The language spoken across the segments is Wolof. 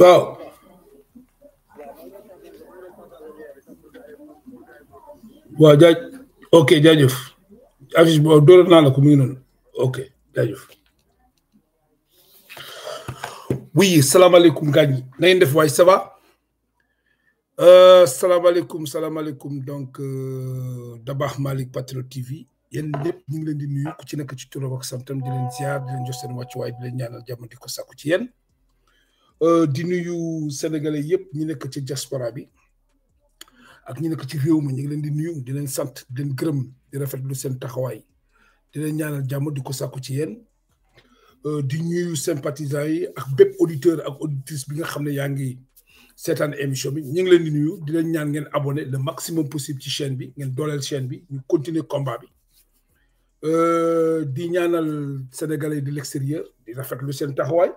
waaw waaw jaaj ok jaajëf affiche boobu doole naa la ko mu ngi noonu ok jaajëf oui salaamaaleykum gaañ yi na ngeen def waay ça va euh, salaamaaleykum salaamaaleykum donc euh, Dabakh Malick Patriot TV yéen ñëpp ñu ngi leen di nuyu ku ci nekk ci turam ak santam di leen ziar di leen jox seen wàccuwaay di leen ñaanal jàmm ko sàkku ci yéen Euh, di nuyu sénégalais yépp ñi nekk ci diaspora bi ak ñi nekk ci réew mi ñu ngi leen di nuyu di leen sant di leen gërëm di rafetlu seen taxawaay di leen ñaanal jàmm di ko sàkku ci yéen euh, di nuyu sympathisants yi ak bépp auditeur ak auditrice bi nga xam ne yaa ngi seetaan émission bi ngi leen di nuyu di leen ñaan ngeen abonné le maximum possible ci chaîne bi ngeen dooleel chaîne bi ñu continuer combat bi euh, di ñaanal sénégalais de l'extérieur di rafetlu seen taxawaay.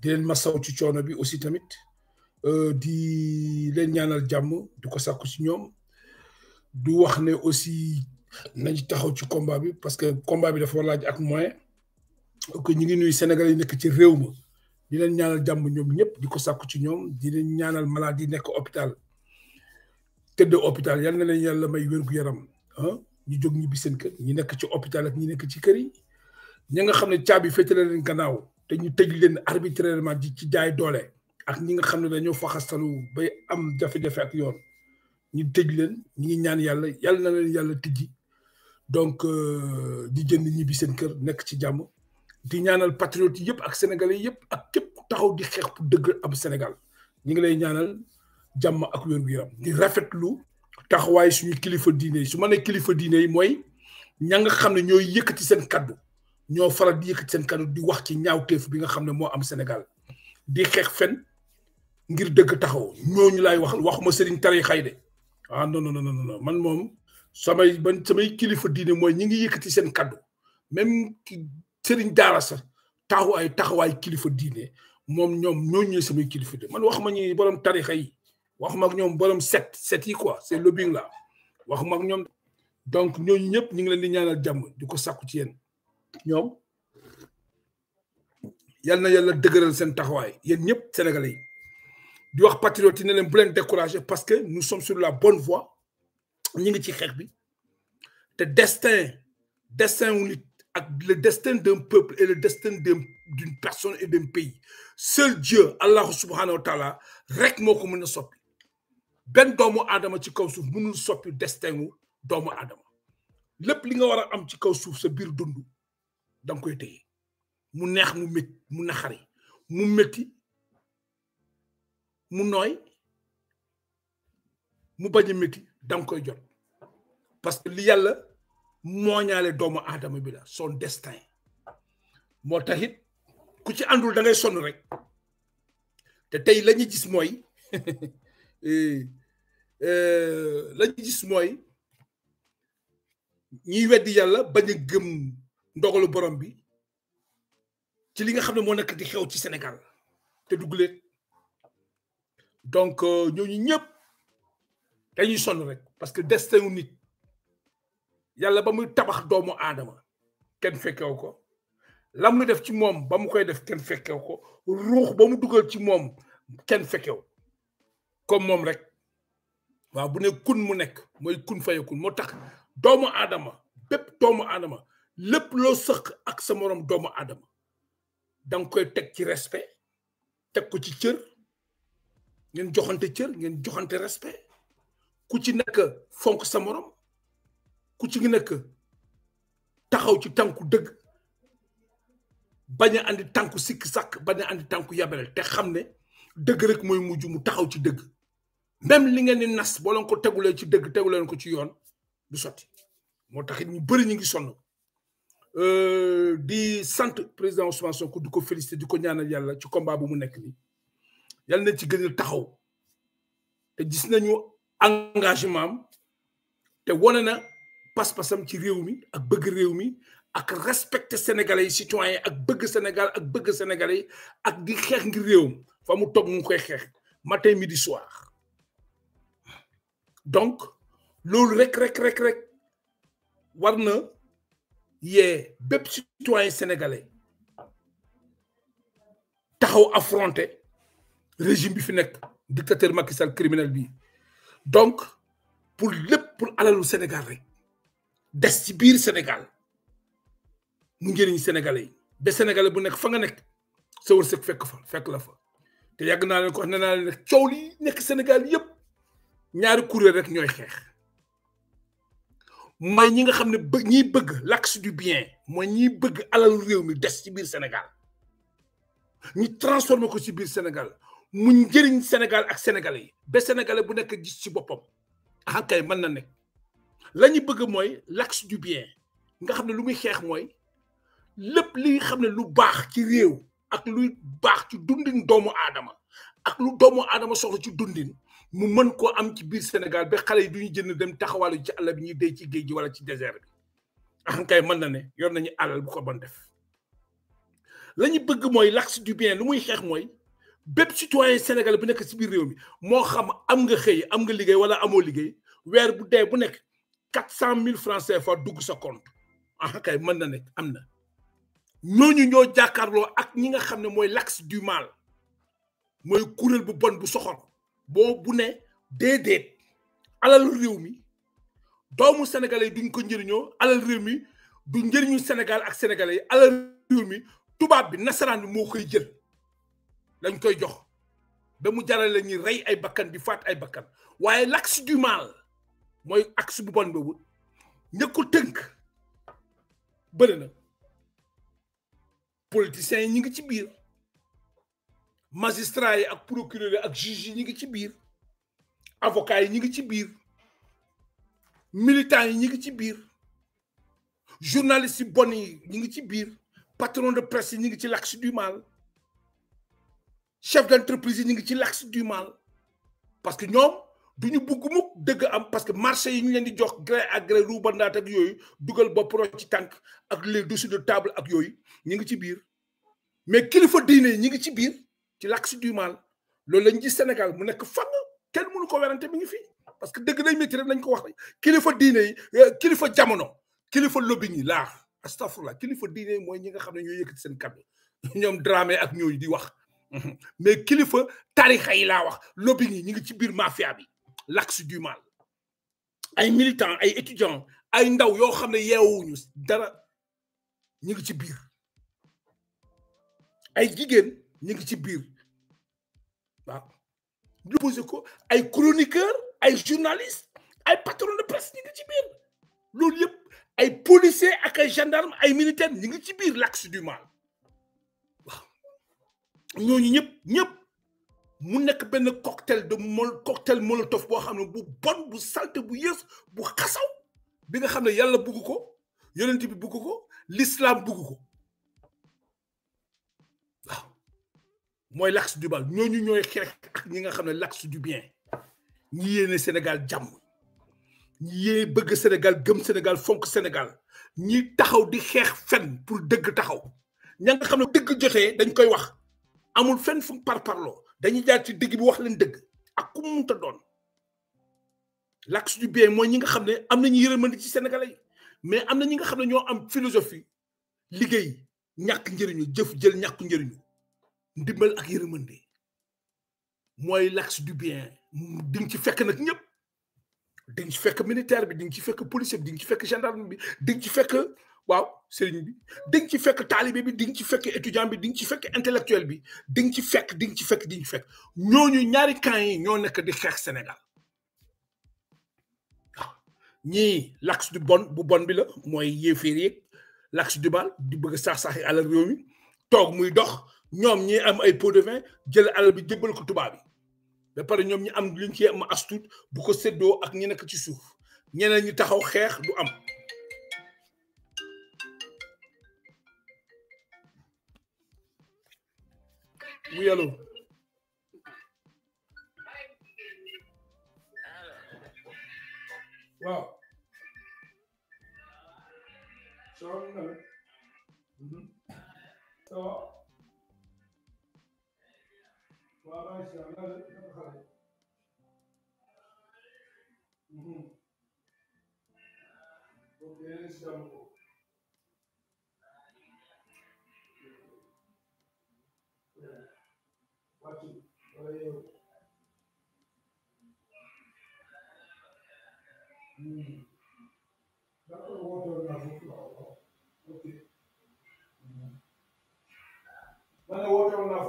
di leen masaw ci coono bi aussi tamit euh, di leen ñaanal jàmm di ko sàkku ci ñoom du wax ne aussi nañ taxaw ci combat bi parce que combat bi dafa laaj ak moyen que ñu ngi nuyu Sénégal yi nekk ci réew ma di leen ñaanal jàmm ñoom ñëpp di ko sàkku ci ñoom di leen ñaanal malade yi nekk hôpital tëdd hôpital yal na leen yàlla may wér-gu-yaram ah ñu jóg ñibbi seen kër ñi nekk ci hôpital ak ñi nekk ci kër yi ñi nga xam ne caabi la leen gannaaw te ñu tëj leen arbitrairement ci jaay doole ak ñi nga xam ne dañoo faxastalu bay am jafe-jafe ak yoon ñu tëj leen ñu ñaan yàlla yàlla na leen yàlla tijji donc euh, di jënd ñibbi seen kër nekk ci jàmm di ñaanal patriotes yëpp ak sénégalais yëpp ak képp ku taxaw di xeex pour dëgg am Sénégal ñu ngi lay ñaanal jàmm ak wér gu yaram di rafetlu taxawaay suñu kilifa diine yi su ma kilifa diine yi mooy ña nga xam ne ñooy yëkkati seen kàddu ñoo faral di yëkkati seen kanam di wax ci ñaaw ñaawteef bi nga xam ne moo am Sénégal di xeex fen ngir dëgg taxaw ñooñu laay wax waxuma sëriñ tari xay de ah non non non non man moom samay man samay kilifa diine mooy ñi ngi yëkkati seen kaddu même sëriñ daara sax taxu ay taxawaay kilifa diine moom ñoom ñooñu samay kilifa diine man waxuma ñi borom tarixa yi waxuma ak ñoom borom set set yi quoi c'est lobbying la waxuma ak ñoom donc ñooñu ñëpp ñu ngi leen di ñaanal jàmm di ko sàkku ci yéen ñoom yal na yàlla dëgëral seen taxawaay yéen ñëpp sénégalais yi di wax patriote ne leen bu leen découragé parce que nous sommes sur la bonne voie ñi ngi ci xeex bi te destin destin wu nit ak le destin d'un peuple et le destin d'une personne et d'un pays seul Dieu Allah subhanahu wa taala rek moo ko mën a soppi benn doomu aadama ci kaw suuf mënul soppi destin wu doomu aadama lépp li nga war a am ci kaw suuf sa biir dund da nga koy téye mu neex mu métti mu naxari mu métti mu nooy mu bañ a métti da koy jot parce que li yàlla mooñaale doomu aadama bi la son destin moo taxit ku ci àndul da sonn rek te tey la ñu gis mooy eh, eh, la gis mooy ñiy weddi yàlla bañ a gëm ndogalu borom bi ci li nga xamne mo moo di xew ci senegal te dugguleet donc euh, ñu ñëpp dañuy sonn rek parce que destinu nit yalla ba muy tabax doomu adama ken fekkew ko lam mu def ci mom ba mu koy def ken fekkew ko ruux ba mu dugal ci mom ken fekkew comme mom rek wa bu ne kun mu nekk moy kun fayakun motax doomu adama bépp doomu adama lépp loo sëq ak sa moroom doomu aadama danga koy teg ci respe teg ko ci cër ngeen joxante cër ngeen joxante respe ku ci nekk fonk sa moroom ku ci nekk taxaw ci tànku dëgg bañ a andi tànku sikk sàkk bañ a andi tànku yabelel te xam ne dëgg rek mooy mujj mu taxaw ci dëgg même li ngeen di nas boo ko tegulee ci dëgg teguleen ko ci yoon du sotti moo tax it ñu bëri ñu ngi sonn Euh, di sant président Ousmane Sonko vous félicité ñaanal yalla ci combat bu mu nekk ni yalla na ci taxaw engagement am te na ci réew mi ak bëgg réew mi sénégalais Sénégal ak bëgg sénégalais ak di midi soir donc le rek rek rek rek a citoyens sénégalais affronté affronter régime bi dictateur Macky criminel donc pour le pour Sénégal rek des ci Sénégal sénégalais des sénégalais bu nek fa nga nek sa fekk fa fekk la te ko Sénégal ñaari moy ñi nga xam ñi bëgg l'axe du bien moy ñi bëgg alal réew mi des ci biir Sénégal ñi transformer ko ci biir Sénégal mu ñëriñ Sénégal ak Sénégalais yi Sénégalais bu nekk gis ci boppam ah kay mën na nek lañu bëgg moy l'axe du bien nga xam lu muy xeex moy lepp li nga xam lu baax ci réew ak lu baax ci dundin doomu adama ak lu doomu adama soxla ci dundin mu mën koo am ci biir Sénégal ba xale yi du ñu jënd dem taxawalu ci àll bi ñuy dee ci géej gi wala ci désert bi axam kay mën na ne yor nañu alal bu ko ban def la ñu bëgg mooy l'axe du bien lu muy xeex mooy bépp citoyen sénégal bi nekk si biir réew mi moo xam am nga xëy am nga liggéey wala amoo liggéey weer bu dee bu nekk quatre cent mille francs CFA dugg sa compte axam ah, kay mën na ne am na ñooñu ñoo jàkkaarloo ak ñi nga xam ne mooy l'axe du mal moo kuréel bu bon bu soxor boo bu ne déedéet alalu réew mi doomu sénégalais duñ ko njëriñoo alal réew mi du njëriñu Sénégal ak sénégalais yi alal réew mi tubaab bi nasaraan bi moo koy jël dañ koy jox ba mu jaral la ñuy rey ay bakkan di faat ay bakkan waaye l'axe du mal mooy axe bu bon boobu ña tënk bëri na politiciens yi ñu ngi ci biir. magistrat yi ak procureur ak juge yi ñi ngi ci biir avocat yi ñi ngi ci biir militants yi ñi ngi ci biir journalistes yi bon yi ñi ngi ci biir patron de presse yi ñi ngi ci l'axe du mal chef d'entreprise yi ñi ngi ci l'axe du mal parce que ñoom du ñu bugg mukk dëgg am parce que marché yi ñu leen di jox gré ak gré ruubandaat ak yooyu dugal pro ci tank ak les dossiers de table ak yooyu ñi ngi ci biir mais kilifa diine yi ñi ngi ci biir ci l'axe du mal loolu lañ gis Sénégal mu nekk fan Quel mënu ko werante mi ngi fi parce que dëgg day métti rek nañ ko wax kilifa diine yi euh, kilifa jamono kilifa lobbying yi laa astafurlah kilifa diine yi ñi nga xam ne yëkkati seen kàddu dramé ak di wax mais kilifa tarixa yi laa wax yi ñi ci biir mafia bi l'axe du mal ay militants ay étudiants ay ndaw yoo xam ne yeewuñu dara ñi ci biir ay ñu ngi ci biir waaw ñu posé ko ay chroniqueur ay journaliste ay patron de presse ñu ngi ci biir loolu yëpp ay policier ak ay gendarme ay militaire ñu ngi ci biir l'axe du mal waaw ñooñu ñëpp ñëpp mu nekk benn cocktail de mol cocktail molotov boo xam ne bu bon bu salte bu yées bu xasaw bi nga xam ne yàlla bugg ko yonent bi bugg ko l'islam bugg ko moy l'axe du bien ni ñooy ñi l'axe du bien ñi sommes Sénégal jam ñi bëgg Sénégal gëm Sénégal fonk Sénégal ñi taxaw di xex fen pour dëgg taxaw ña nga dëgg joxé dañ koy wax amul fenn fu par parlo dañu jaar ci dëgg bi wax leen dëgg ak ku mu ta doon l'axe du bien moy ñi nga xam le am nañu ci Sénégalais mais am na ñi nga am philosophie liggéey ñak ñëriñu jëf jël ñak ñëriñu ndimbal ak yërmande mooy l'axe du bien di ci fekk nag ñëpp di ci fekk militaire bi di ci fekk policier bi di ci fekk gendarme bi di ci fekk waaw sëriñ bi di ci fekk talibé bi di ci fekk étudiant bi di ci fekk intellectuel bi di ci fekk di ci fekk di nga ci fekk ñooñu ñaari camp yi ñoo nekk di xeex Sénégal waaw ñii l'axe du bon bu bon bi la mooy yéeféer yeeg l'axe du bal di bëgg sax sax alal réew mi toog muy dox ñoom ñi am ay pots de vin jël alal bi jébbal ko tubaab bi ñoom ñi am liñ ci am astut bu ko séddoo ak ñi nekk ci suuf ñeneen ñi taxaw xeex du am oui para Israel e Jerusalém. Uhum. Porque ele se amou. Bati, valeu. Hum. Dá para eu não no final, Ok. Mas eu olho na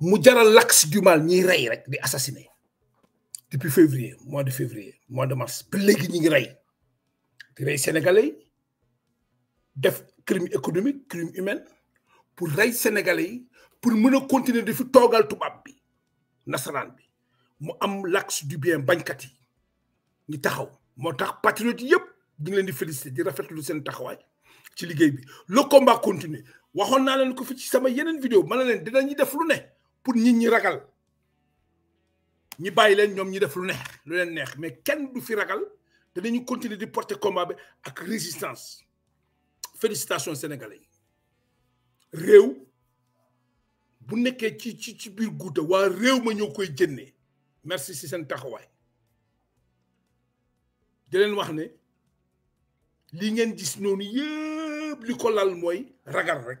mu jaral l'axe du mal ni rey rek di assassiné depuis février mois de février mois de mars ba léegi ñu ngi rey sénégalais def crime économique crime humain pour ray sénégalais pour mën continuer di faire toogal tout bi nasaraan bi mu am l'axe du bien bañkat ni ñu taxaw moo tax patriotes yëpp di ngi leen di féliciter di rafetlu seen taxawaay ci bi le combat continue waxoon naa l'en ko fi ci sama yenen vidéo ma dedans ni def lu pour nit ñi ragal ñi bàyyi leen ñoom ñi def lu neex lu leen neex mais kenn du fi ragal te dañu continuer di porter combat bi ak résistance félicitations sénégalais yi réew bu nekké ci ci ci biir guuta wa réew ma ñoo koy jënnee merci ci sen taxaway di leen wax né li ngeen gis nonu yëpp li ko lal moy ragal rek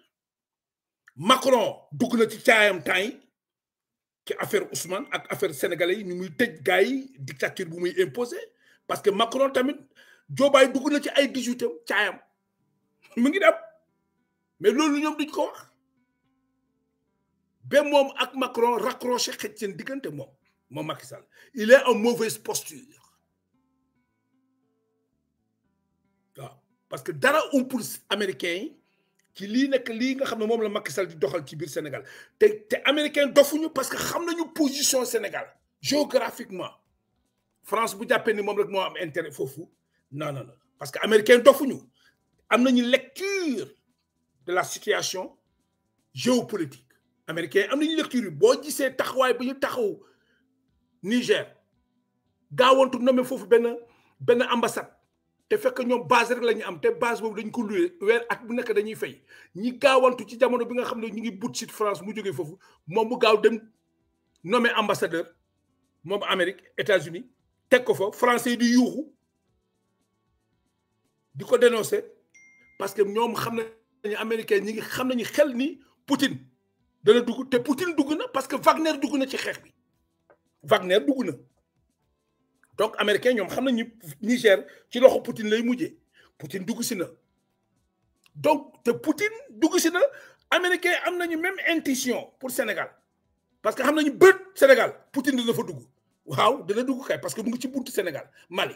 Macron dugg na ci caayam tay yi ci affaire Ousmane ak affaire sénégalais yi ni muy tëj gaay dictature bu muy imposer parce que Macron tamit Diobaye dugg na ci ay 18 am caayam mu ngi dem mais loolu ñom duñ ko wax be mom ak Macron raccroché xëj seen digënté mom moom Macky Sall il est en mauvaise posture waaw parce que dara pour américain ki li nek li nga xamne mom la Macky Sall di doxal ci bir Sénégal té té américain dofuñu parce que xamnañu position Sénégal géographiquement France bu jappé ni mom rek mo am intérêt fofu non non non parce que américain dofuñu amnañu lecture de la situation géopolitique américain amnañu lecture bo gissé taxway bu ñu taxaw Niger gawontu nommé fofu ben ben ambassade te fekk une base rek am base dañ ko bu dañuy fay ñi ci bi nga ngi France mu joggé fofu nommé ambassadeur Amérique États-Unis ko français parce que ñom xamna américain ñi ngi Poutine dugg Poutine parce que Wagner dugg na ci xex bi Wagner dugg donc américain ñom xam nañu Niger ci loxo Poutine lay mujjé Poutine dugg si na donc te Poutine dugg si na américain am nañu même intention pour Sénégal parce que xam nañu bët Sénégal Poutine dina fa dugg waaw dina dugg kay parce que mu ngi ci buntu Sénégal Mali.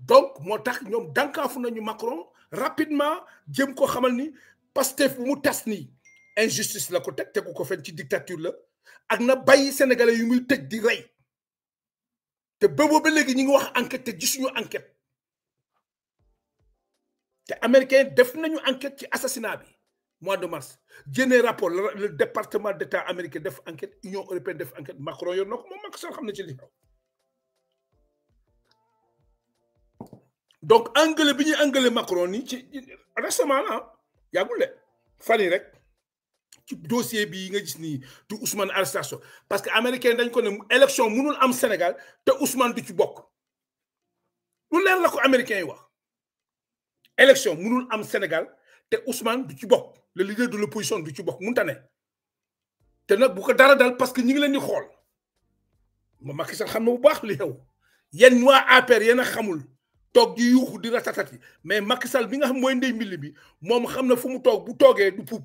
donc motax ñom ñoom dànkaafu nañu Macron rapidement jëm ko xamal ni Pastef bu mu tas ni injustice la ko teg tegu ko fen ci dictature la ak na bàyyi sénégalais yu muy tej di rey te bobo ba léegi ñu ngi wax enquête te gisuñu enquête te américain def nañu enquête ci assassinat bi mois de mars génne rapport le département d'état américain def enquête union européenne def enquête Macron yor na mo mak Macron xamna ci li donc anglais bi ñuy anglais Macron ni ci récemment la ah, yàggul de fani rek ci dossier bi nga gis ni du Ousmane arrestation parce que américain dañ ko né élection mënul am Sénégal té Ousmane du ci bok lu leer la ko américain yi wax élection mënul am Sénégal té Ousmane du ci bok le leader de l'opposition du ci bokk mënta né té nak bu ko dara dal parce que ñi ngi leen di xol ma Macky Sall xam na bu baax li yow yéen waa APR yéen xamul tok di yuuxu di ratatati mais Macky Sall bi nga xam moy ndey mbill bi mom xam na fu mu tok bu toogee du poup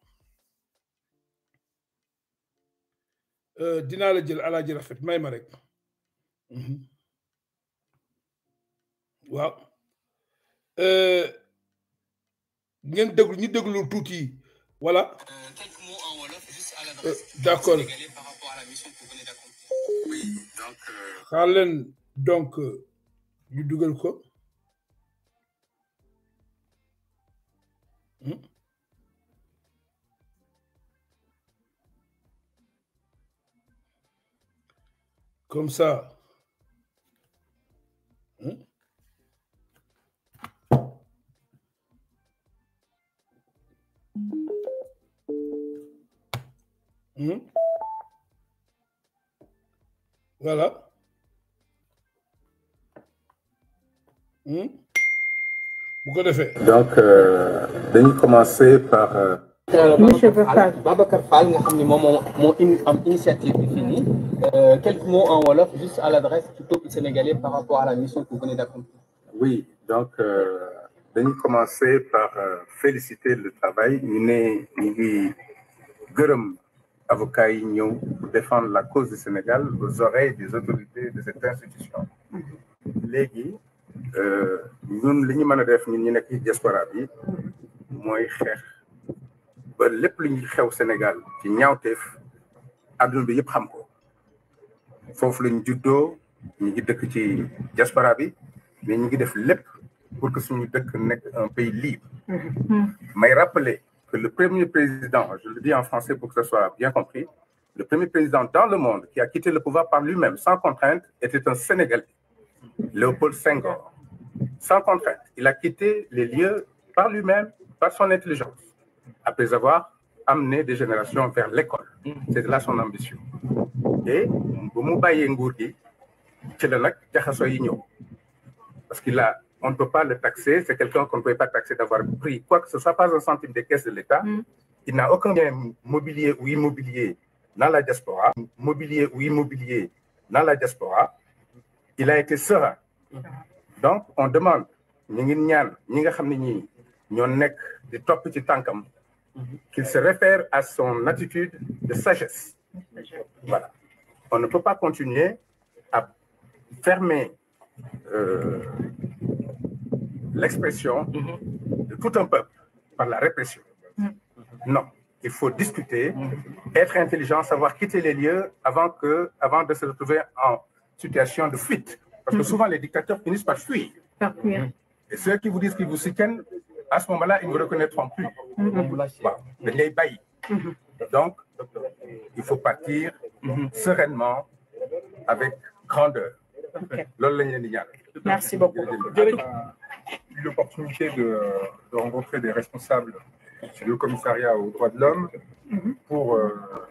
Euh, dina la jël alaaji rafet may ma rek mhm. waaw euh, ngeen déglu ñu déglu tuuti yi voilà euh, d'accord xaar leen donc ñu dugal ko. Hmm? Comme ça. Hein Hein? Voilà. Hein? Beaucoup de fait. Donc, euh, dañuy commencer par. Euh, Monsieur Babacar Fall nga xam ne moom moo am initiative bi euh, quelques mots en Wolof, juste à l'adresse du sénégalais par rapport à la mission que vous venez d'accomplir. Oui, donc, je euh, vais commencer par euh, féliciter le travail. Il est, il avocat pour défendre la cause du Sénégal aux oreilles des autorités de cette institution. Légui, ñun li ñu def ñun Sénégal il lañ que nous ngi dëkk ci diaspora bi mais ngi pour que suñu un pays libre mm-hmm. may rappeler que le premier président je le dis en français pour que ce soit bien compris le premier président dans le monde qui a quitté le pouvoir par lui-même sans contrainte était un Sénégalais, Léopold Senghor. Sans contrainte, il a quitté les lieux par lui-même, par son intelligence, après avoir amener des générations vers l'école. Mm-hmm. C'est là son ambition. Et parce qu'il a, on ne peut pas le taxer, c'est quelqu'un qu'on ne peut pas taxer d'avoir pris quoi que ce soit, pas un centime des caisses de l'État. Mm-hmm. Il n'a aucun bien mobilier ou immobilier dans la diaspora, mobilier ou immobilier dans la diaspora. Il a été serein. Donc, on demande, nous sommes des gens qui qu'il se réfère à son attitude de sagesse. Voilà. On ne peut pas continuer à fermer euh, l'expression de tout un peuple par la répression. Non, il faut discuter, être intelligent, savoir quitter les lieux avant, que, avant de se retrouver en situation de fuite. Parce que souvent, les dictateurs finissent par fuir. Par fuir. Et ceux qui vous disent qu'ils vous soutiennent à ce moment-là, ils ne vous reconnaîtront plus. Mhm. Mhm. Donc, il faut partir mhm. sereinement, avec grandeur. Merci beaucoup. Eu l'opportunité de, rencontrer des responsables du commissariat aux droits de l'homme pour euh,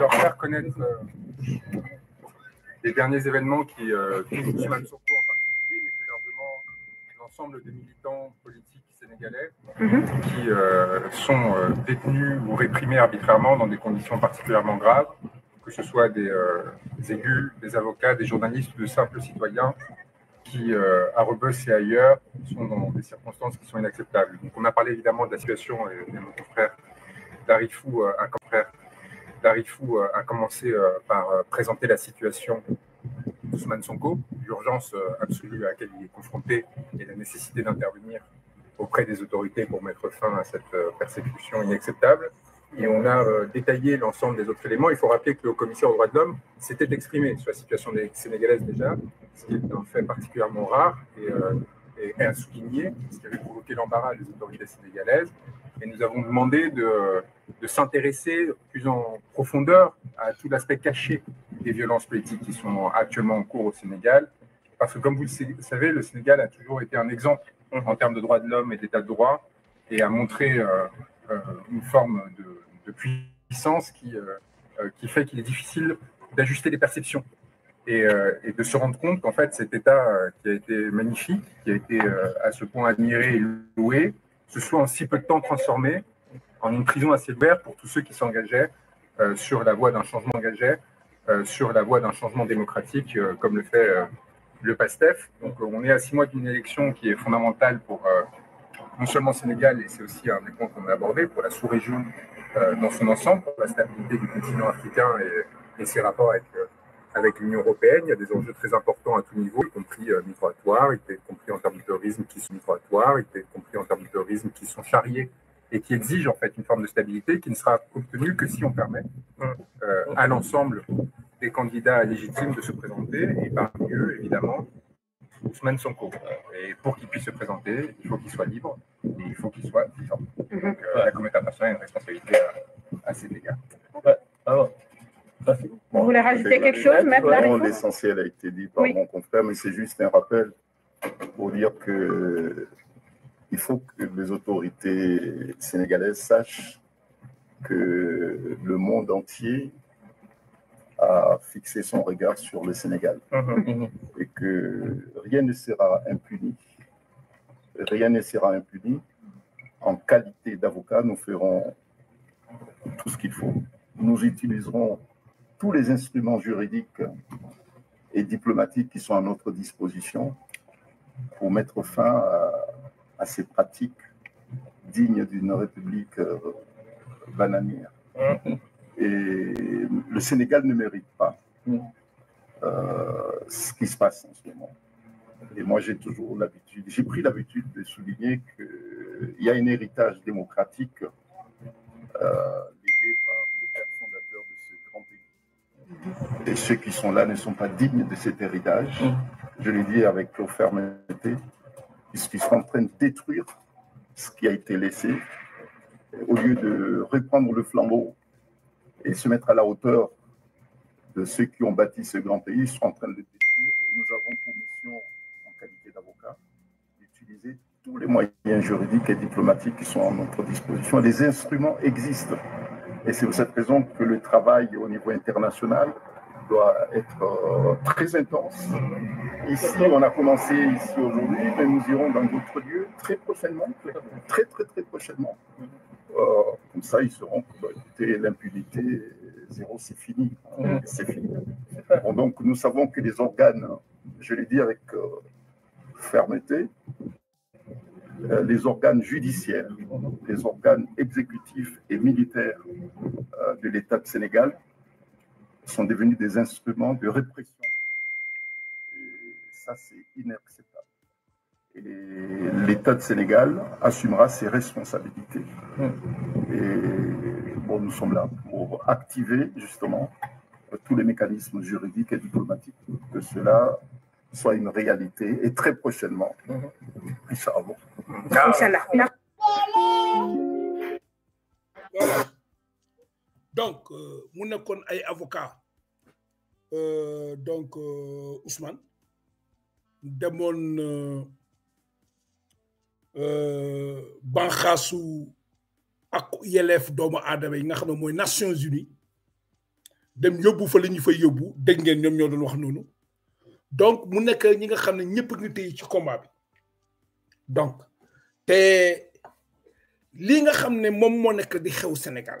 leur, faire connaître euh, les derniers événements qui euh, en particulier, mais plus largement l'ensemble des militants politiques Mhm. qui euh, sont euh, détenus ou réprimés arbitrairement dans des conditions particulièrement graves, que ce soit des, aigus, euh, des avocats, des journalistes, de simples citoyens qui, à Rebus et ailleurs, sont dans des circonstances qui sont inacceptables. Donc, on a parlé évidemment de la situation et, mon confrère Darifou, un confrère Darifou a commencé par présenter la situation d'Ousmane Sonko, l'urgence absolue à laquelle il est confronté et la nécessité d'intervenir auprès des autorités pour mettre fin à cette euh, persécution inacceptable. Et on a euh, détaillé l'ensemble des autres éléments. Il faut rappeler que le commissaire aux droits de l'homme s'était exprimé sur la situation des Sénégalaises déjà, ce qui est un fait particulièrement rare et, euh, ce qui avait provoqué l'embarras des autorités sénégalaises. Et nous avons demandé de, de s'intéresser plus en profondeur à tout l'aspect caché des violences politiques qui sont actuellement en cours au Sénégal. Parce que, comme vous le savez, le Sénégal a toujours été un exemple en termes de droits de l'homme et d'état de droit, et a montré euh, euh, une forme de, puissance qui, euh, qui fait qu'il est difficile d'ajuster les perceptions et, et, de se rendre compte qu'en fait cet état qui a été magnifique, qui a été à ce point admiré et loué, se soit en si peu de temps transformé en une prison à ciel pour tous ceux qui s'engageaient sur la voie d'un changement engagé, sur la voie d'un changement démocratique, comme le fait le PASTEF. Donc euh, on est à six mois d'une élection qui est fondamentale pour euh, non seulement Sénégal, et c'est aussi un des points qu'on a abordé, pour la sous-région euh, dans son ensemble, pour la stabilité du continent africain et, ses rapports avec, l'Union européenne. Il y a des enjeux très importants à tout niveau, y compris migratoires, y compris en termes de terrorisme qui sont migratoires, y compris en termes de terrorisme qui sont charriés et qui exigent en fait une forme de stabilité qui ne sera obtenue que si on permet à l'ensemble les candidats légitimes de se présenter, et parmi eux, évidemment, Ousmane Sonko. Et pour qu'il puisse se présenter, il faut qu'il soit libre et il faut qu'il soit vivant. Mhm. Donc euh, la communauté internationale a une responsabilité à, à dégâts. Vous voulez rajouter quelque chose, même L'essentiel a été dit par mon confrère, mais c'est juste un rappel pour dire que il faut que les autorités sénégalaises sachent que le monde entier à fixer son regard sur le Sénégal mhm. et que rien ne sera impuni. Rien ne sera impuni. En qualité d'avocat, nous ferons tout ce qu'il faut. Nous utiliserons tous les instruments juridiques et diplomatiques qui sont à notre disposition pour mettre fin à, ces pratiques dignes d'une république euh, bananière. Mhm. Et le Sénégal ne mérite pas euh, ce qui se passe en ce moment. Et moi, j'ai toujours l'habitude, j'ai pris l'habitude de souligner qu'il y a un héritage démocratique euh, légué par les pères fondateurs de ce grand pays. Mm-hmm. Et ceux qui sont là ne sont pas dignes de cet héritage. Mm-hmm. Je le dis avec fermeté, puisqu'ils sont en train de détruire ce qui a été laissé au lieu de reprendre le flambeau et se mettre à la hauteur de ceux qui ont bâti ce grand pays, sont en train de le détruire. Et nous avons pour mission, en qualité d'avocat, d'utiliser tous les moyens juridiques et diplomatiques qui sont à notre disposition. Les instruments existent. Et c'est pour cette raison que le travail au niveau international, doit être euh, très intense. Ici, on a commencé ici aujourd'hui, mais nous irons dans d'autres lieux très prochainement, très très très prochainement. Euh, comme ça, ils seront, l'impunité, zéro, c'est fini. c'est fini. donc, nous savons que les organes, je l'ai dit avec euh, fermeté, les organes judiciaires, les organes exécutifs et militaires de l'État de Sénégal sont devenus des instruments de répression. Et ça, c'est inacceptable. Et l'État de Sénégal assumera ses responsabilités. Et bon, nous sommes là pour activer justement tous les mécanismes juridiques et diplomatiques, que cela soit une réalité et très prochainement. Inch'Allah donc euh, mon suis ay avocat euh, donc euh, Ousmane mon banxaasu ak nga Nations Unies dem yobou fa ñu fay ngeen ñoo wax donc mu nek ñi nga xamne donc te que nga xamne mom mo nek Sénégal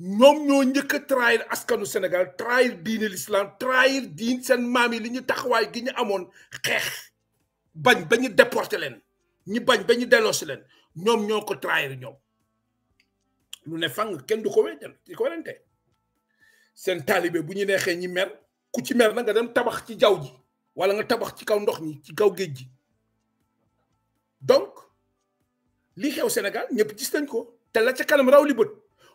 ñoom ñoo njëkk trahir askanu Sénégal trahir diine l'islam trahir diin seen maam yi li ñu taxawaay gi ñu amoon xeex bañ ba ñu déporté leen ñu bañ ba ñu delloosi leen ñoom ñoo ko trahir ñoom lu ne fang kenn du ko wéjal di ko werante seen bu ñu neexee ñi mer ku ci mer na nga dem tabax ci jaw ji wala nga tabax ci kaw ndox ñi ci kaw géej ji donc li xew Sénégal ñëpp gis nañ ko te la ca kanam raw li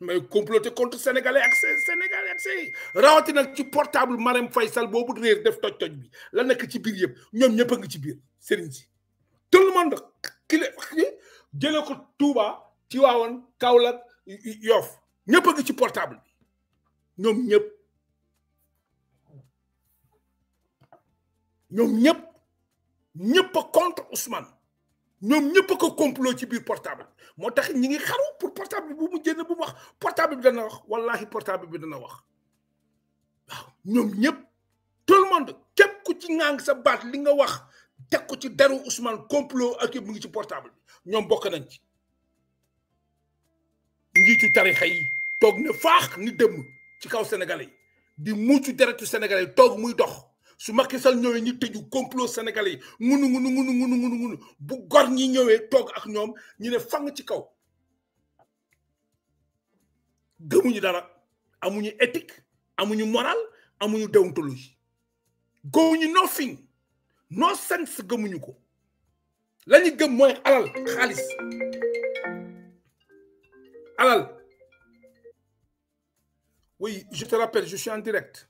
mais comploté contre sénégalais ak sénégalais ak sénégalais nag ci portable Marème Faye Sall boobu réer def toj-toj bi la nekk ci biir yëpp ñoom ñëpp a ngi ci biir sëriñ si tout le monde kile jëlee ko Touba ci Kaolack Yoff ñëpp a ngi ci portable bi ñoom ñëpp ñoom ñëpp contre Ousmane ñoom ñëpp ko complot ci biir portable moo tax ñi ngi xaru pour portable bi bu mu jënd bu mu wax portable bi dana wax wallahi portable bi dana wax waaw ñoom ñëpp tout monde képp ku ci ŋàng sa baat li nga wax teg ko ci deru Ousmane complot ak yëpp mu ngi ci portable bi ñoom bokk nañ ci njiitu tarixa yi toog ne faax ni dëmm ci kaw sénégalais yi di muucu deretu sénégalais yi toog muy dox su Macky Sall ñu complot sénégalais nous ngunu ngunu ngunu ngunu bu gor ñi ñëwé tok ak ñom ñu né fang ci kaw gëmuñu dara amuñu déontologie nothing no sense ko lañu gëm alal oui je te rappelle je suis en direct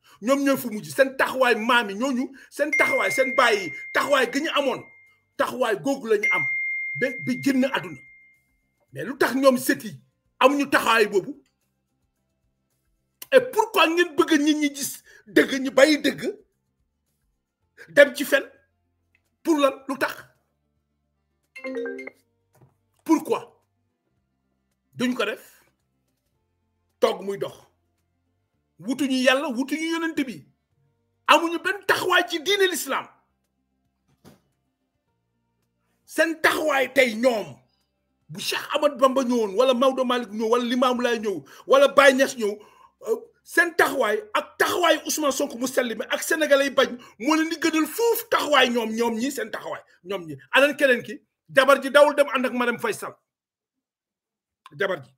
ñoom ñoo fi mujj seen taxawaay maam yi ñooñu seen taxawaay seen baay yi taxawaay gi ñu amoon taxawaay googu lañu am ba bi génn àdduna mais lu tax ñoom seeti am ñu taxawaay boobu et pourquoi ngeen bëgg ñi ñi gis dëgg ñu bàyyi dëgg dem ci fen pour lan lu tax pour pourquoi duñ ko def toog muy dox wutuñu yàlla wutuñu yonent bi amuñu benn taxawaay ci diine l'islam seen taxawaay tey ñoom bu Cheikh Ahmad Bamba ñëwoon wala Maodo Malick ñëw wala Limaamu Laay ñëw wala Baye Niass ñëw euh, seen taxawaay ak taxawaay Ousmane Sonko mu sell mi ak sénégalais yi bañ moo leen di gënal fuuf taxawaay ñoom ñoom ñi seen taxawaay ñoom ñi anan keneen ki jabar ji dawul dem ànd ak Marème fay Sall jabar ji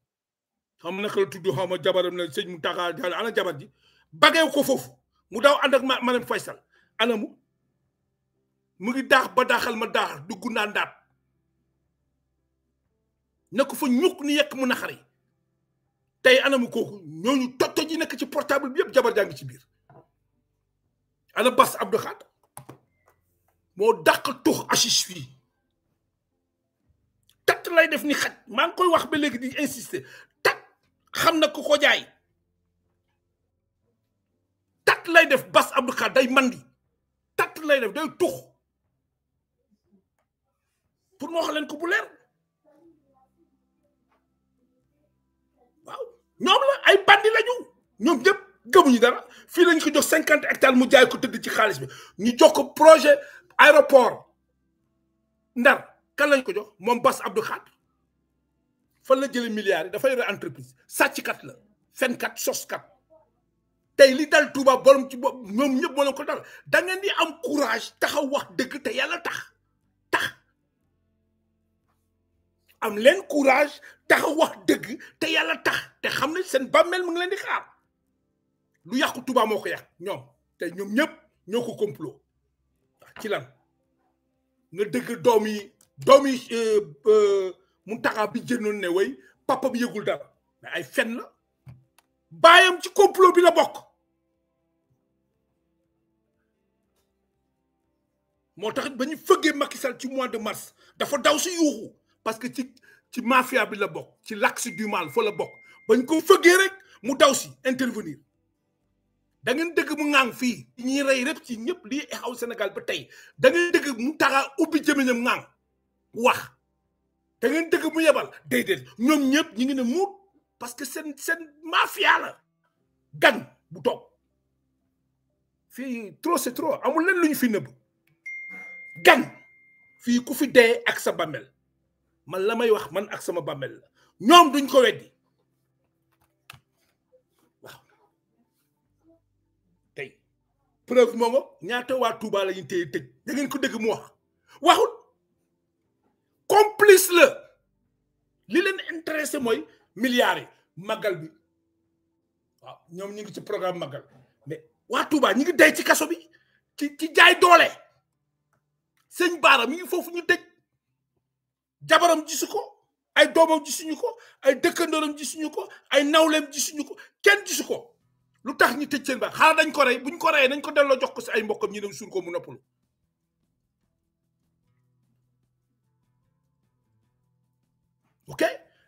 xam naka la tudd xaw ma jabaram na sëñ mu taxaa jàll ana jabar ji bagee ko foofu mu daw ànd ak madame Faysal ana mu mu ngi daax ba daaxal ma daax dugg naa ndaat na ko fa ñukk ni yekk mu naxari tey anamu kooku ñooñu toj toj yi nekk ci portable bi yëpp jabar jaa ngi ci biir ana Bass Abdou Khadre moo dàq tux asis fii tatt lay def ni xaj maa ngi koy wax ba léegi di insister xam na ku ko jaay tat lay def bas abdou khad day mandi tat lay def day tukh pour mo xalen ko bu leer waaw ñom la ay bandi lañu ñoom ñëpp gëmuñu dara fi lañ ko jox 50 hectares mu jaay ko tëdd ci xaalis bi ñu jox ko projet aéroport ndar kan lañ ko jox mom bas abdou khad fan la jëlee milliards dafa yore entreprise sàcckat la fenkat soskat tey li dal Touba borom ci bopp ñoom ñëpp moo leen ko dal da ngeen di am courage taxaw wax dëgg te yàlla tax tax am leen courage taxaw wax dëgg te yàlla tax te xam ne seen bàmmeel mu ngi leen di xaar lu yàqu Touba moo ko yàq ñoom te ñoom ñëpp ñoo ko complot ci lan nga dëgg doom yi doom yi. Euh, euh, taxaw bi jënnoon ne way papa bi yëgul dara mais ay fen la bàyyam ci complot bi la bokk moo tax ba Macky Sall ci mois de mars dafa daw si yuuxu parce que ci ci mafia bi la bokk ci l'axe du mal fa la bokk bañ ko fëggee rek mu daw si intervenir da ngeen dëgg mu ŋaang fii ñi rey rek ci ñëpp li xaw Sénégal ba tey da ngeen dëgg mu taxaw ubbi jëmiñam wax da ngeen dëgg mu yebal déedéet ñoom ñëpp ñu ngi ne muut parce que seen seen mafia la gan bu toog fii trop c'est trop amul leen lu ñu fi nëbb gan fii ku fi dee ak sa bàmmeel man la may wax man ak sama bàmmeel la ñoom duñ ko weddi waaw tey preuve moom ñaata waa Touba la ñu téye tëj da ngeen ko dëgg mu wax waxut complice la li leen intéressé mooy milliards yi màggal bi waaw ñoom ñu ngi ci programme màggal mais waa Touba ñu ngi dey ci kaso bi ci ci jaay doole sëñ Baara mi ngi foofu ñu tëj jabaram gisu ko ay doomam gisuñu ko ay dëkkandooram suñu ko ay nawleem suñu ko kenn gisu ko lu tax ñu tëj seen ba xaaral dañ ko rey buñ ko reyee nañ ko delloo jox ko si ay mbokkam ñu dem suul ko mu noppalu ok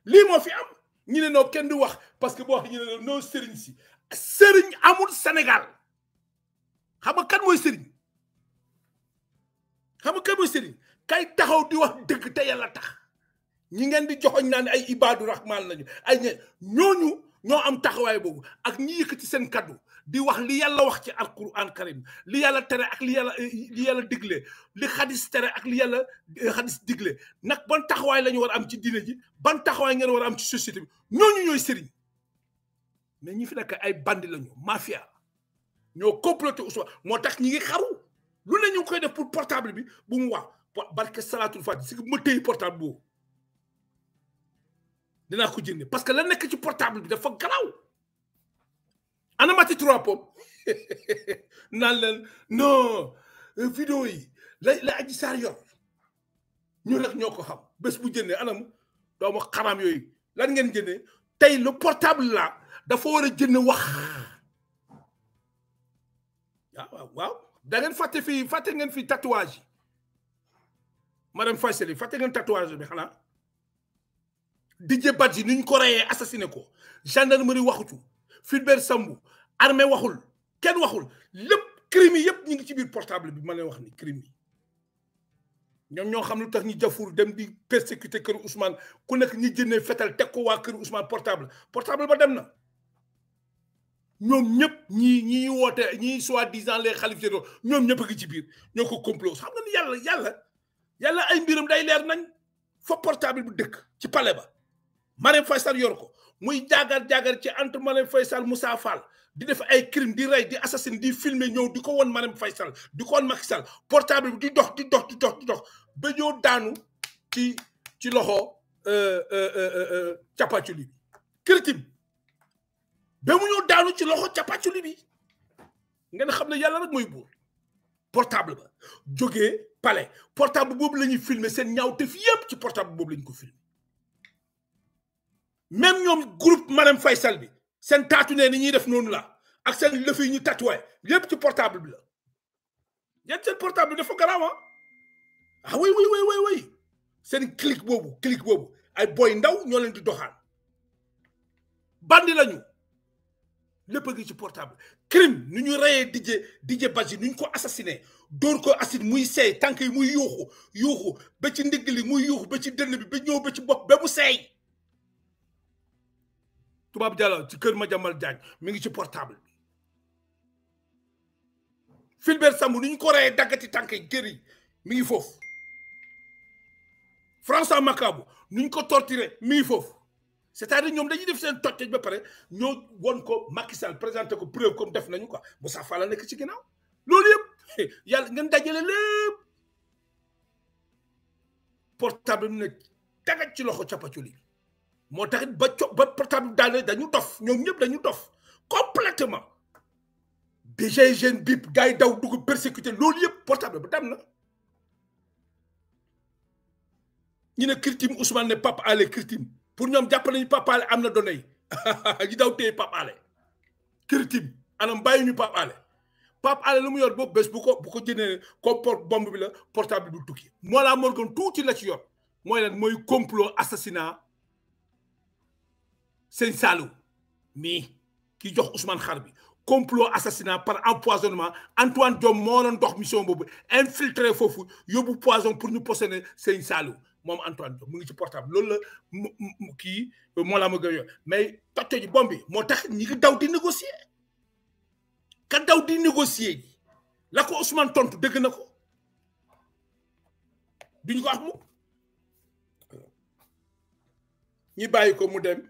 lii moo fi am ñu ne noo kenn du wax parce que boo wax ñu ne noo sëriñ si sëriñ amul senegal xam nga kan mooy sëriñ xam nga kan mooy sëriñ kay taxaw di wax dëgg te yàlla tax ñi ngeen di joxoñ naan ay ibaadu rahmaan lañu ay ñe ñooñu ñoo am taxawaay boobu ak ñi yëkkati seen kaddu di wax li yàlla wax ci alquran karim li yàlla tere ak li yàlla li yàlla digle li xadis tere ak li yàlla xadis digle nag ban taxawaay la ñu war am ci diine ji ban taxawaay ngeen war am ci société bi ñooñu ñooy sëriñ mais ñi fi nekk ay bandi lañu mafia ñoo comploté Ousmane moo tax ñi ngi xaru lu ne ñu koy def pour portable bi bu mu wax barke salatul fat si ma téy portable boobu dina ko jënde parce que la nekk ci portable bi dafa garaaw ana Maty trois pommes leen non euh, vidéo yi la la Adji ñu nag ñoo ko xam bés bu jëndee anam doomu xaraam yooyu lan ngeen jëndee tey le portable la dafa war a jënd wax ah, waaw waaw da ngeen fàtte fii fàtte ngeen fii tatouage yi madame Faysali fàtte ngeen tatouage bi xanaa Didier Badji ni ñu ko reyee assassiné ko gendarmerie waxutu Fulbert Sambou armée waxul ken waxul lépp crime yi yëpp ngi ci biir portable bi ma leen wax ni crime yi ñoo xam lu tax ñu jafur dem di persécuter kër Ousmane ku nekk ñi jëndee fetal teg ko waa kër Ousmane portable portable ba dem na ñoom ñëpp ñii ñii woote ñii soi-disant les xalif généraux ñoom ñëpp a ngi ci biir ñoo ko complot xam nga ni yàlla yàlla yàlla ay mbiram day leer nañ fa portable bu dëkk ci palais ba Marième Faye Sall yor ko muy jaagar jaagar ci entre Marème Faye Sall Moussa Fall di def ay crime di rey di assassin di filmer ñëw di ko woon Marème Faye Sall di ko woon Macky Sall portable bi di dox di dox di dox di dox ba ñoo daanu ci ci loxo euh, euh, euh, capaculi bi critim ba mu ñoo daanu ci loxo capaculi bi ngeen xam ne yàlla rek mooy buur portable ba jógee palais portable boobu la ñuy filmer seen ñaawteef yépp ci portable boobu la ñu ko filmer même ñoom group Marème Faye Sall bi seen taatu ne ni ñuy def noonu la ak seen lëf yi ñu tatoué lépp ci portable bi la yéen seen portable bi dafa garaaw ah, ah oui oui oui seen clic boobu clic boobu ay boy ndaw ñoo leen di doxaan bandi lañu lépp a ci portable crime nu ñu reyee Didier Didier Badji nu ñu ko assassiné dóor ko acide muy seey tànk yi muy yuuxu yuuxu ba ci ndigg li muy yuuxu ba ci dënn bi ba ñëw ba ci bopp be mu seey tubaab Diallo ci kër ma Madiambal Diagne mi ngi ci portable bi Fulbert Sambou ñu ko reyee daggati tànk yi mu yi foofu François Makabu ni ñu ko torturé mi ngi foofu c'est-à-dire ñoom dañuy def seen toj ba pare ñoo won ko Macky Sall présenté ko preuve comme def nañu quoi Moussa Fall nekk ci ginnaaw loolu yëpp yàlla ngeen dajale lépp portable bi ne dagat ci loxo capaculi moo taxit ba ba portable dañu dof ñoom dañu complètement déjà jeune bip, gars daw dugg persécuté loolu portable ba na ne Ousmane ne Pape Alé pour ñoom jàpp nañu pap Alé am na données yi daw téye Pape Alé anam ñu Alé lu mu yor boobu bés bu ko bu ko porte bi la portable bi du tukki moo laa Morgan tuuti la ci yor mooy lan complot assassinat sëñ Saalum mii ki jox Ousmane Kharbi, complot assassinat par empoisonnement Antoine Diome moo doon dox mission boobu infiltré foofu yóbbu poison pour posséder. C'est sëñ Saalum moom Antoine Diom, mu ngi ci portable loolu la mu ma mais tocco ji bomb Moi t'as tax ñi ngi daw di négocier ka daw di négocier la ko Ousmane tontu dëgg na ko duñu ko wax mu ñu mu dem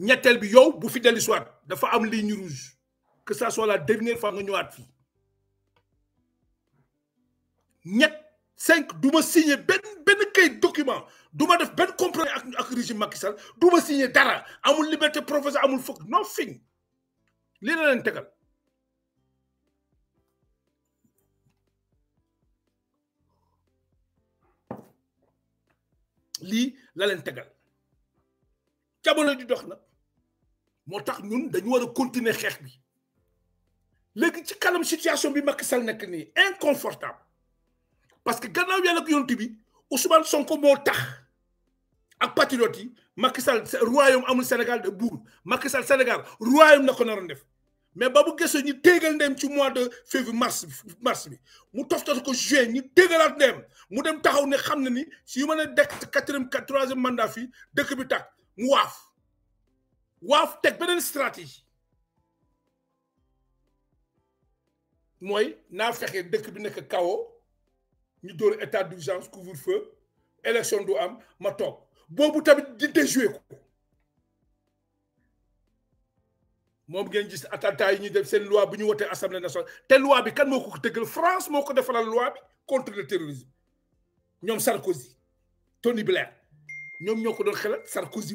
a bi yow bu fi soit dafa am ligne rouge que ça soit la dernière fois nga ñëwaat fii a cinq 5, ma signé ben ben document Duma def ben compromis ak régime Macky dara amul liberté professeur. amul no nothing li la len tegal li la len tegal di motax ñun dañu wara continuer xex bi léegi ci kanam situation bi Macky Sall nekk nii inconfortable parce que gannaaw yàlla ko yonent bi Ousmane Sonko moo tax ak patriotes yi Macky Sall royaume amul Sénégal de bour Macky Sall Sénégal royaume na def mais babu bu gëstoo ñu téegal ndem ci mois de février mars mars bi mu toftal ko juin ñu téegalaat ndem mu dem taxaw ne xam ni su yu dekk 4e 3e mandat fi dekk bi tàkk mu waaf waaf teg beneen stratégie mooy naa fexe dëkk bi nekk kawo ñu un état d'urgence couvre-feu élection du am ma toog boobu tamit di déjoué ko moom ngeen gis attentat yi ñuy def seen loi bu ñu wotee assemblée nationale te loi bi kan moo ko France moo loi contre le terrorisme ñoom Sarkozy Tony Blair ñoom ñoo doon Sarkozy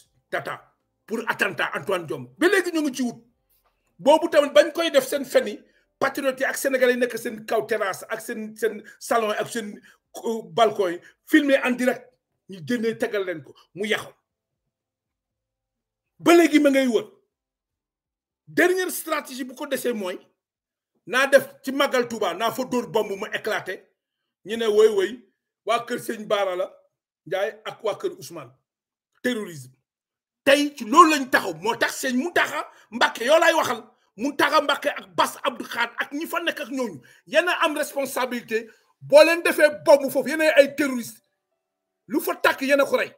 Tata pour attentat Antoine Diome ba léegi ñu ngi ci wut boobu tamit bañ koy def seen fen yi patriote yi ak sénégalais yi nekk seen kaw terrasse ak seen seen salon ak seen euh, balcon yi filmé en direct ñu génnee tegal leen ko mu yàqu ba léegi ma ngay wër dernière stratégie bu ko desee mooy naa def ci màggal Touba naa fo dóor bomb mu éclaté ñu ne woy woy waa kër sëñ Baara la ak waa kër Ousmane terrorisme ay ci loolu lañ taxaw moo tax sëñ Mountakha mbake yoo lay waxal mu Mountakha mbake ak Bass Abdou Khadre ak ñi fa nekk ak ñooñu yéen a am responsabilité boo leen defee bomb foofu yéen ay terroriste lu fa takk yene a ko rey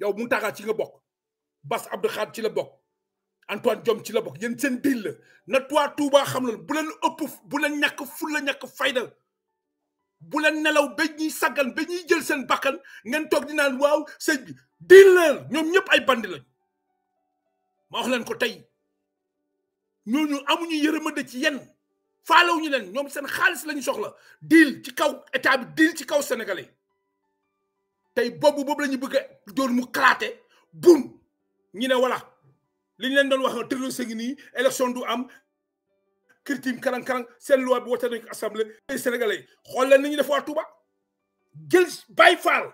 yow Mountakha ci nga bokk Bass Abdou Khadre ci la bokk Antoine Diome ci la bokk yéen seen dil la na toi Touba xam loolu bu leen ëpp bu leen ñàkk ful la ñàkk fayda bu leen nelaw ba ñuy saggan ba ñuy jël seen bakkan ngeen toog di naan waaw sëñ bi dil ñoom ñëpp ay bandi lañ ma wax leen ko tey ñooñu amuñu ma ci yenn faalewuñu leen ñoom seen xaalis lañu soxla diil ci kaw état bi diil ci kaw sénégalais tey boobu boobu la ñu bëgg a doon mu kalaate bum ñu ne voilà li ñu leen doon wax terroriste ngi nii élection du am kirtim karang-karang seen loi bi wote nañ ko assemblée sénégalais xool leen ni ñu def waa Touba jël Baye Fall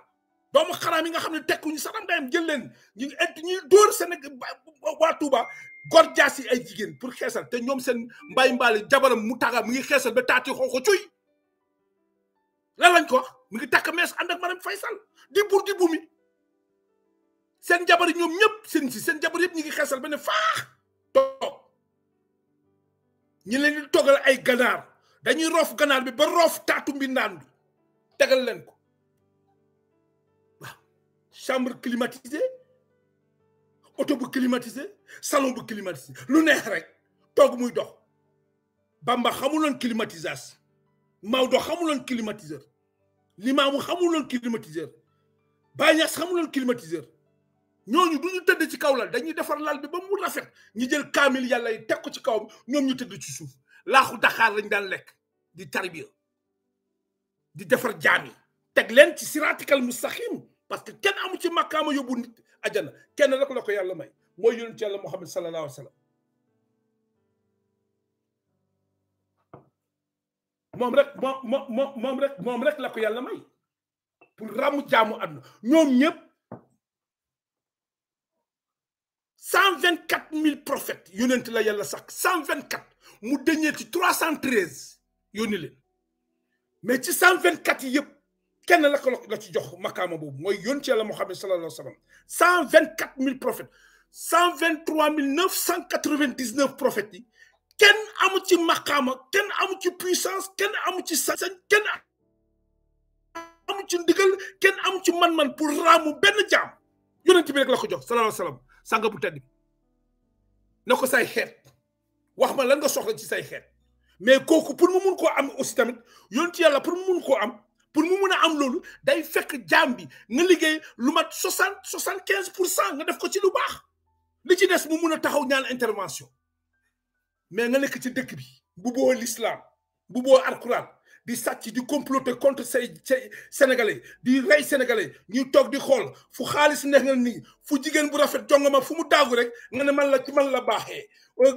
doomu xaraam yi nga xam ne tekkuñu sax daan jël leen ñu et ñuy dóor Sénégal waa Touba gor jaas yi ay jigéen pour xeesal te ñoom seen mbay mbaali jabaram mu tàgga mu ngi xeesal ba taati xooxo cuy lan lañ ko mu ngi takk mees ànd ak Marème Faye Sall di bur di bumi seen jabar ñoom ñëpp seen si seen jabar yëpp ñu ngi xeesal ba ne faax toog ñu leen di toggal ay ganaar dañuy roof ganaar bi ba roof taatu mbindaan bi tegal leen ko chambre climatisée auto bu climatisé salon bu climatisé lu neex rek toog muy dox Bamba xamuloon climatisation Maodo xamuloon climatiseur Limaamu xamuloon climatiseur Baay Ñas xamuloon climatiseur ñooñu du ñu tëdd ci kaw lal dañuy defar lal bi ba mu rafet ñu jël kaamil yàlla yi teg ko ci kaw ñoom ñu tëdd ci suuf laaxu Dakar lañ daan lekk di tarbiya di defar jaam yi teg leen ci siraatikal mustaqim parce que kenn amu ci màkkaama yóbbu nit ajana kenn rek la ko yàlla may mooy yonent yàlla muhammad sallallahu alayhi wa sallam moom rek moom moom moom rek moom rek la ko yàlla may pour ramu jaamu àdduna ñoom ñëpp cent vingt quatre mille prophètes yonent la yàlla sax cent vingt quatre mu dëñee ci trois cent treize yónni mais ci cent vingt quatre yi yëpp kenn la ko la ci jox makaama boobu mooy yónni ci yàlla Muhammad sallallahu alayhi wa sallam cent vingt quatre mille prophètes cent vingt trois mille neuf cent quatre vingt dix neuf prophètes yi kenn amu ci makaama kenn amu ci puissance kenn amu ci sañ kenn amu ci ndigal kenn amu ci man-man pour raamu benn jaam yonent bi rek la ko jox sallallahu alayhi wa bu tedd na ko say xeet wax ma lan nga soxla ci say xeet mais kooku pour mu mun koo am aussi tamit yonent yàlla pour mu mun koo am pour mu mun a am loolu day fekk jaam bi nga liggéey lu mat soixante soixante quinze pour cent nga def ko ci lu baax li ci des mu mun a taxaw ñaan intervention mais nga nekk ci dëkk bi bu boo l'islam bu boo alquran di sàcc di comploter contre say sénégalais di rey sénégalais ñuy toog di xool fu xaalis neex nga nii fu jigéen bu rafet jongoma fu mu daagu rek nga ne man la ci man la baaxee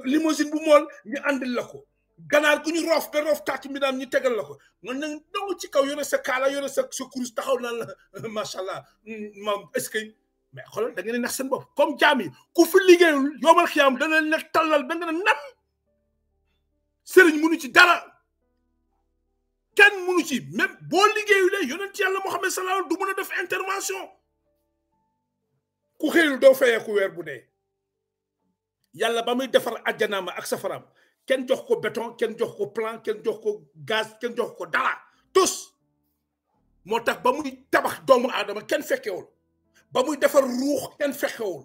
limousine bu mool ñu àndil la ganaar gu ñu roof ba roof tàcc mi daam ñu tegal la ko nga nag dong ci kaw yore sa kaala yore sa sa kurus taxaw naan la macha allah mm, maam est-ce que mais xoolal da ngeen di nax seen bopp comme jaam yi ku fi liggéeyul yoomal xiyaam da ngeen nekk tallal ba ngeen nam sëriñ munu ci dara kenn munu ci même boo liggéeyulee yonent yàlla Muhammad sallallahu du mun a def intervention ku xëyul doo fayee ku weer bu dee yàlla ba muy defar ajjanaama ak safaraam Ken jox ko béton ken jox ko plan ken jox ko gaz ken jox ko dara tous motax tax ba muy tabax doomu adama ken fekkewul ba muy defar ruh ken fekkewul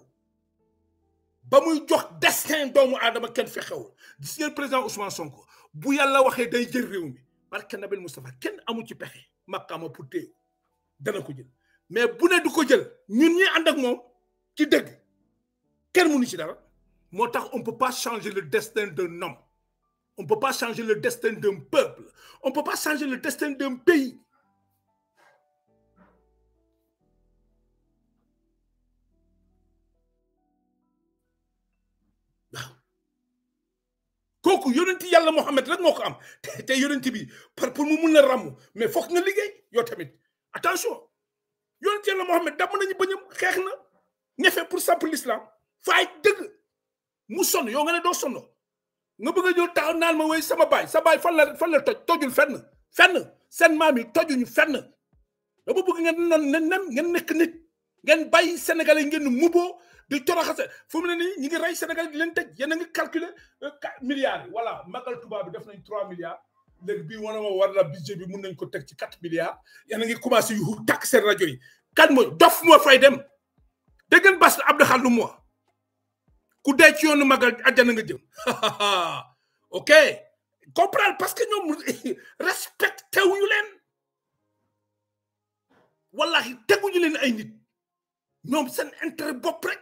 ba muy jox destin doomu adama ken fekkewul gis ngeen président Ousmane Sonko bu yalla waxe day jël réew mi barke Nabil mustafa ken amu ci pexé makkaama pour téye dana ko jël mais bu ne du ko jël ñun ñi ànd ak moom ci ken kenn mënu ci dara motax on peut pas changer le destin d'un homme on ne peut pas changer le destin d'un peuple. On ne peut pas changer le destin d'un pays. Yalla Mohamed rek moko am te pour mu mais il nga liggéey yo tamit attention yonent Yalla Mohamed damm nañu bañam na pour l'islam faay le mu sonn yo nga nga bëgg a jël taxaw naan ma wéy sama baay sa baay fan la fan la toj tojul fenn fenn seen maam yi tojuñu fenn dama bëgg ngeen non nen ngeen nekk nit ngeen bàyyi sénégalais yi ngeen muboo di toroxase fu mu ne nii ñi ngi rey sénégalais di leen tëj yéen a ngi calculer euh, quatre milliards yi voilà magal tubaab bi def nañ trois milliards léegi bii wana ma war la budget bi mun nañ ko teg ci quatre milliards yéen a ngi commencé yu tàkk seen rajo yi kan mooy dof moo fay dem dégg ngeen bas Abdou Khadre Mbow ku dee ci yoonu magal àjjana nga jëm ok comprendre parce que ñoom respecté wuñu leen wallahi teguñu leen ay nit ñoom seen intérêt bopp rek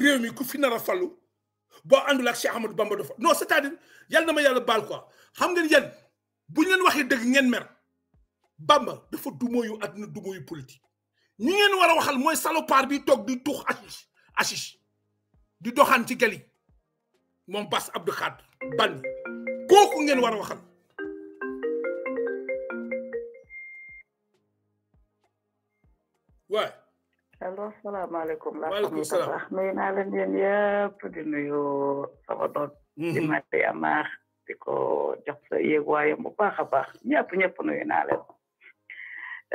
réew mi ku fi nar a falu boo àndul ak Cheikh Ahmadou Bamba dafa non cest à na ma yàlla baal quoi xam ngeen yéen bu ñu leen waxee dëgg ngeen mer Bamba dafa dumóoyu àdduna dumóoyu politique ñi ngeen war a waxal mooy salopard bi toog di tux achiche achiche di doxaan ci gali moom Bass Abdou Khadre bandi kooku ngeen war a waxal waay allo salaamaaleykum laa xam sa baax nuyu naa leen yéen yëpp di nuyu sama doon di mhm. matti amaax di ko jox sa yéeg waayam bu baax a baax ñëpp ñëpp nuyu naa leen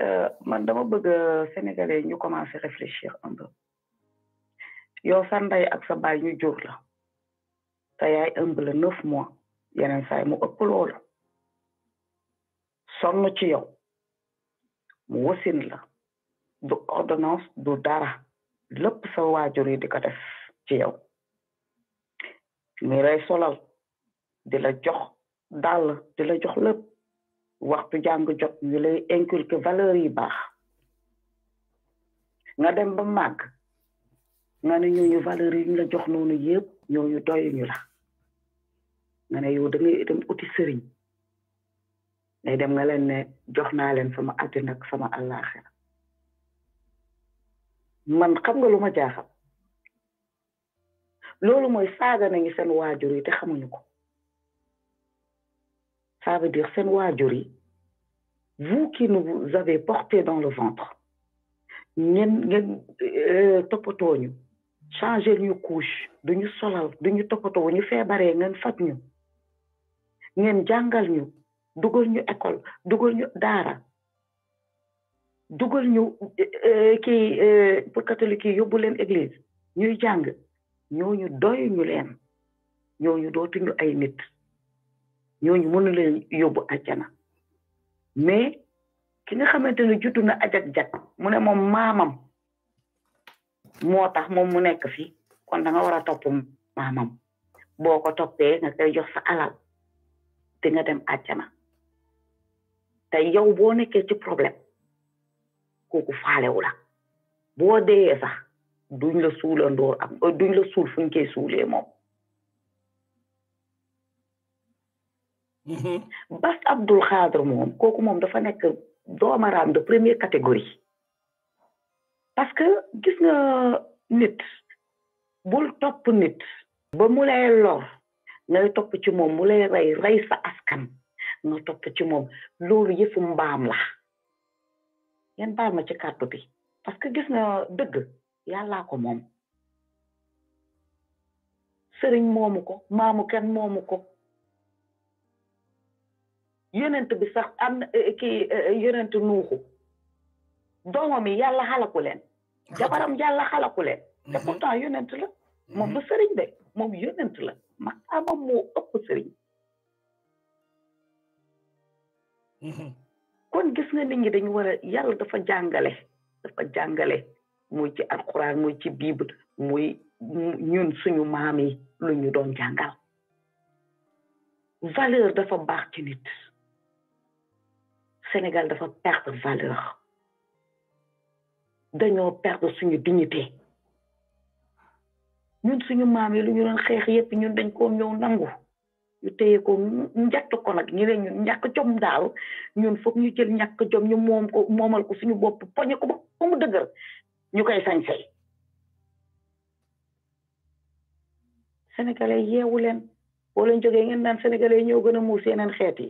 Euh, man dama bëgg euh, sénégalais ñu commencé réfléchir un peu yow sa ndey ak sa baay ñu jur la sa yaay ëmb la neuf mois yeneen saay mu ëpp loolu sonn ci yow mu wasin la du ordonnance du dara lépp sa waajur yi di ko def ci yow mi lay solal di la jox dàll di la jox lépp waxtu jàng jot ñu lay inculqué valeur yi baax nga dem ba màgg nga ne ñooñu valeur yi ñu la jox noonu yëpp ñooñu doyuñu la nga ne yow da ngay dem uti sëriñ day dem nga leen ne jox naa leen sama àddina sama àllaaxira man xam nga lu ma jaaxal loolu mooy saaga nañu seen waajur yi te xamuñu ko ça veut dire vous qui nous avez porté dans le ventre nous avons changé nous couche nos solal duñu toppatoo ñu feebaree ngeen Nous Nous ngeen jàngal nous nous école nous Nous dara. dugal Nous qui euh, euh, pour catholique nous ni leen église nous jàng nous nous nous aimer ñooñu mën na leen yóbbu àjjana mais ki nga xamante ne juddu na ajak-jak mu ne moom maamam moo tax moom mu nekk fi kon da nga war a topp maamam boo ko toppee nga koy jox sa alal te dem àjjana te yow boo nekkee ci problème kooku faalewu la boo dee sax duñ la suulandoor ak duñ la suul fu ñu koy suulee moom Mm-hmm. Bass Abdou Khadre moom kooku moom dafa nekk doomaraam de première catégorie parce que gis nga nit bul topp nit ba mu lay lor ngay topp ci moom mu lay rey rey sa askan nga topp ci moom loolu yëfu mbaam la ngeen baal ma ci kàddu bi parce que gis na dëgg yàllaa ko moom sëriñ moomu ko maamu kenn moomu ko yonent bi sax am eh, kii eh, yonent nuuxu doomam yi yàlla xalaku leen jabaram yàlla xalaku leen te mhm. pourtant yonent la mhm. moom du sëriñ de moom yonent la maqaamam moo ëpp sëriñ mhm. kon gis na ni ñi dañu war a yàlla dafa jàngale dafa jàngale muy ci alquran muy ci bible muy ñun suñu maam yi lu ñu doon jàngal valeur dafa baax ci nit Sénégal dafa perdre valeur dañoo perdre suñu dignité ñun suñu maam yi lu ñu doon xeex yëpp ñun dañ koo ñëw nangu ñu téye ko njàtt ko nag ñu ne ñun ñàkk jom daal ñun foog ñu jël ñàkk jom ñu moom ko moomal ko suñu bopp poñe ko ba mu koy sañsey sénégalais yeewu leen boo leen jógee ngeen naan sénégalais ñoo gën a muur seeneen xeet yi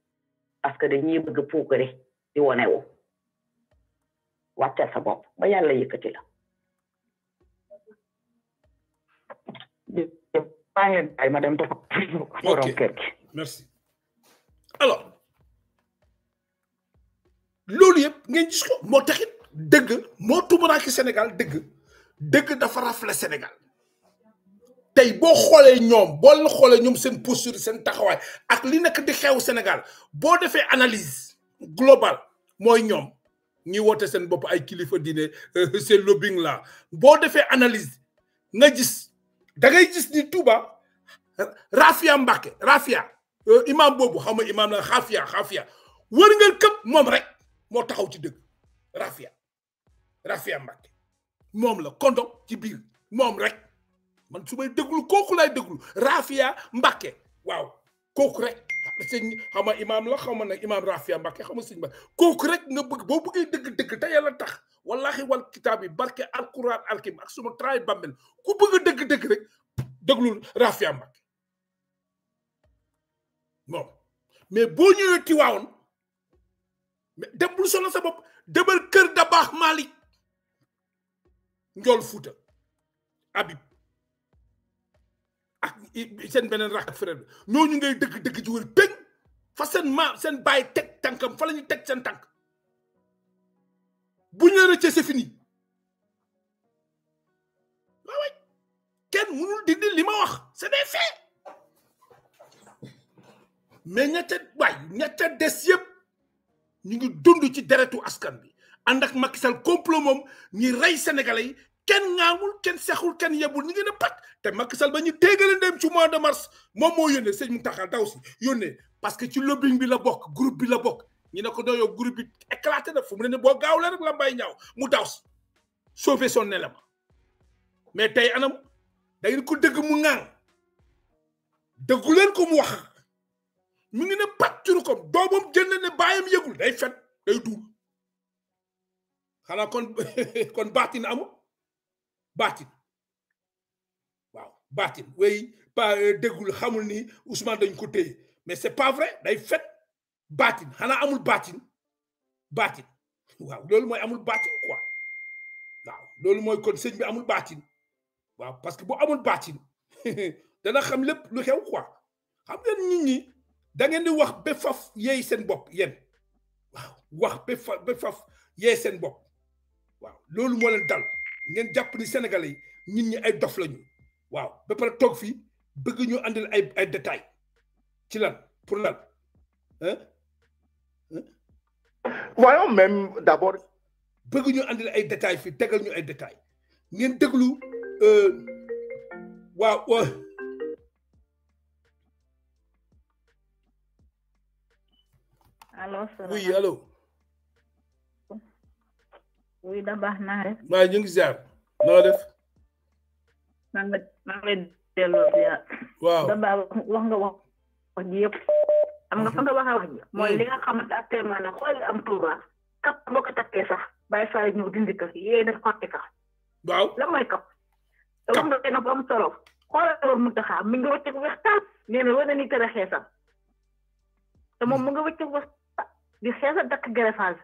parce que dañuy bëgg puukare di wone wu wàcce sa bopp ba yàlla yëkkati la maa ngeen ay ma dem topp borom kër gi merci alors loolu yëpp ngeen gis ko moo taxit dëgg moo tumuraaki sénégal dëgg dëgg dafa rafle sénégal tey boo xoolee ñoom boo xoolee ñoom seen posture seen taxawaay ak li nekk di xew senegal boo defee analise globale mooy ñoom ñi woote seen bopp ay kilifa dine euh, seen lobbying la boo defee analyse nga gis da ngay gis ni Touba Rafia Mbacke Rafia euh, imam boobu xam nga imam la Rafia xafiya wër nga këpp moom rek moo taxaw ci dëgg Rafia Rafia Mbacke moom la kondom ci biir moom rek. man su may déglu kooku lay déglu Rafia Mbacke waaw kooku rek sëñ xam nga imaam la xam nga nag imaam Rafia Mbacke xam nga sëñ ba kooku rek nga bëgg boo bëggee dëgg-dëgg te yàlla tax wallahi wal kitaab yi barke alquran alkim ak suma tray bambel ku bëgg a dëgg-dëgg rek déglul Rafia Mbacke moom mais boo ñëwee ki mais dem bul solo sa bopp demal kër da baax Malick njool Fuuta Habib ak seen beneen rakk ak frère bi ñooñu ngay dëgg dëgg ci wër péng fa seen ma seen baay teg tànkam fa la teg seen tànk bu ñu rëccee c'est fini waaw kenn mënul dindi li ma wax c'est des faits mais ñette des yëpp ñu ngi dund ci deretu askan bi ànd ak Macky Sall moom ñi rey sénégalais kenn ŋaamul kenn sexul kenn yebul ñu gën a pat te Macky Sall ba ñu téegale ndéem ci mois de mars moom moo yónnee sëñ Mountakha daw si yónnee parce que ci lobbying bi la bokk groupe bi la bokk ñu ne ko doo yow groupe bi éclaté na fu mu ne nii boo gaaw la rek la mbay ñaaw mu daw si sauver son élément mais tey anam da ngeen ko dëgg mu ŋaang dëggu leen ko mu wax mu ngi ne pat curu ko doomam jënd ne bàyyam yëgul day fen day duul xanaa kon kon baatin amul. Batin, waaw Batin, way pa euh, déggul xamul ni Ousmane dañ ko côté. mais c'est pas vrai day fait batin. xanaa amul Batin, Batin. waaw moy amul quoi waaw le moy kon seigne bi amul waaw parce que bu amul batin. dana xam lepp lu xew quoi xam ngeen nit ñi da ngeen di wax ba faf yeey seen bopp waaw wax faf ngeen jàpp ni sénégalais yi ñi ay dof lañu waaw ba pare toog fii bëgg ñu àndil ay ay détails ci lan pour lan ah. voyons même d'abord. bëgg ñu àndil ay détails fii tegal ñu ay détails ngeen déglu euh, waaw. allo salaamaaleykum oui allo. oui da baax naa rek. maa ngi ziar. noo def. maa ngi delloo ziar. waaw da baax wax nga wax wax ji yëpp. am nga fa nga waxee wax mm-hmm. mooy li nga xamante actuellement nag xool am Touba. kap boo ko takkee sax. bàyyi faa ñëw dindi ko yéen a xotti ka. waaw lan kap. te wax nga tey nag ba mu solo. xoolal mu taxaa mi ngi wëcceeku weex taal. nee na ni tere xeesal. te moom mu nga wëcceeku weex di xeesal dakk greffage.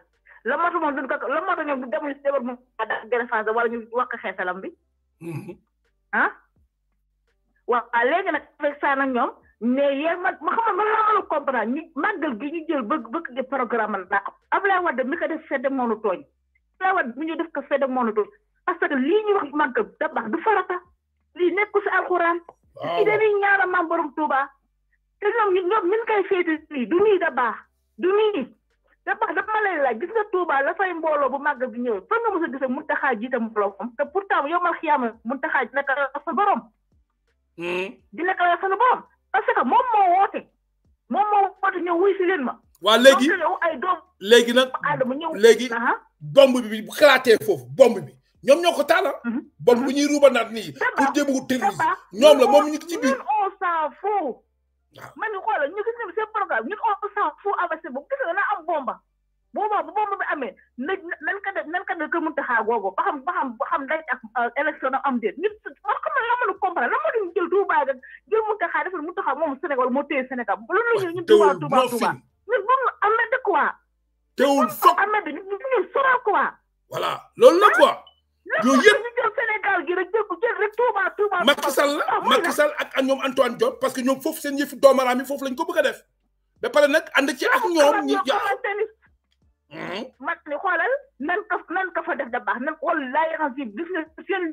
la moo tax moom duñ ko la moo tax ñoom demuñu si a ñu wax xeesalam bi. Mm-hmm. ah waaw léegi nag avec ça ñoom ne yéen ma xam man laa mën a comprendre ñu màggal gi ñu jël bëgg bëgg di programme la Abdoulaye Wade mi ko def fedde moonu tooñ Abdoulaye Wade mi ñu def ko fedde moonu tooñ parce lii ñu wax da baax du farata lii nekku si alxuraan. waaw ci dañuy ñaanal maam borom Touba. te ñoom ñoom ñu ngi du nii da baax du nii. dama dama lay laaj gis nga Touba la fay mbooloo bu màgg bi ñëw fan nga mos a gis ak Muntaxa jiite mbooloo moom te pourtant yomal xiyaama Muntaxa dina ko layal sunu borom. dina ko layal sunu borom parce que moom moo woote moom moo woote ñëw wuy si leen ma. waa léegi ay doom léegi nag Adama ñëw léegi ah? bomb bi bu xalaatee foofu bomb bi ñoom ñoo ko taala ah? mhm. bomb bu ñuy ruubanaat nii pour jéem a terrorisme ñoom la moom ñu ci biir. Ah. man ñu xoolal ñu gis ne seen programme ñun on s'en fout avancé boobu gis nga na am bomba boobaa bomba bi amee na nan ka de ka de ko mënta xaar googu ba xam ba xam ba xam daj ak am am déet ñun man xam nga lan mënu comprendre lan moo dañu jël Touba rek jël mënta xaar defal mënta moom Sénégal moo téye Sénégal loolu la ñuy ñun Touba Touba Touba ñun boobu am na de quoi teewul foog am na de ñun sora quoi voilà loolu la quoi yooyu yëpp Sénégal gi rek jël rek tuuba tuuba Macky Sall la Macky ñoom Antoine Diop parce que ñoom foofu seen yëfi doomaraam yi foofu lañ ko bëgg a def ba pare nag ànd ci ak ñoom ñi mat ka nan ka fa def da baax nan xool laay gis nga seen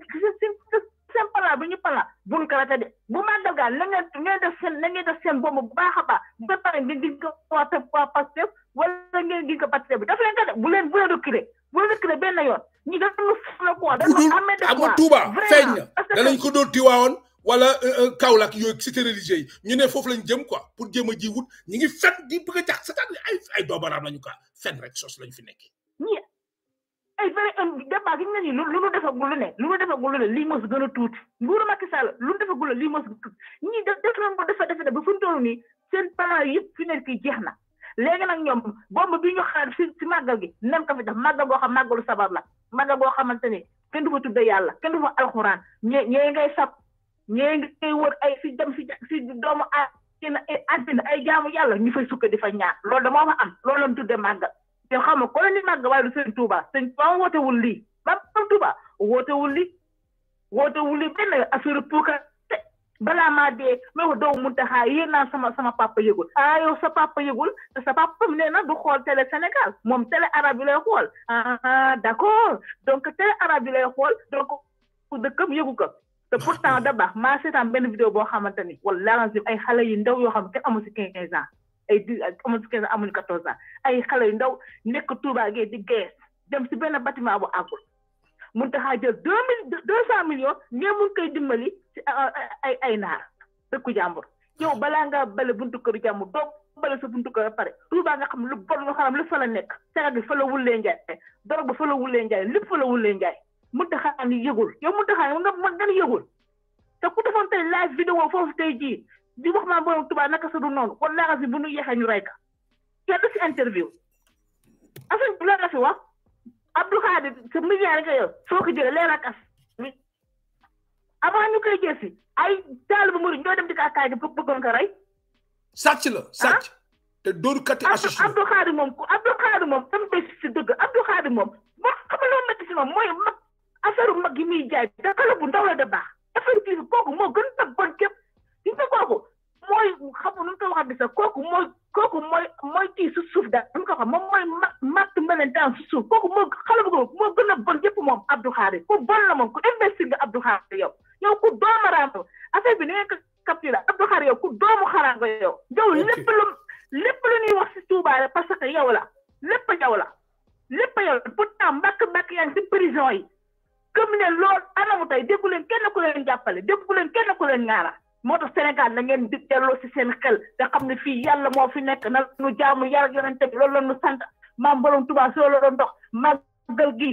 simplement bu ñu pala buñ ko rata de bu ma dogal na nga nga def sen na nga def sen boobu bu baax a ba pare ngeen di ko woote ko passé wala ngeen di ko passé bu daf leen ko de bu leen bu leen reculer bu leen reculer ben yoon ñi dafa lu ko da dafa amé de ko tuuba feeñ na danañ ko doon waawon wala euh, euh, kaolak yooyu cité religieux ñu ne fofu lañ jëm quoi pour jëma ji wut ñi ngi fen di bëgg tax jax cest à ay do baram lañu quoi fen rek sos lañ fi nekk ay beneen um, débat gi ñu ne nii lu lu defagul lu ne lu nu defagul lu ne lii mos gën a tuuti nguuru Macky Sall lu nu defagul lii mos gën a tuuti ñii def def nañ ko defa defe ne ba fu ñu toll nii seen plan yëpp fi nekk jeex na léegi nag ñoom bomb bi ñu xaar si si màggal gi nan ko fi def màggal goo xam màggalu sabar la màggal goo xamante ni kenn du fa tudde yàlla kenn du fa alxuraan ñe ñee ngay sab ñee ngay wër ay fi dem fi fi doomu a àddina ay jaamu yàlla ñu fay sukk di fa ñaar loolu dama wax am loolu lañ tudde màggal te xam nga koo ni màgg waaye du sëñ Touba sëñ Touba wootewul lii ba Touba Touba wootewul lii wootewul lii benn affaire puukar balaa maa dee ma ko doomu Muntaxa yéen naa sama sama papa yëgul ah sa papa yëgul te sa papa nee na du xool télé Sénégal moom télé arabe yi lay xool ah d'accord donc télé arabe yi lay xool donc ku dëkkam yëgu ko te pourtant da baax maa seetaan benn vidéo boo xamante ni wala ay xale yu ndaw yoo xam ne kenn amu si ay di amuñu ay xale yu ndaw nekk Touba Gueye di gees dem si benn bâtiment bu àggul mun taxaa jël deux mille deux cent millions ñee mun koy dimbali si ay ay naar dëkku jàmbur yow balaa ngaa bale buntu këru jàmbur doo bale sa buntu kër pare Touba nga xam lu bon nga xam lu fa la nekk sarat bi fa la wullee njaay dorog bi fa la wullee njaay lépp fa la wullee njaay mun taxaa ni yëgul yow mun taxaa nga nga yëgul te ku defoon tey live vidéo foofu tey jii bi wax maam borom Touba naka sa du noonu wallaahi asi bu nu yeexee ñu rey ka kenn si interview Assane loolu la fi wax Abdou Khadir sa milliard nga yor foo ko leer ak as avant ñu ah? moom ku Abdou moom si dëgg Abdou Khadir moom moo xamal loo métti moom mooy mag affaire mag yi muy jaay bu ndaw la da baax kooku moo gën a bon képp. gis nga kooku mooy kooku mooy kooku mooy mooy kii su suuf daal moom mooy màtt melentaan su suuf kooku moo xale bu gën a bon yëpp moom Abdou Khadre ku bon la moom ku investir nga Abdou Khadre yow yow ku doomaraam affaire bi ni ngeen ko capturé Abdou Khadre yow ku doomu xaraan nga yow. yow lépp lu lépp lu wax si Touba parce que yow la lép yow la lépp yow la pourtant mbàkk-mbàkk yaa ngi si prison yi gëm ne loolu anamu tey déggu leen kenn ku leen jàppale déggu leen moo tax Sénégal na ngeen di delloo si seen xel te xam ne fii yàlla moo fi nekk na nu jaamu yar yonente bi loolu la nu sant maam borom Tuubaa soo la doon dox màggal gi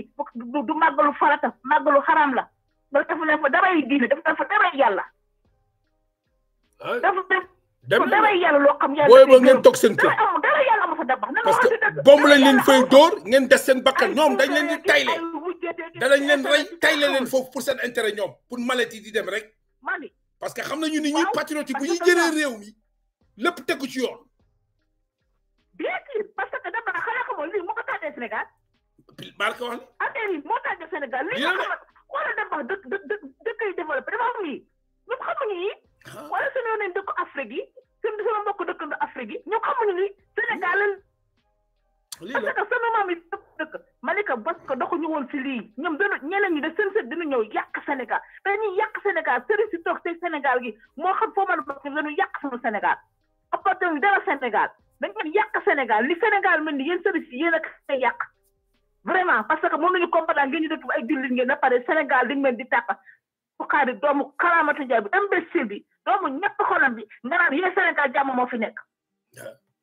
du màggalu farata màggalu xaram la loolu dafa leen fa daray diine dafa leen fa daray yàlla. dafa leen fa daray yàlla loo xam yàlla. booy ba ngeen toog seen kër daray yàlla amu fa dabax. parce que bomb lañ leen fay dóor ngeen des seen bakkan ñoom dañ leen di tayle danañ leen rey tayle leen foofu pour seen intérêt ñoom pour maladie di dem rek. parce que xam nañu ni ñuy patriotique bu ñuy jëlee réew mi lépp tegu ci yoon. parce que damaa xanaa xamoon lii moo ko Sénégal. barke wax la. yi Sénégal. lii nga xamante xoolal damaa dë dë dë dëkk yi développé dafa am yii ñoom xamuñu yi. Ah. wala suñu yónnee dëkku Afrique yi suñu sama mbokku dëkkandu Afrique yi ñoom xamuñu ni Sénégal. Hmm. lii la parce que sama maam yi dëkk Malika parce que doxuñu lii ñoom dañu ñeneen ñi de seen dina ñëw yàq Sénégal dañuy yàq Sénégal sëriñ si toog si Sénégal gi moo xam foo mën a bokk dañu yàq suñu Sénégal apporté dara Sénégal dañu leen yàq Sénégal li Sénégal mel ni yéen sëriñ si yéen yàq vraiment parce que moom la ñu comprendre ngeen ñu dëkk bi ay jullit ngeen na pare Sénégal dañu meen di tàppa su xaari doomu karaamatu njaay bi imbécile bi doomu ñett xolam bi nga naan yéen Sénégal jàmm moo fi nekk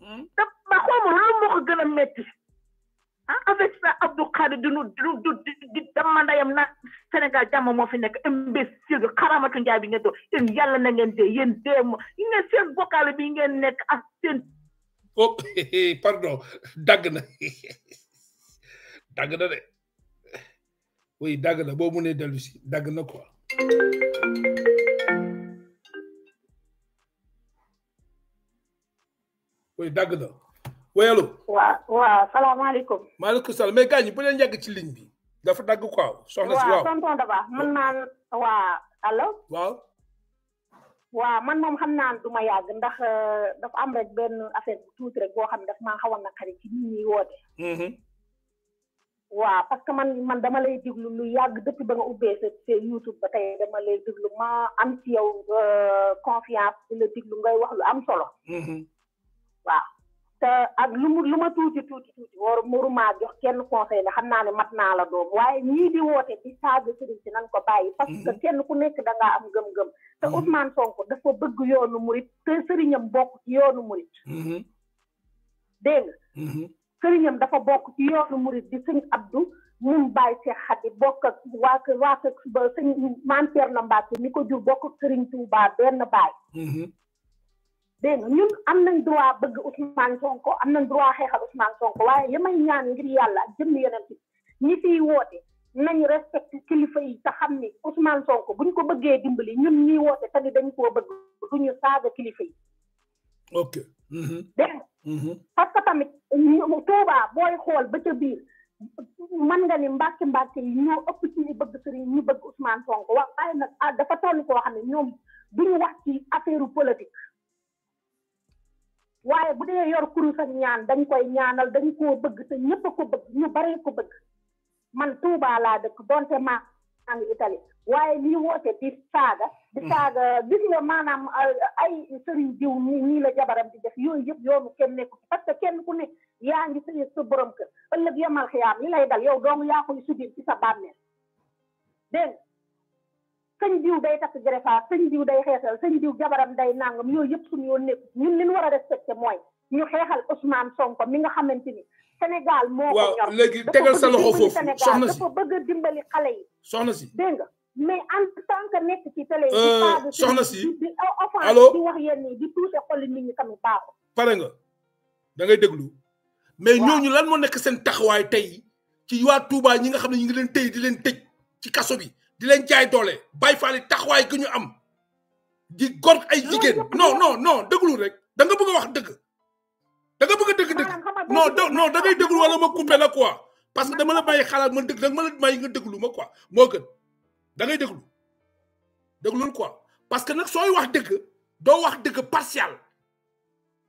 Hmm? te ba xawma lu moo gën a metti ah avec ça Abdou Khadre di nu di nu di dama ndeyam naan Sénégal jàmm moo fi nekk imbécile xaramatu njaay bi ngeen doon yéen yàlla na ngeen dee yéen dee ma ngeen seen bokkale bi ngeen nekk ak seen. oh pardon dagg na dagg na de oui dagg na boo mënee dellu dagg na quoi. way dagg na waa waaw waaw salaamaaleykum. maaleykum salaam mais gars ñi bu leen yàgg ci ligne bi. dafa dagg quoi soxna si waaw waaw tonton Daba mën naa waaw allo. waaw. man moom xam naa du ma yàgg ndax euh, dafa am rek benn affaire bu tuuti rek boo xam ne daf maa xawoon na xarit ci nit ñi woote. Mm-hmm. waaw parce que man man dama lay déglu lu yàgg depuis ba nga ubbee sa YouTube ba tey dama lay déglu ma am ci yow euh, confiance di la déglu ngay wax lu am solo. Mm-hmm. waaw te ak lu mu lu ma tuuti tuuti tuuti war waruma jox kenn conseil la xam naa ne mat naa la doom waaye ñii di woote di saaga sëriñ si nañ ko yi mm-hmm. parce que kenn ku nekk da am gëm-gëm te mm-hmm. Ousmane Sonko dafa bëgg yoonu murit te sëriñam bokk ci yoonu murit mm-hmm. dafa bokk ci yoonu murit di sëñ Abdou mun bàyyi Seex Xadi bokk ak waa kër na kër ba mi ko jur bokk ak sëriñ Tuubaa benn baay dégg nga ñun am nañ droit bëgg Ousmane Sonko am nañ droit xeexal Ousmane Sonko waaye li may ñaan ngir yàlla ak jëmm yeneen ci ñi fiy woote nañ respecté kilifa yi te xam ni Ousmane Sonko ñu ko bëggee dimbali ñun ñuy woote tamit dañ koo bëgg duñu saaga kilifa yi. ok. Mhm. dégg mhm. que tamit Touba booy xool ba ca biir mën nga ni mbàkki mbàkki yi ñoo ëpp ci ñu bëgg sëriñ ñu bëgg Ousmane Sonko waaye ah, dafa toll koo xam ne ñoom duñu wax ci affaire politique. waaye bu dee yor kurus ak ñaan dañ koy ñaanal dañ koo bëgg te ñëpp a ko bëgg ñu baree ko bëgg man Touba laa dëkk donte maa ngi waaye lii woote di saaga di saaga gis nga maanaam uh, ay sëriñ diw nii la jabaram di def yooyu yëpp yoonu kenn nekku parce que kenn ku ne yaa ngi sëy sa borom kër ëllëg yamal xiyaam li lay dal yow dong yaa koy subir ci sa bàmmeel sëñ diw day takk greffage sëñ diw day day nangam yooyu yëpp suñu yoon nekk ñun li ñu war a respecté mooy ñu xeexal Ousmane Sonko mi nga xamante ni Sénégal moo ko ñor léegi tegal sa loxo foofu si dafa bëgg a dimbali xale yi soxna si dégg nga mais en tant nekk ci télé yi euh, soxna si di offense di wax yenn yi di tuute xol ñu ñi tamit baaxul pare nga da ngay déglu mais ñooñu lan moo nekk seen taxawaay tey ci waa Touba ñi nga xam ne ñu ngi leen tëj di leen tëj ci kaso bi di len jaay doole bay Fall taxway gi ñu am di gor ay jigen non non non dëgglu rek da nga bëgg wax deug da nga bëgg deug deug non non da ngay dëgglu wala ma coupé la quoi parce que dama la bay xalaat ma deug da ma la may nga dëgglu ma quoi mo gën da ngay dëgglu dëglul quoi parce que nak soy wax deug do wax deug partial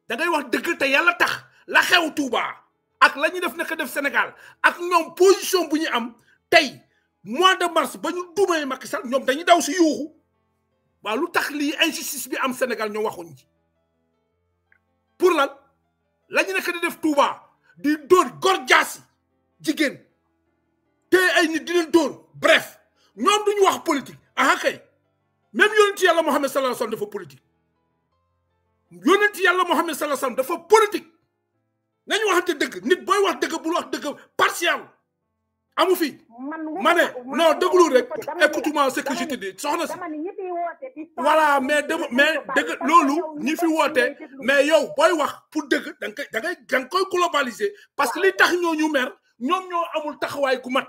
da ngay wax deug te yalla tax la xew Touba ak lañu def nak def senegal ak ñom position bu ñu am tay mois de mars ba ñu dumay Macky Sall ñoom dañuy daw si yuuxu waaw lu tax lii injustice bi am Sénégal ñoo waxuñ ci pour lan la ñu nekk di def Touba di dóor gor jaasi jigéen te ay nit di leen dóor bref ñoom duñu wax politique aha kay même yonent yàlla Muhammad sallallahu alayhi wasallam dafa politique yonent yàlla Muhammad sallallahu alayhi wasallam dafa politique nañu waxante dëgg nit booy wax dëgg bul wax dëgg partial Amoufi, fi ma non déglu rek écoute-moi ce que je te dis voilà mais dama mais dëgg loolu ni fi woote mais yow boy wax pour dëgg da nga gang da globalisé. koy globaliser parce que li tax ñoo ñu mer ñoom ñoo amul taxawaay gu mat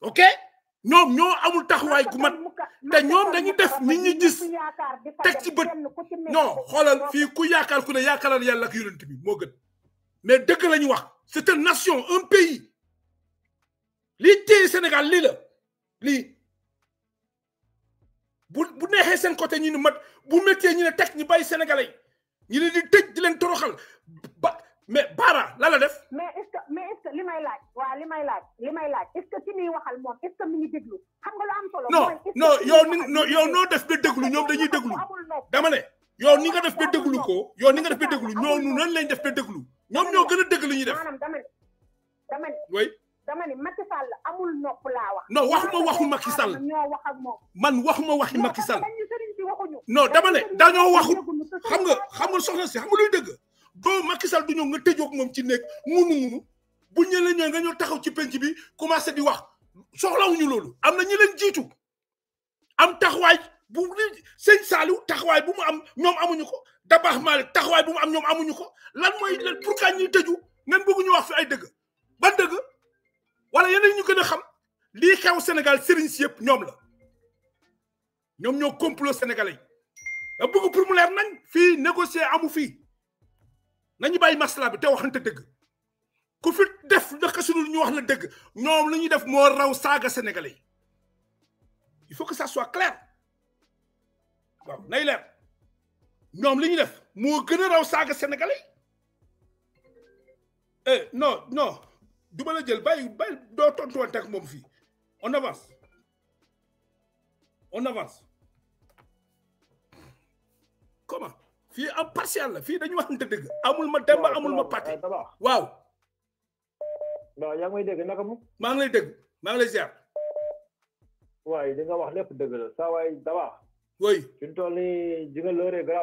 ok ñoom ñoo amul taxawaay gu mat te ñoom dañu def nit ñi gis teg ci non xoolal fi ku yakal ku ne yaakaaral yàlla ak yonent bi mais dëgg la ñu wax c'est une nation, un pays. L'ité Sénégal, l'île. Li. Vous n'avez pas côté, vous mettez une tête, vous baillez Sénégalais. Vous avez des têtes, vous avez des mais Bara la la def. mais est ce que mais est ce que limay laaj wa limay laaj limay laaj est ce que ki ni waxal moom est ce que mi ngi déglu xam nga lu am solo. non non yo ni yo no def ba déglu ñom dañuy déglu dama ne yo ni nga def ba déglu ko yo ni nga def ba déglu ñoom nan lañ def ba déglu. ñoom ñoo gën a dëgg li ñuy def maanaam dama ni dama ni oui dama ni Macky amul nopp laa wax non waxuma waxu Macky ñoo ak moom man waxuma waxi Macky Sall non dama ne dañoo waxut xam nga xam nga soxna si xam nga luy dëgg doo Macky Sall du ñëw nga tëjoog moom ci nekk munu munu bu ñu la nga ñëw taxaw ci penc bi commencé di wax soxlawuñu loolu am na ñi leen jiitu am taxawaay bu sëñ Saliou taxawaay bu mu am ñoom amuñu ko Dabakh Malick taxawaay bu mu am ñom amuñu ko lan moy lan pourquoi ñuy tëju ngeen bëggu ñu wax fi ay dëgg ba dëgg wala yeneen ñu gëna xam li xew Sénégal sëriñ si yëpp ñoom la ñom ñoo complot sénégalais da bëgg pour mu leer nañ fi négocier amu fi nañu bàyyi masla bi te waxante dëgg ku fi def naka sudul ñu wax la dëgg ñom lañu def mo raw saga sénégalais il faut que ça soit clair waaw nay leer ñoom li ñu def moo gën a raw saaga sénégalais eh no non du ma la jël bàyyi bàyyi doo tontuwante ak moom fii on avance on avance comment fii am partiel la fii dañu waxante dëgg amul ma demba amul ma pàtte eh, waaw waaw yaa ngi may dégg naka mu maa ngi lay dégg maa ngi lay ziar waaye di wax lépp dëgg la saa waay dabaax oui suñu tool ni ji nga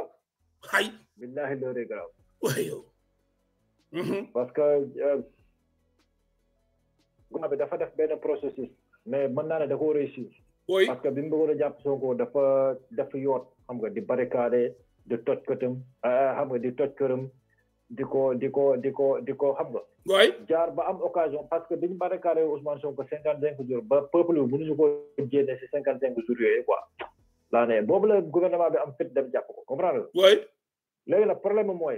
xay billahi dooree garaaw waaye parce que gouvernement bi dafa def benn processus mais man naa ne da koo réussir parce que bim mu bëggoon a jàpp Sonko dafa def yoot xam nga di barricade di toj këtam ah, xam nga di toj këram di ko di ko di ko di ko xam nga jaar ba am occasion parce que bi ñu barricade Ousmane Sonko cinquante cinq jours ba peuple bi mënuñu ko jénne si cinquante cinq jours yooyu quoi laa ne boobu la gouvernement bi am fit dem jàpp ko léegi nag problème mooy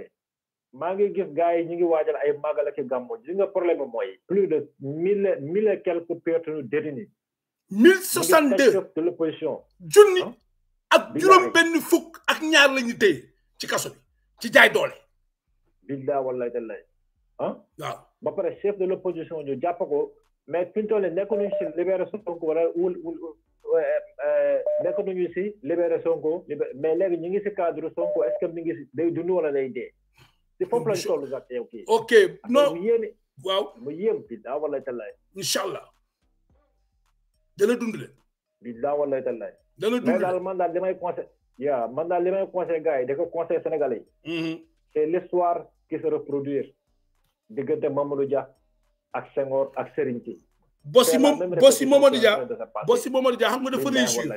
maa ngi gis gars yi ñu ngi waajal ay màggal ak gàmmu ji nga problème mooy plus de mille mille et quelques personnes détenues mille soixante deux de l'opposition junni hein? ak juróom benn fukk ak ñaar la ñu téye ci kaso bi ci jaay doole bildaa wala te lay ah hein? waaw ba pare chef de l'opposition ñu jàpp ko mais fi ñu toll nekkuñu si libération wala wul Euh, euh, nekk nañu si libéré Sonko mais léegi ñu ngi si cadre Sonko est-ce que mi ngi si day dund wala day dee. si foofu lañ toll sax yow kii. ok non mu yéeme. waaw mu yéem billaa wala tallaay. incha allah. dana dund le. billaa wala tallaay. dana dund le man daal li may conseil. yaa man daal li may conseil gars yi da conseil sénégalais yi. Mm-hmm. c'est l'histoire qui se reproduire diggante Mamadou Dia ak Senghor ak Serigne Bossi moom Bossi Momadou Dia Bossi Momadou Dia xam nga dafa réussir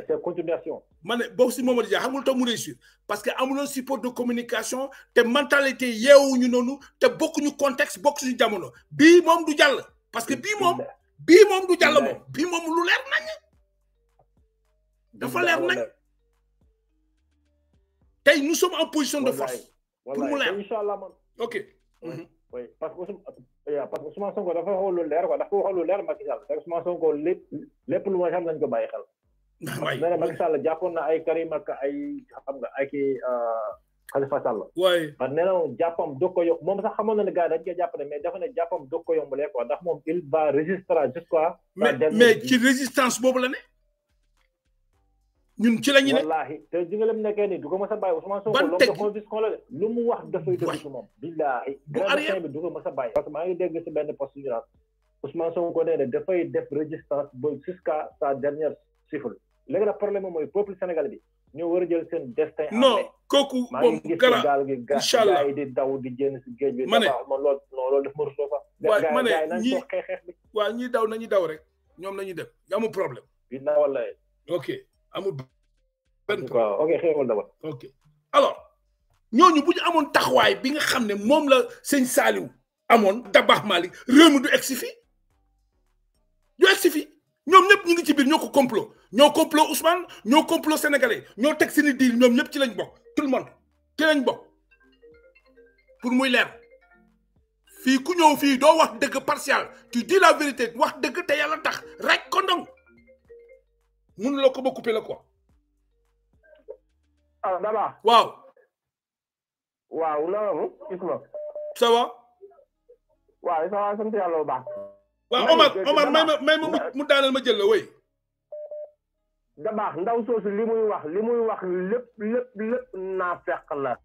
ma Bossi Momadou Dia xam nga réussir parce que amuloon support de communication te mentalité yeewuñu noonu te bokkuñu contexte bokkuñu jamono bii moom du jàll parce que bii moom bii moom du jàll moom bii moom lu leer nañ dafa leer nañ tey nous sommes en position de force pour mu leer ok. Mhm. waaw par que Ousmane Sonko dafa waxul lu leer quoi dafa waxul lu leer Macky Sall rek Sonko lépp lu ma xam nañ ko bàyyi xel. waay nee na Macky Sall na ay Karim ak ay xam nga ay kii euh, Khalifa Sall. waay parce que nee na moom ko yomb moom sax xamoon na ne gars yi dañ koy jàpp ne mais dafa ne ko yombalee quoi ndax moom il va résister jusqu'à. mais mais ci résistance boobu la ne. ñun ci la ne wallaahi te ji nga leen nekkee nii du ko mës bàyyi Ousmane Sonko ban teg la de lu mu wax dafay dëgg ci moom billaahi grandin bi du ko mës a bàyyi parce que maa ngi dégg si benn poste ñu naan Ousmane Sonko nee na dafay def résistance ba jusqu'à sa dernière siffle léegi nag problème moom mooy peuple sénégal bi ñoo war a jël seen destin non kooku moom gara gaal gi gaa yi di daw di génn si géej bi ma ne ma loolu non loolu daf ma rusloo fa waaw ma ne ñi xeex bi waaw ñi daw nañu daw rek ñoom nañu def amul problème bi na wallahi ok amul ok ok alors ñooñu bu ñu amoon taxawaay bi nga xam la sëñ amon amoon Dabakh malik réew du egsi fii du egsi fii ñoom ñëpp ñu ngi ci complot ñoo complot Ousmane ñoo complot sénégalais ñoo teg ñoom ñëpp ci lañ tout le monde ci pour muy leer fii ku ñëw fii doo wax partial tu dis la vérité wax dëgg te yàlla tax mënuloo ko ba coupé la quoi. ah Daba. waaw. waaw loolu gis nga. ça va. waaw ça va sant yàlla bu baax. waaw Omar Omar ma ma mu daaneel ma jël la woy. da baax ndaw soosu li muy wax li muy wax lépp lépp lépp naa fekk la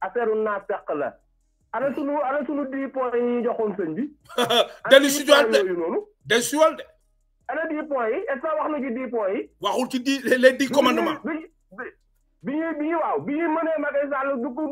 affaire naa fekk la ana sunu ana sunu dix points yi ñu joxoon sëñ bi. dañu si jox de dañu si de. ana dix points yi est wax na ci dix points yi. waxul ci dix les dix commandements. bi ñuy bi ñuy waaw bi ñuy mënee Macky Sall du ko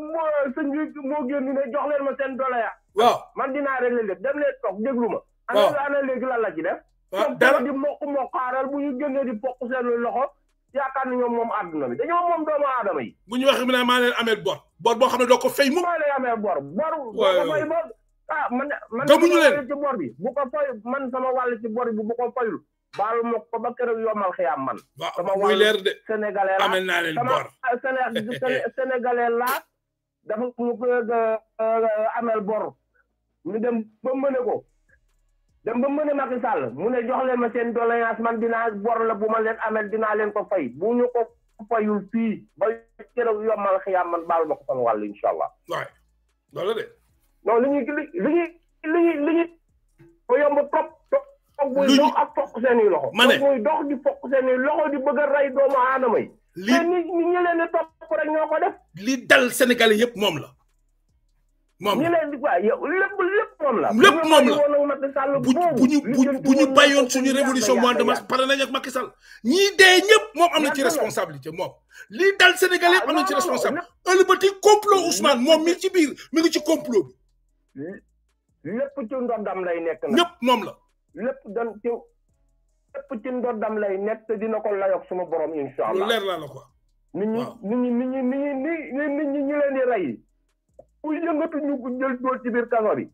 sëñ bi moo génn ne jox leen ma seen doléance. waaw man dinaa régler lépp dem leen toog déglu ma. waaw a ana léegi lan la ci def. waaw dara di mokk mokkaaral bu ñu génnee di pokk seen loxo yaakaar ni ñoom moom àdduna bi dañoo moom doomu aadama yi. bu ñu waxee mu ne ameel bor. bor boo xam ne doo ko fay mu. maa leen ameel bor bor. boo ko fay bor. ah man man tëbuñu leen ci bor bi bu ko fay man sama wàll ci bor bi bu ko fayul baalu ma ko ba keroog yomal xiyaam man sama wàll sénégalais la amel naa leen bor sénégalais laa dafa ñu ko euh, euh, amel bor mu dem ba mëne ko dem ba mëne Macky Sall mu ne jox leen ma seen doléance man dinaa bor la bu ma leen amel dinaa leen ko fay bu ñu ko fayul fii ba keroog yomal xiyaam man baalu ma sama wàll incha waaye loolu de non li ñuy li ñuy li ñuy li ñuy ba yomb trop. lu ñu dox ak fokk seen i loxo. ma ne muy dox di fokk seen i loxo di bëgg a rey doomu aadama yi. li ni ñi ñu leen di topp rek ñoo ko def. li dal Sénégalais yëpp moom la. moom la ñu leen di quoi yow lépp lépp moom la. lépp moom la bu ñu bu ñu bu ñu bàyyoon suñu révolution mois de mars pare nañ ak Macky Sall ñii dee ñëpp moom am na ci responsabilité moom. li dal Sénégalais yëpp am na ci ah, responsable ëllëg ba tey complot Ousmane moom mi ngi ci biir mi ngi ci complot bi. lépp ci ndoddam lay nekk nag ñëpp moom la lépp dan ci lépp ci ndoddam lay nekk dina ko layoog suma borom insha allah leer la la quoi ñi nit ñi nit ñi nit ñi ñi leen di rey ku yëngatu ñu jël ci biir kaso bi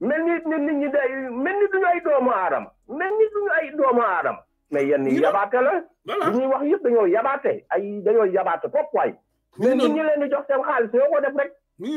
mel ni ñi day mel ni duñu ay doomu aadama mel ni duñu ay doomu aadama mais yenn yabaate la ñuy wax yëpp dañoo yabaate ay dañoo yabaate fopp waay mais nit ñi leen di jox seen xaalis yoo ko def rek mi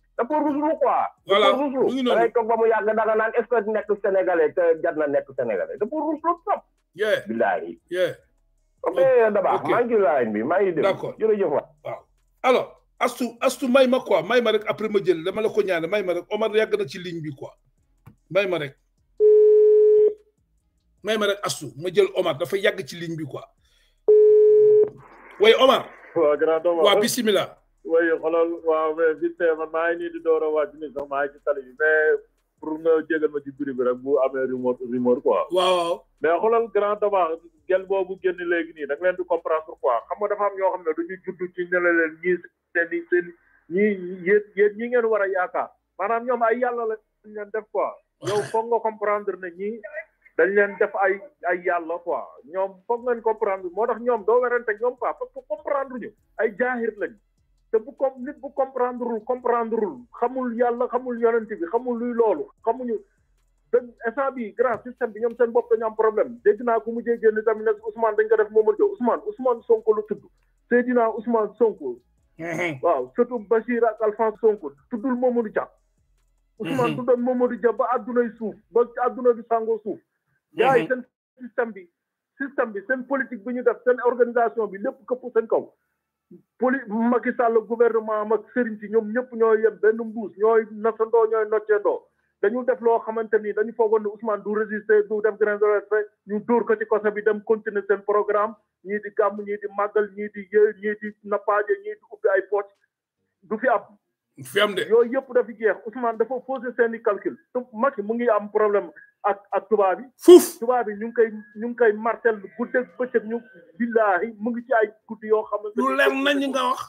dafa ruslu quoi. voilà mu da ngay toog ba mu yàgg danga naan est que nekk sénégalais te jar na nekk sénégalais dafa yee bilaay. yee Daba maa ngi line bi maa ngi déglu. d' accord jërëjëf waa waaw alors astu astu may ma quoi may ma rek après ma jël dama la ko ñaane may ma rek Omar yàgg na ci ligne bi quoi may ma rek may ma rek astu ma jël Omar dafa yàgg ci ligne bi quoi. way Omar. waaw grand Omar way xolal waaw mais vite fait man maa ngi di door a wàcc nii sax maa ngi ci tali bi mais pour nga jégal ma ci bi rek bu amee rumeur rumeur quoi waaw waaw mais xolal grand tabax gel boobu génn léegi nii da nga leen di comprendre quoi xam nga dafa am ñoo xam ne duñu judd ci ne la leen ñii seen seen ñii yéen yéen ñi ngeen war a yaakaar maanaam ñoom ay yàlla la leen def quoi yow foog nga comprendre ne ñii dañ leen def ay ay yàlla quoi ñoom foog ngeen comprendre moo tax ñoom doo werante ñoom parce que comprendre ñu ay jaahir lañ te bu ko nit bu comprendre comprendreul xamul yalla xamul yonent bi xamul luy lolu xamuñu deug état bi grand système bi ñom seen bop dañu am problème dégg naa ko mujjee génn tamit nag Ousmane dañ ko def Momar Diop Ousmane Ousmane Sonko lu tuddu Seydina Ousmane Sonko waaw surtout Bachir ak Alphonse Sonko tuddul Momadou Dia Ousmane tuddoon Momadou Dia ba àddunay suuf ba ci aduna bi sango suuf yaay seen système bi système bi seen politique bi ñu def seen organisation bi lépp këpp seen kaw poli Macky Sall gouvernement am ak sëriñ si ñoom ñëpp ñoo yem benn mbuus ñooy nasandoo ñooy noccandoo dañu def loo xamante ni dañu foogoon ne Ousmane du résister du def grain de respect ñu dóor ko bi dem continuer seen programme ñii di gàmm ñii di màggal ñii di yéey ñii di nappaaje ñii di ubbi ay poche du fi am. du fi am de yooyu yëpp dafa jeex Ousmane dafa posé seen i calcul. te Macky mu ngi am problème ak ak tubaab yi. fuuf tubaab yi ñu ngi koy ñu ngi koy martel guddeeg bëccëg ñu billaahi mu ngi ci ay guddi yoo xam ne. lu leer nañ nga wax.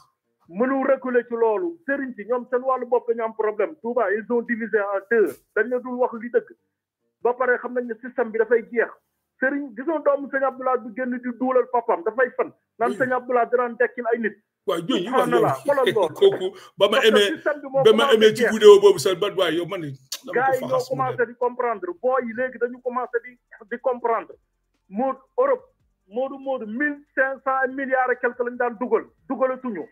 mënu reculer ci loolu sëriñ si ñoom seen wàllu bopp dañu am problème Touba ils ont divisé à deux dañ la dul wax li dëkk ba pare xam nañ ne système bi dafay jeex sëriñ gisoo doomu sëñ Abdoulaye bu génn di duulal papam dafay fan naan mm. sëñ Abdoulaye daan dekkil ay nit waaw jooju wax yow kooku ba ma aimé ba ma aimé ci vidéo boobu sax bat waaye yow man dama ko gars yi ñoo commencé di comprendre boo yi léegi dañu commencé di di comprendre Moodu Europe Moodu Moodu mille cinq cent milliards et quelque lañu daan dugal dugalatuñu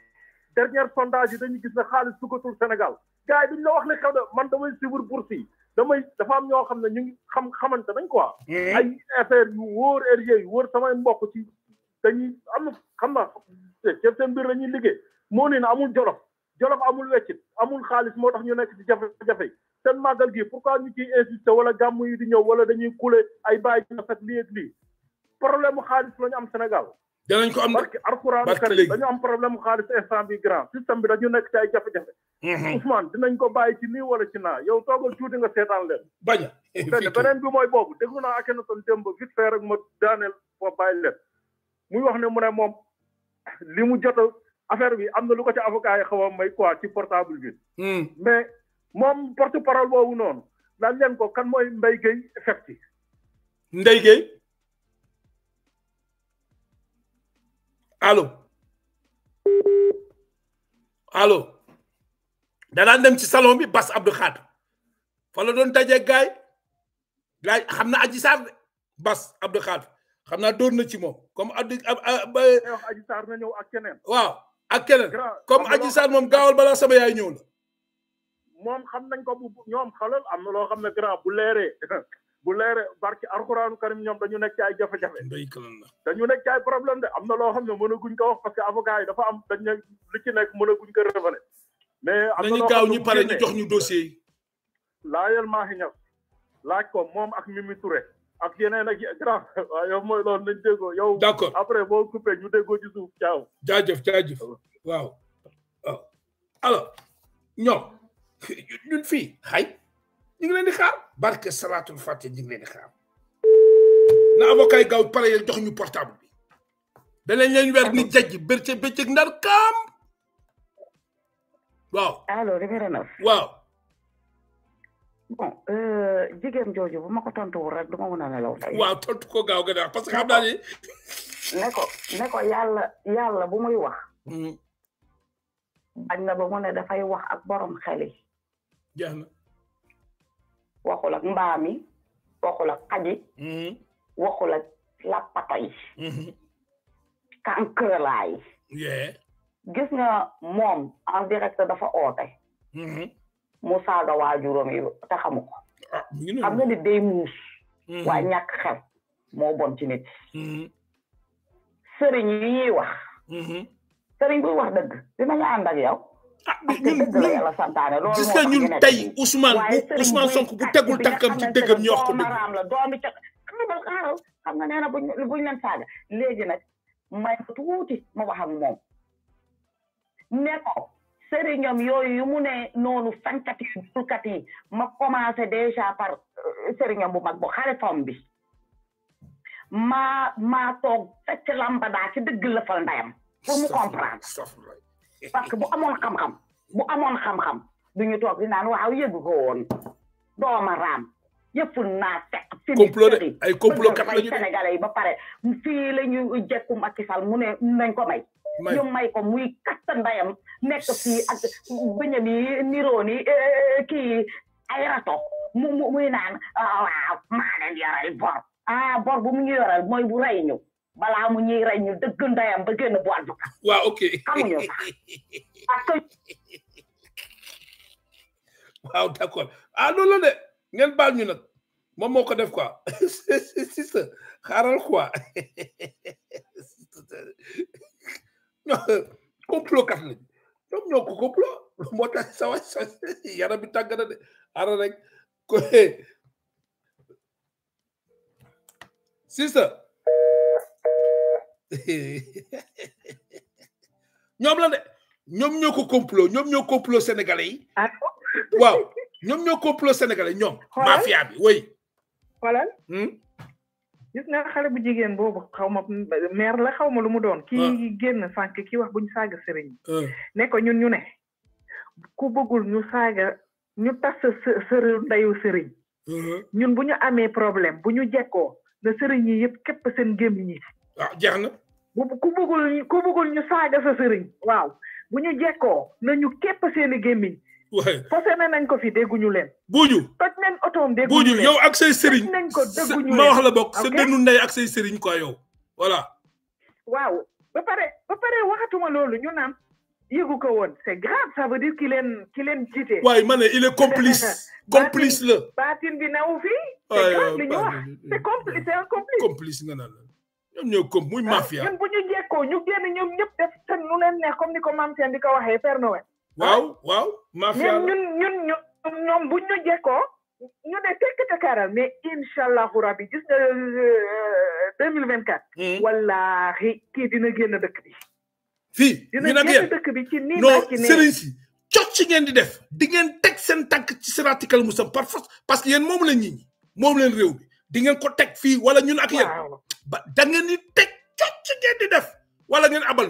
dernier sondage yi dañu gis na xaalis dugatul Sénégal gars yi duñu la wax ne xew de man damay suivre bourse yi damay dafa am ñoo xam ne ñu ngi xam xamante nañ quoi hmm. ay affaire yu wóor RG yu wóor samay mbokk ci dañu am na xam na université biir la ñuy liggéey moo ne amul jolof jolof amul weccit amul xaalis moo tax ñu nekk ci jafe-jafe yi seen màggal gi pourquoi ñu ciy insister wala gàmm yi di ñëw wala dañuy kule ay bàyyi na fekk lii ak lii problème mu xaalis lañu am Sénégal. danañ ko am parce que alxuraanu karim dañu am problème mu xaalis instant bi grand système bi dañu nekk ci ay jafe-jafe. Mhm. Ousmane dinañ ko bàyyi ci nii wala ci naa yow toogal tuuti nga seetaan leen. bañ beneen bi mooy boobu déglu naa Akhenaton démb vite fait rek ma daaneel ma bàyyi leen muy wax ne mu ne moom. li mu jot affaire bi am na lu ko ci avocat yi xaw a may quoi ci portable bi. Hmm. moom porte parole boobu noonu. laaj leen ko kan mooy Mbaye Gueye Fefty. Mbaye Gueye allo allo danaan dem ci salon bi Bass Abdou Khad fa la doon dajee gaay gaay xam na Adji Sarr Bass Abdou Khad xam naa dóor na ci moom comme addi ba euh, Adji Sarr na ñëw ak keneen waaw ak keneen comme Adji Sarr moom gaawal balaa sama yaay ñëw la moom xam nañ ko bu ñoom xalal am na loo xam ne grand bu leeree bu leeree barki alxuraanu karim ñoom dañu nekk ci ay jafe-jafe dañu nekk ci ay problème de am na loo xam ne mën a guñ ko wax parce que avocat yi dafa am dañ ne li ci nekk mën a guñ ko révélé mais am nañu gaaw ñu pare ñu jox ñu dossier yi laajal maaxi ñas laaj ko moom ak Mimi Touré ak yeneen ak grave waaw yow mooy loolu nañ déggoo yow. d' après boo coupé ñu déggoo ci suuf caaw. jaajëf jaajëf waaw waaw alors ñoom fi fii xay ñu ngi leen di xaar barke salaatul fàtte ñu ngi leen di xaar na avocat yi gaaw pare jox ñu portable bi danañ leen weer ni jajj bërce bëccëg ndar kaam waaw. allo révérend waaw. bon euh, jigéen jooju bu ma ko tontuwul rek du ma mën a nelaw tey. ko gaaw gën a parce que xam naa ni. ne ko ne ko yàlla yàlla bu muy wax. Hmm. bañ na ba mu ne dafay wax ak borom xel yi. jeex ak mbaam yi waxul ak xaj yi. Hmm. waxul ak lappata yi. Hmm. kankërlaa yi. gis nga moom en direct dafa oote. mu saaga waajuram yi te xamu ko ah, xam nga nit day muus mm-hmm. waaye ñàkk xel moo bon ci nit mm-hmm. sëriñ yi ñuy wax mm-hmm. sëriñ buy wax dëgg dinañu ànd ak yow ah ñun gis nga ñun tey Ousmane bu Ousmane Sonko bu ah, tegul tànkam ci dëggam ñu wax ko dëgg ah, xam nga nee na buñ leen saaga léegi nag may ko tuuti ma wax ak moom ne ko sëriñam yooyu yu mu ne noonu fankat yi dulkat ma commencé déjà par euh, sëriñam bu mag bu xaritam bi ma ma toog fekk lambada ci dëgg la fal ndayam pour mu comprendre parce que bu amoon xam-xam bu amoon xam-xam du ñu toog di naan waaw yëgu ko woon dooma raam yëppul naa fekk fii ay complot kat la ñu yi ba pare fii la ñu jekku Macky Sall mu ne nañ ko may ñu may ko muy katta ndayam nekk fii ak bëñam yi niroo eh, eh, eh, mu mu muy naan ah, waaw yoral bor ah bor bu mu ñu yoral mooy bu rey ñu balaa mu ñuy rey ñu dëgg ndayam ba génn bool bu ok xamuñu sax parce que d'accord ah de ngeen baal ñu nag moo ko def quoi si si complot kat lañ ñoom ñoo ko complot moo tax sa waay sa yaram bi tàgg na de ara rek ko sister ñoom la de ñoom ñoo ko complot ñoom ñoo complot sénégalais yi ah waaw ñoom ñoo complot sénégalais ñoom mafia bi woy xoolal hmm? gis nga xale bu jigéen boobu xaw ma meer la xaw ma lu mu doon. kii ah. génn sànq kii wax bu ñu saaga sëriñ. Ah. ne ko ñun ñu ne ku bëggul ñu saaga ñu tas sa sëriñ ndeyu sëriñ. Uh-huh. ñun bu ñu amee problème bu ñu jekkoo na sëriñ yi yëpp képp seen gémmiñ yi. waaw ah, jeex na. ku bëggul ku bëggul ñu saaga sa sëriñ. waaw bu ñu jekkoo na ñu képp seen i gémmiñ waaye posé nañ ko fi dégguñu leen. buuju toj nañ otoom dégguñu leen yow ak say sëriñ ma wax la bokk sa dënnu ndey ak say sëriñ quoi yow voilà. waaw ba pare ba pare waxatuma loolu ñu naan yëgu ko woon c'est grave ça veut dire ki leen ki leen jiite. waaye ma ne il est complice. complice la baatin bi newu fi. c'est grave li ñu wax c'est complice c'est naan ñoom ñoo com muy ah, mafia. ñun bu ñu jekkoo ñu génn ñoom ñëpp def seen nu leen neex comme ni ko maam seen di ko waxee Père Noël. waaw waaw mafia ñun ñun ñun ñoom buñ ñu jekkoo ñu ne tekk tekkaaral mais incha allahu rabbi gis nga euh, deux mille vingt quatre hmm. wallaahi kii dina génn dëkk bi fii dina génn dëkk bi ci nii non sëriñ si cot ci ngeen di def di ngeen teg seen tànk ci siraatikal musam par force parce que yéen moom la ñit ñi moom leen réew bi di ngeen ko teg fii wala ñun ak yéen ba da ngeen di teg cot ci ngeen di def wala ngeen abal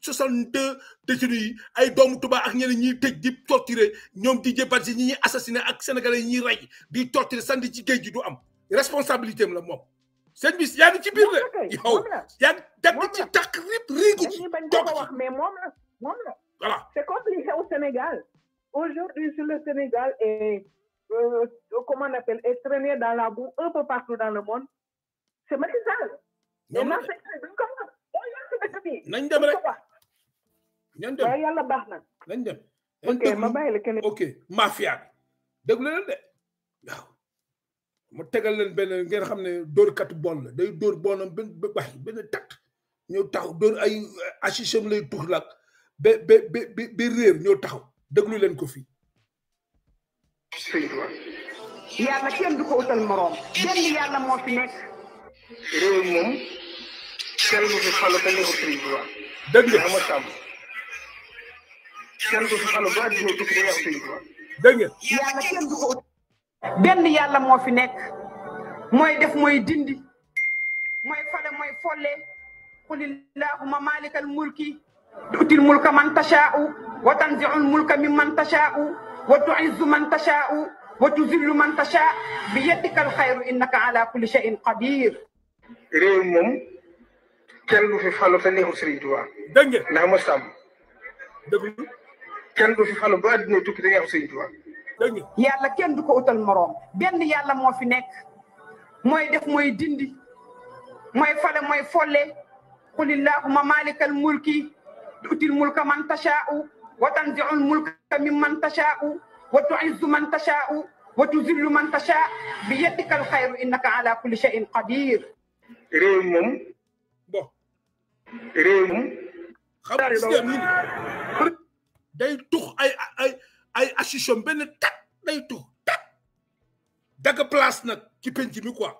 soixante détenus yi ay doomu tuba ak ñeneen ñi tej di torturer ñom di jëbat si ñi assassiner ak sénégalais ñi ray di torturer sandi ci géej du am responsabilité la mom sëñ bis yaa ngi ci biir de yow yaa ngi dagg ci takk rip riigu ji toog wax mais mom la mom la voilà c'est compliqué au Sénégal aujourd'hui sur le Sénégal est euh, comment on appelle est traîné dans la boue un peu partout dans le monde c'est Macky Sall mais nañ dem rek nañ dem waaye yàlla baax na. nañ dem ok ma bàyyi la keneen ok mafia bi de waaw. mu tegal leen benn ngeen xam ne dóorkatu bon la day dóor bonam benn ba wax benn takk ñëw taxaw dóor ay asisam lay tux laag ba ba ba ba réer ñëw taxaw déglu leen ko fii. yàlla kenn du ko utal moroom. benn yàlla moo fi nekk. réew moom. kenn du fi xalu ba nekk ben yàlla mo fi nek moy def moy dindi moy fale moy folle qul illahuma malikal mulki tu'til mulka man tasha'u wa tanzi'ul mulka mimman tasha'u wa tu'izzu man tasha'u wa tuzillu man tasha' bi yadika al alxayru innaka ala kulli shay'in qadir rew mom kenn lu fi falu te neexul Sëriñ Tuubaa dëgg nga ndax ma sàmm dëgg kenn du fi falu ba adduna tukki da nga am sëñ Tuubaa yàlla kenn du ko utal moroom benn yàlla moo fi nekk mooy def mooy dindi mooy fale mooy folle qul illahuma malikal mulki tuutil mulka man tashaa'u wa tanzi'ul mulka mimman tashaa'u wa tu'izzu man tashaa'u wa tuzillu man tashaa'u bi yadikal xayru innaka ala kulli shay'in qadir réew moom bon réew moom xam day tux ay ay ay achichom benn tat day tux tat dagg place nag ci penc mi quoi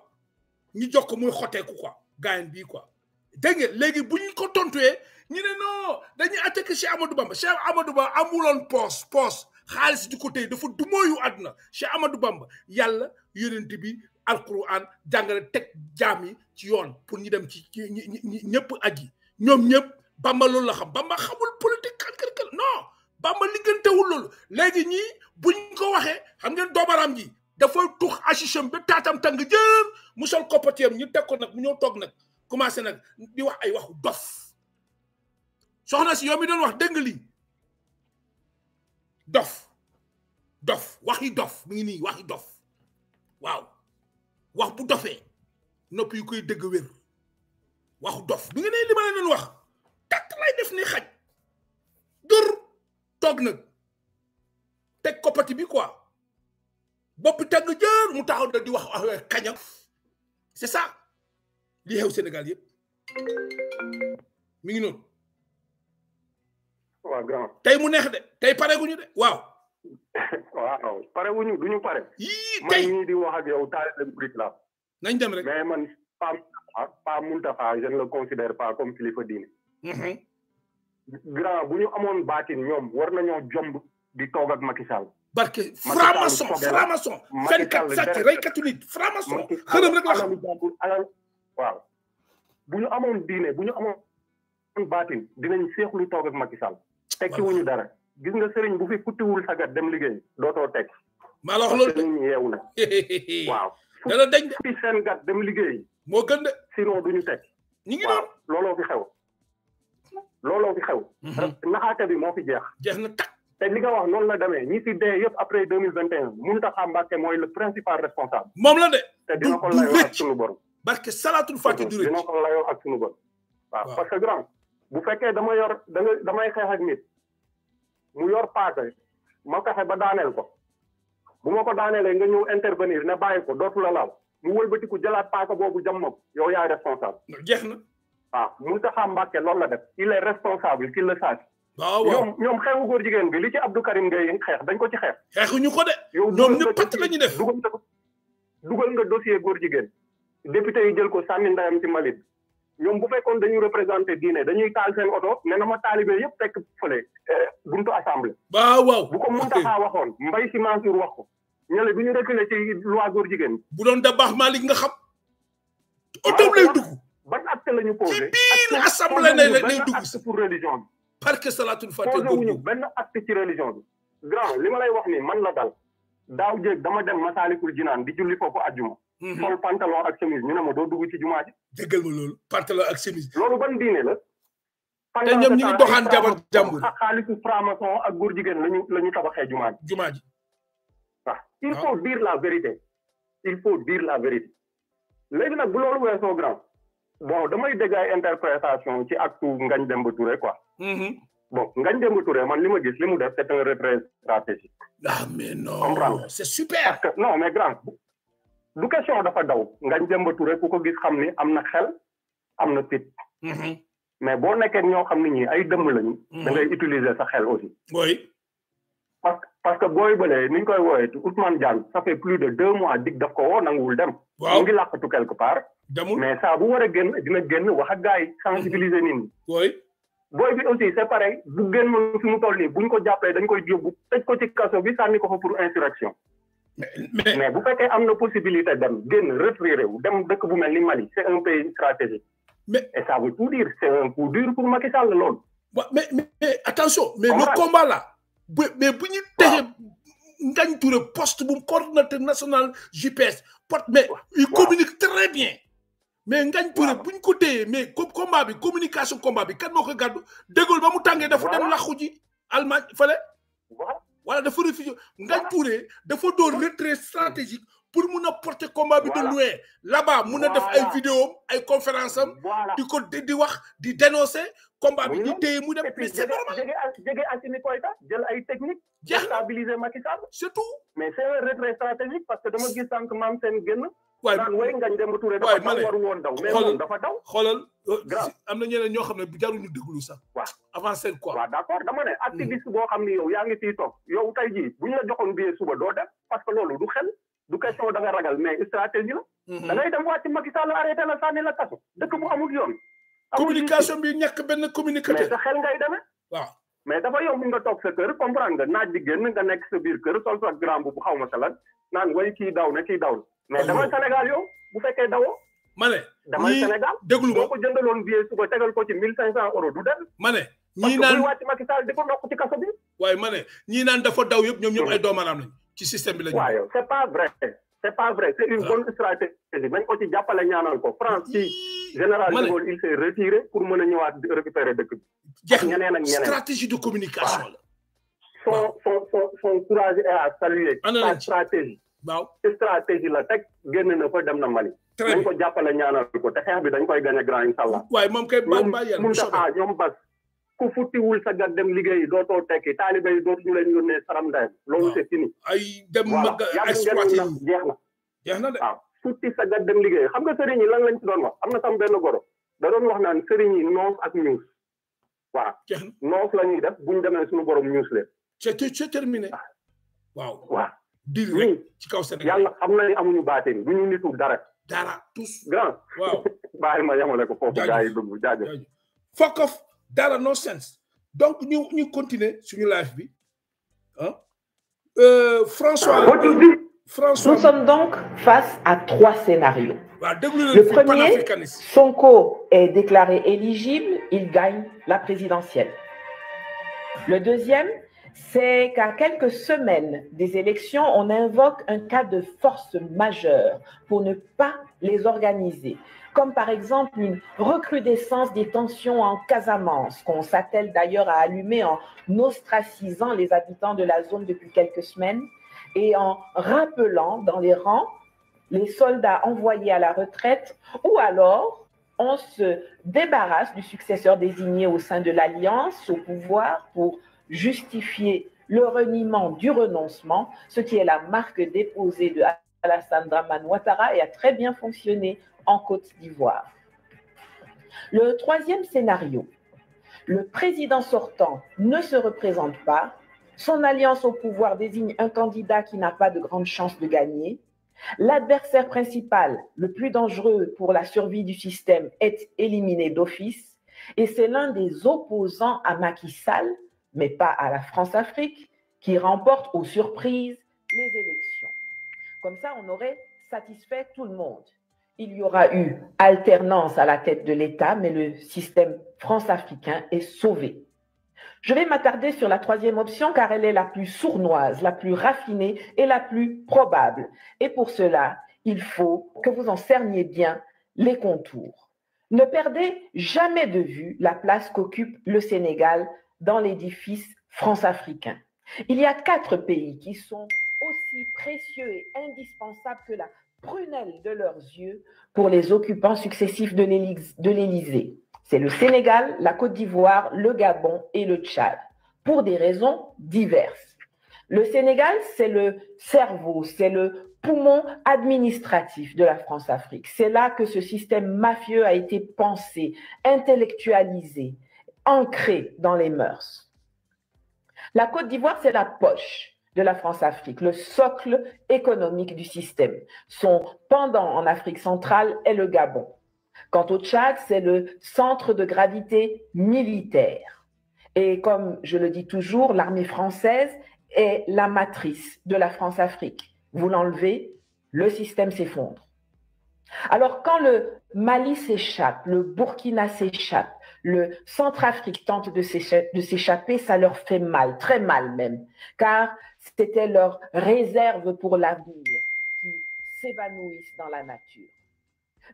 ñu jox ko muy xoteeku quoi gaayen bii quoi dégg ngeen léegi bu ñu ko tontuwee ñu ne noo dañuy attaqué si Amadou Bamba Cheikh Amadou Bamba amuloon poos poos xaalis di ko tey dafa dumóoyu àdduna si Amadou Bamba yàlla yonent bi alquran jàngale teg jaam yi ci yoon pour ñu dem ci ñëpp aji ñoom ñëpp Bamba loolu la xam Bamba xamul politique kan kan kan Bamba liggantewul loolu léegi ñii bu ñu ko waxee xam ngeen doobaraam ji dafay tux achicham ba taatam tàng jër mu sol koppatiyam ñu teg ko nag mu ñoo toog nag commencé nag di wax ay waxu dof soxna si yow mi doon wax dégg nga lii dof dof waxi dof mi ngi nii waxi dof waaw wax bu dofee nopp yu koy dëgg wér waxu mi ngi wax takk lay def ni xaj dër toog nag teg koppati bi quoi bopp tàng jër mu taxaw na di wax wax kañam c'est ça li xew Sénégal yëpp mi ngi noonu. waaw grand tey mu neex de tey pareeguñu de waaw. waaw pareeguñu du ñu pare. yii tey man ñii di wax ak yow taalibe murit la nañ dem rek mais man Pape Moustapha je ne le considère pas comme kilifa diine. Mhm. grand bu ñu amoon baatin ñoom war nañoo jomb di toog ak Macky Sall. parce que franc-maçon franc-maçon. fenkat sàcc reykatu nit franc-maçon xërëm rek wax waaw bu ñu amoon diine bu ñu amoon baatin dinañ seexlu toog ak Macky Sall. tekki dara gis nga sëriñ bu fi futtiwul sagat dem liggéey doo tekki. maa la wax loolu de ñu yeewu na waaw. futti seen gat dem liggéey. moo gën de. du duñu tekki. ñu ngi doon looloo fi xew. looloo fi xew. Mhm. naxaate bi moo fi jeex. jeex na tàkk te li nga wax noonu la demee ñi si dee yëpp après 2021 mille vingt et mooy le principal responsable. moom la de. te dina ko layoo ak sunu borom. barke que salaatul du dina ko layoo ak sunu borom. waaw parce que grand bu fekkee dama yor da nga damay xeex ak nit mu yor paaka ma fexe ba daaneel ko bu ma ko daaneelee nga ñëw intervenir ne bàyyi ko dootu la laal mu wëlbatiku jëlaat paaka boobu jam ma ko yow yaay responsable. jeex na. waaw Moustapha Mbacke loolu la def il est responsable qu'il le sache. waaw waaw ñoom ñoom xeexu góor jigéen bi li ci Abdou Karim Gueye xeex dañ ko ci xeex. xeexuñu ko de. yow ñoom ñëpp pat la ñu def dugal nga dugal nga dossier góor jigéen. député yi jël ko sànni ndayam ci mbalit ñoom bu fekkoon dañu représenté diine dañuy taal seen oto ne na ma taalibe yëpp fekk fële eh, buntu assemblée. waaw waaw bu ko Moustapha waxoon mbay Sy Mansour wax ko. ñale bi ñu reculé ci loi góor jigéen. bu doon da baax Malick nga ban acte la ñu posé. ci biir assemblée ne la day dugg pour religion bi. parce que salaatul fatiha posé wuñu benn acte ci religion bi. grand li ma lay wax nii man la dal daaw jéeg dama dem masaalikul jinaan di julli foofu àjjuma. Mhm. sol pantalon ak chemise ñu ne ma doo dugg ci jumaa ji. déggal ma loolu pantalon ak chemise. loolu ban diine la. te ñoom ñu ngi doxaan jabar jàmbur xaalisu franc-maçon ak góor jigéen lañu la ñu tabaxee jumaa ji. jumaa ji waaw il ah. faut dire la vérité. il faut dire la vérité. léegi nag bu loolu weesoo bon damay dégg ay interprétation ci actu Ngagne Demba Touré quoi. Mm-hmm. bon ngañ dem Demba Touré man li ma gis li mu def c'est un retrait stratégique. ah mais non comprendre c'est super. parce que non mais grand du question dafa daw Ngagne Demba Touré ku ko gis xam ni am na xel am na fit. Mm-hmm. mais boo nekkee ñoo xam ne ñii ay dëmm lañu. Mm-hmm. da ngay utiliser sa xel aussi. booy parce que parce que booy bële ni ñu koy woowee Ousmane man ça fait plus de deux mois dig daf ko woo nanguwul dem. waaw mu ngi làqatu quelque part. demul mais ça, bu war a génn dina génn wax ak gars yi sensibiliser nit ñi. oui. booy bi aussi c'est pareil bu génn fi mu toll nii bu ñu ko jàppee dañ koy yóbbu tëj ko ci kaso bi sànni ko fa pour insurrection. mais bu fekkee am na possibilité dem génn retiré wu dem dëkk bu mel ni Mali c'est un pays stratégique. mais et ça veut tout dire c'est un coup dur pour Macky Sall lool. mais mais attention. mais le combat là. bu mais bu ñu tëjee. Ngagne poste bu coordonnateur national GPS. porte mais il communique très bien mais Ngagne Touré bu ñu ko téyee mais combat bi communication combat bi kan moko ko gàddu déggool ba mu tàngee dafa dem làqu ji Allemagne fële wala dafa refusé Ngagne Touré dafa do retrait stratégique pour mun porter combat bi de loin là-bas mun def ay vidéo ay conférence am di ko di wax di dénoncer combat bi di téy mu dem mais c'est normal djégué Antony Koïta jël ay technique stabiliser Macky c'est tout mais c'est un retrait stratégique parce que dama gis sank maam seen génn waay waay Ngagne Demba Touré dafa waru woon daw mais moom dafa daw xoolal euh, am na ñeneen ñoo xam ne jaruñu déglu sax waaw avancé quoi waaw d' accord dama ne activiste hmm. boo xam ni yow yaa ngi fii toog yow tey jii bu ñu la joxoon billet suba doo dem parce que loolu du xel du question da nga ragal mais stratégie la hmm. da ngay dem wàcc Macky Sall arrêté la sànni la kaso dëkk bu amul yoon communication bi ñàkk benn communicateur mais sa xel ngay demee waaw mais dafa yomb nga toog sa kër comprendre nga naaj bi génn nekk sa biir kër sol sa xaw ma sa lan naan kii daw na kii daw na mais damal Sénégal yo bu fekkee dawoo. ma ne damal Sénégal déglu ma boo ko jëndaloon billet suba tegal ko ci mille cinq cent euros du dem. ma ne ñii naan parce que waaye ma ne ñii naan dafa daw yëpp ñoom ñëpp ay mm. doomaraam lañ ci système bi la ñu. waaw yow c'est pas vrai c'est pas vrai c'est une ah. bonne stratégie bañ ko jàppale ñaanal ko France ci général de il s'est retiré pour mën a ñëwaat récupérer dëkk bi. jeex ñeneen ak ñeneen stratégie de communication la. son son son son courage est à saluer. sa stratégie. waaw stratégie la teg génn na fa dem na Mali. très bien dañ ko jàppale ñaanal ko te xeex bi dañ koy gagné grand incha allah. waaye moom kay bàyyi bàyyi yàlla ñoom ñoom bas. ku futtiwul sa gar dem liggéeyi dootoo tekki taalibe yi dootuñu leen yónnee saram ndeyam. loolu c'est fini. ay dem mag exploité jeex na. jeex na de waaw futti sa gar dem liggéeyi xam nga sëriñ yi lan lañ ci doon wax am na sam benn goro. da doon wax naan sëriñ yi noos ak ñuus. waaw noos la ñuy def bu ñu demee suñu borom ñuus leen. c'est terminé. Ah. waaw waaw. dil rek ci kaw Sénégal yàlla xam na ni amuñu baatin bu ñu nitul dara. dara tous grand. waaw baay ma yamale ko fofu gars yi dugg jaajëf fuck off dara no sense donc ñu ñu continuer suñu live bi hein? euh, ah. François. François nous sommes donc face à trois scénarios. le premier Sonko est déclaré éligible il gagne la présidentielle. le deuxième c'est qu'à quelques semaines des élections, on invoque un cas de force majeure pour ne pas les organiser, comme par exemple une recrudescence des tensions en Casamance, qu'on s'attelle d'ailleurs à allumer en ostracisant les habitants de la zone depuis quelques semaines et en rappelant dans les rangs les soldats envoyés à la retraite, ou alors on se débarrasse du successeur désigné au sein de l'Alliance au pouvoir pour justifier le reniement du renoncement, ce qui est la marque déposée de alassandra Draman Ouattara et a très bien fonctionné en Côte d'Ivoire. Le troisième scénario, le président sortant ne se représente pas, son alliance au pouvoir désigne un candidat qui n'a pas de grande chance de gagner, l'adversaire principal, le plus dangereux pour la survie du système, est éliminé d'office, et c'est l'un des opposants à Macky Sall mais pas à la France-Afrique, qui remporte aux surprises les élections. Comme ça, on aurait satisfait tout le monde. Il y aura eu alternance à la tête de l'État, mais le système France-africain est sauvé. Je vais m'attarder sur la troisième option car elle est la plus sournoise, la plus raffinée et la plus probable. Et pour cela, il faut que vous en cerniez bien les contours. Ne perdez jamais de vue la place qu'occupe le Sénégal dans l'édifice france-africain. Il y a quatre pays qui sont aussi précieux et indispensables que la prunelle de leurs yeux pour les occupants successifs de l'Élysée. C'est le Sénégal, la Côte d'Ivoire, le Gabon et le Tchad, pour des raisons diverses. Le Sénégal, c'est le cerveau, c'est le poumon administratif de la France-Afrique. C'est là que ce système mafieux a été pensé, intellectualisé, Ancré dans les mœurs. La Côte d'Ivoire, c'est la poche de la France-Afrique, le socle économique du système. Son pendant en Afrique centrale est le Gabon. Quant au Tchad, c'est le centre de gravité militaire. Et comme je le dis toujours, l'armée française est la matrice de la France-Afrique. Vous l'enlevez, le système s'effondre. Alors quand le Mali s'échappe, le Burkina s'échappe, le Centrafrique tente de s'échapper, ça leur fait mal, très mal même, car c'était leur réserve pour l'avenir qui s'évanouissent dans la nature.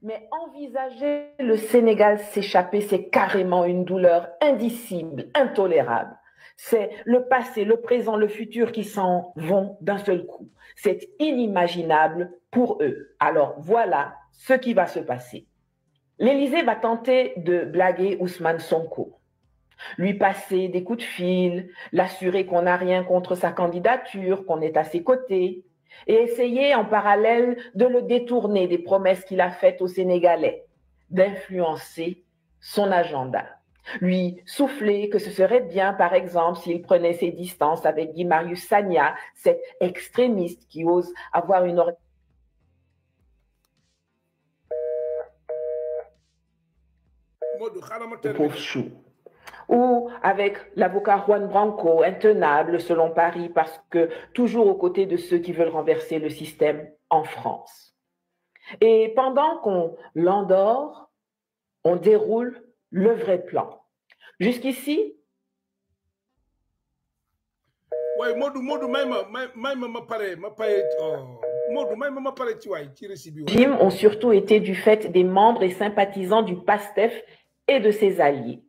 Mais envisager le Sénégal s'échapper, c'est carrément une douleur indicible, intolérable. C'est le passé, le présent, le futur qui s'en vont d'un seul coup. C'est inimaginable pour eux. Alors voilà ce qui va se passer. L'Élysée va tenter de blaguer Ousmane Sonko, lui passer des coups de fil, l'assurer qu'on n'a rien contre sa candidature, qu'on est à ses côtés, et essayer en parallèle de le détourner des promesses qu'il a faites aux Sénégalais, d'influencer son agenda. Lui souffler que ce serait bien, par exemple, s'il prenait ses distances avec Guy Marius Sagna, cet extrémiste qui ose avoir une ou avec l'avocat Juan Branco, intenable selon Paris, parce que toujours aux côtés de ceux qui veulent renverser le système en France. Et pendant qu'on l'endort, on déroule le vrai plan. Jusqu'ici, oui, oh. ont surtout été du fait des membres et sympathisants du PASTEF et de ses alliés.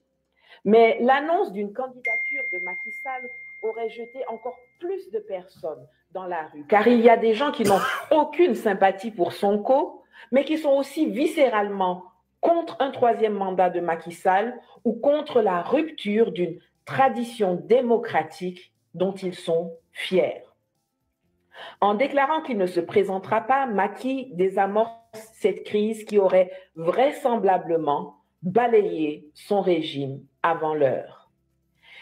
Mais l'annonce d'une candidature de Macky Sall aurait jeté encore plus de personnes dans la rue, car il y a des gens qui n'ont aucune sympathie pour son co, mais qui sont aussi viscéralement contre un troisième mandat de Macky Sall ou contre la rupture d'une tradition démocratique dont ils sont fiers. En déclarant qu'il ne se présentera pas, Macky désamorce cette crise qui aurait vraisemblablement balayer son régime avant l'heure.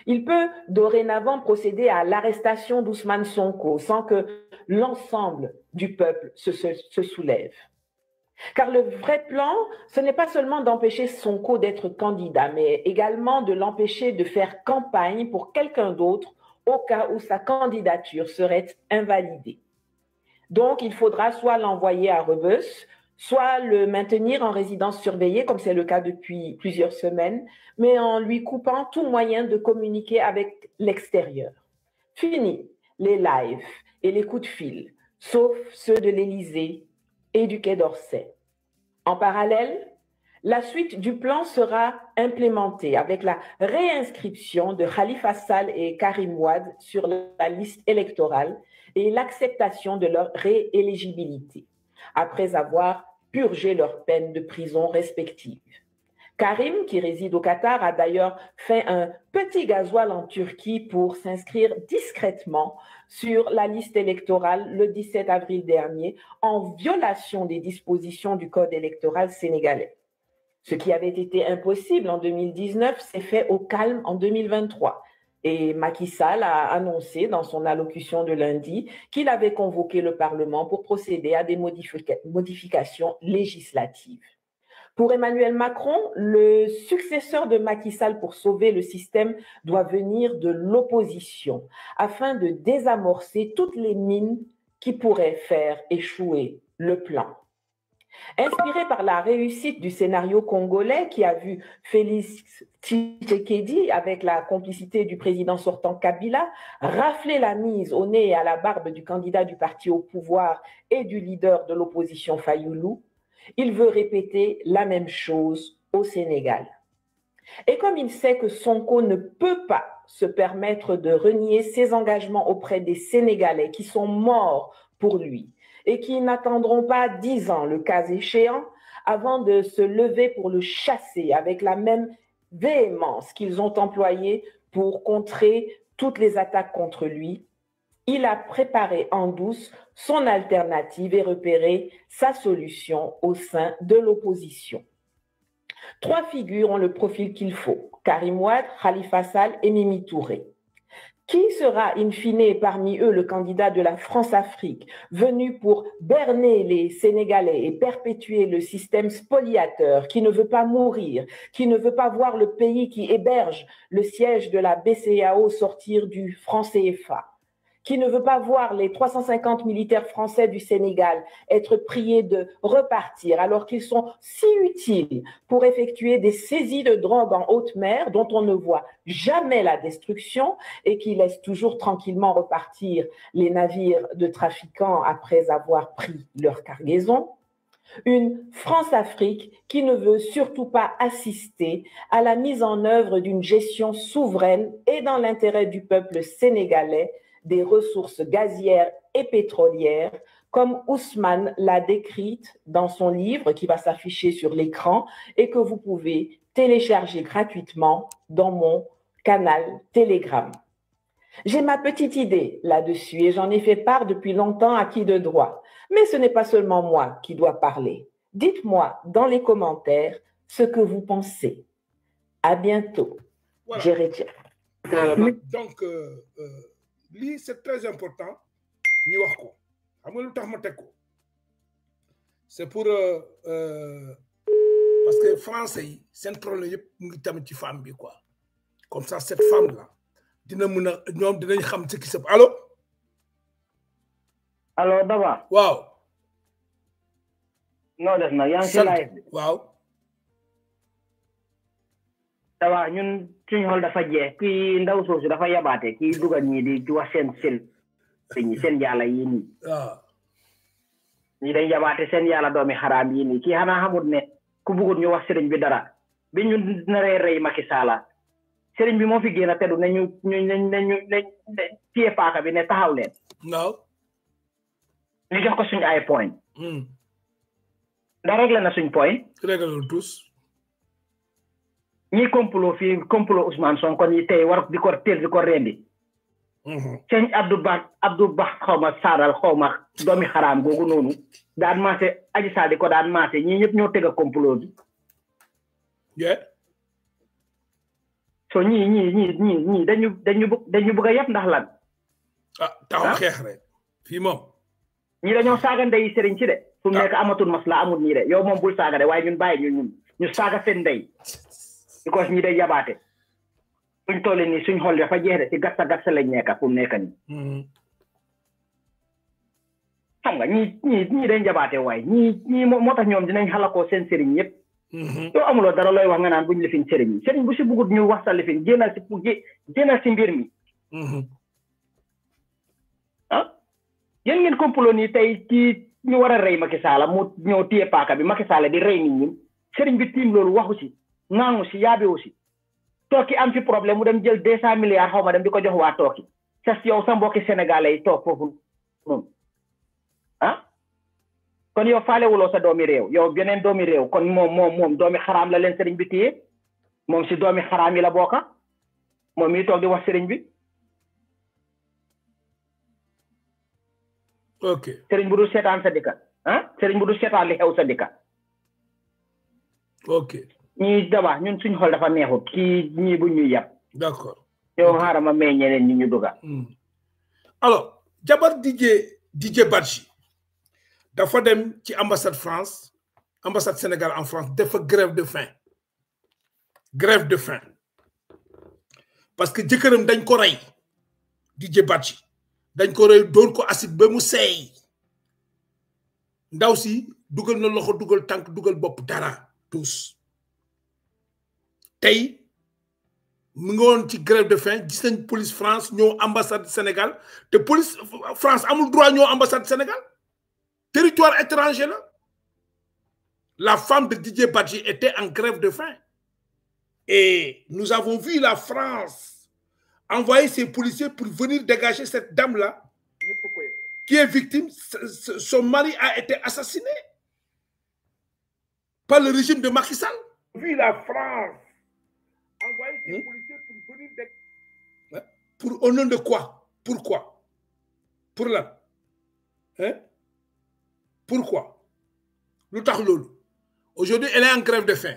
Il peut dorénavant procéder à l'arrestation d'Ousmane Sonko sans que l'ensemble du peuple se, soulève. Car le vrai plan, ce n'est pas seulement d'empêcher Sonko d'être candidat, mais également de l'empêcher de faire campagne pour quelqu'un d'autre au cas où sa candidature serait invalidée. Donc, il faudra soit l'envoyer à Rebus, soit le maintenir en résidence surveillée, comme c'est le cas depuis plusieurs semaines, mais en lui coupant tout moyen de communiquer avec l'extérieur. Fini les lives et les coups de fil, sauf ceux de l'Élysée et du Quai d'Orsay. En parallèle, la suite du plan sera implémentée avec la réinscription de Khalifa Sall et Karim Ouad sur la liste électorale et l'acceptation de leur rééligibilité après avoir purgé leurs peines de prison respectives. Karim, qui réside au Qatar, a d'ailleurs fait un petit gasoil en Turquie pour s'inscrire discrètement sur la liste électorale le 17 avril dernier en violation des dispositions du Code électoral sénégalais. Ce qui avait été impossible en 2019 s'est fait au calme en 2023. Et Macky Sall a annoncé dans son allocution de lundi qu'il avait convoqué le Parlement pour procéder à des modifications législatives. Pour Emmanuel Macron, le successeur de Macky Sall pour sauver le système doit venir de l'opposition afin de désamorcer toutes les mines qui pourraient faire échouer le plan. Inspiré par la réussite du scénario congolais qui a vu Félix Tshisekedi, avec la complicité du président sortant Kabila, rafler la mise au nez et à la barbe du candidat du parti au pouvoir et du leader de l'opposition Fayoulou, il veut répéter la même chose au Sénégal. Et comme il sait que Sonko ne peut pas se permettre de renier ses engagements auprès des Sénégalais qui sont morts pour lui, et qui n'attendront pas dix ans, le cas échéant, avant de se lever pour le chasser avec la même véhémence qu'ils ont employée pour contrer toutes les attaques contre lui, il a préparé en douce son alternative et repéré sa solution au sein de l'opposition. Trois figures ont le profil qu'il faut, Karim Ouad, Khalifa Sall et Mimi Touré. Qui sera in fine parmi eux le candidat de la France-Afrique, venu pour berner les Sénégalais et perpétuer le système spoliateur qui ne veut pas mourir, qui ne veut pas voir le pays qui héberge le siège de la BCAO sortir du franc CFA qui ne veut pas voir les 350 militaires français du Sénégal être priés de repartir alors qu'ils sont si utiles pour effectuer des saisies de drogue en haute mer dont on ne voit jamais la destruction et qui laissent toujours tranquillement repartir les navires de trafiquants après avoir pris leur cargaison. Une France-Afrique qui ne veut surtout pas assister à la mise en œuvre d'une gestion souveraine et dans l'intérêt du peuple sénégalais des ressources gazières et pétrolières, comme Ousmane l'a décrite dans son livre qui va s'afficher sur l'écran et que vous pouvez télécharger gratuitement dans mon canal Telegram. J'ai ma petite idée là-dessus et j'en ai fait part depuis longtemps à qui de droit. Mais ce n'est pas seulement moi qui dois parler. Dites-moi dans les commentaires ce que vous pensez. À bientôt. Donc, euh, euh, li c'est très important ñu wax ko xam nga tax ma tek ko c'est pour euh, euh, parce que français yi seen problème yëpp mu ngi tamit ci femme bi quoi comme ça cette femme là dina mën a ñoom dinañ xam ce qui se allo. allo Daba. waaw. Non def nag yaa ngi ci live waaw. ça ñun suñ xol dafa jeex kii ndaw soosu dafa yabaate kii dugal ñi di wax seen seen seen yàlla yii nii ñi dañ yabaate seen yàlla doomi xaraam yii nii kii xanaa xamut ne ku bëggut ñu wax sëriñ bi dara bi ñu naree rey Macky Sall sëriñ bi moo fi génn teddu ne ñu ñu ne ñu ne téye paaka bi ne taxaw leen waaw ñu jox ko suñ ay point hmm. da réglé na suñ point ñi complot fii complot Ousmane Sonko ñi tey war di ko teel di ko rendi mhm. sëñ Abdou Ba Abdou Ba xaw ma saaral xaw ma doomi xaraam googu noonu daan maase aji saa di ko daan maase ñii ñëpp ñoo teg a complot bi. so ñii ñii ñii ñii ñii dañu dañu dañu bëgg a ndax lan. ah taxaw ah. xeex rek fii moom. ñii dañoo saaga ndey sëriñ si de. fu mu ah. nekk amatul masla amul ñii de yow moom bul saaga de waaye ñun bàyyi ñun ñun ñu saaga seen ndey. because ñi day yabaate suñ toll nii suñ xol dafa jeex de si gatsa gatsa lañ nekk fu mu nii. Mm-hmm. xam nga ñii ñii ñii day njabaate waaye ñii ñii moo tax ñoom dinañ xalakoo seen sëriñ yëpp. Mm-hmm. yow amuloo dara looy wax nga naan buñ lifin sëriñ yi sëriñ bu si bugut ñu wax sa lifin génnal si pour si mbir mi. Mm-hmm. ah yéen ngeen complot nii tey kii ñu war a rey Macky Sall mu ñëw téye paaka bi Macky Sall di rey nit ñi sëriñ bi tiim loolu waxu si. ŋaaŋu si yaabewu si tooki am fi problème mu dem jël deux cent milliards xaw ma dem di ko jox waa tooki sas yow sa mbokki sénégalais yi toog foofu noonu ah kon yow faalewuloo sa doomi réew yow beneen doomi réew kon moom moom moom doomi xaraam la leen sëriñ bi téye moom si doomi xaraam yi la bokka moom mii toog di wax sëriñ bi ok sëriñ bu dul seetaan sa dikka ah sëriñ bu du seetaan li xew sa dikka ok ñi daba ñun suñ xol dafa neexut kii ñii bu ñuy yàpp d'accord yow xaaral ma may ñeneen ñu duga hmm. alors jabar DJ DJ Badji dafa dem ci ambassade France ambassade Sénégal en France dafa grève de faim grève de faim parce que jëkkëram dañ ko rey DJ Badji dañ ko rey dóor ko acide ba mu seey ndaw si dugal na loxo dugal tànk dugal bopp dara tous Nous avons grève de faim gis police France ñoo ambassade Sénégal te police France amul droit ñoo ambassade Sénégal territoire étranger la la femme de Didier Badji était en grève de faim et nous avons vu la France envoyer ses policiers pour venir dégager cette dame là qui est victime son mari a été assassiné par le régime de Macky Sall. vu la France Hmm? pour au nom de quoi Pourquoi Pour là hein? Pourquoi Aujourd'hui, elle est en grève de faim.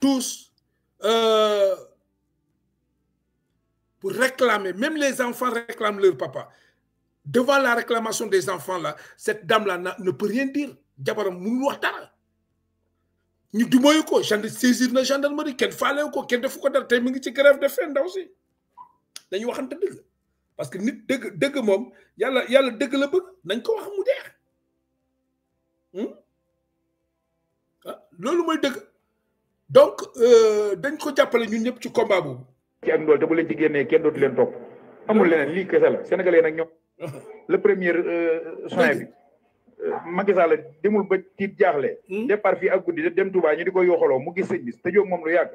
Tous, euh, pour réclamer, même les enfants réclament leur papa. Devant la réclamation des enfants, là, cette dame-là ne peut rien dire. ñu dumóoyu ko gendre saisir na gendarmerie kenn faalewu ko kenn defu ko dara tey mu ngi ci grève de faim ndaw si dañu waxante dëgg parce que nit dëgg dëgg moom yàlla yàlla dëgg la bëgg nañ ko wax mu deex hmm? ah loolu mooy dëgg donc euh, dañ ko jàppale ñun ñëpp ci combat boobu ci ak ndool te bu leen ci génnee kenn dootu leen topp amul leneen lii kese la sénégalais nag ñoom le premier euh, soin bi Euh, Macky Sall demul ba tiit jaaxle. Hmm? départ fii ak guddi dem Touba ñu di ko yooxaloo mu gis sëñ bi te jóg moom lu yàgg.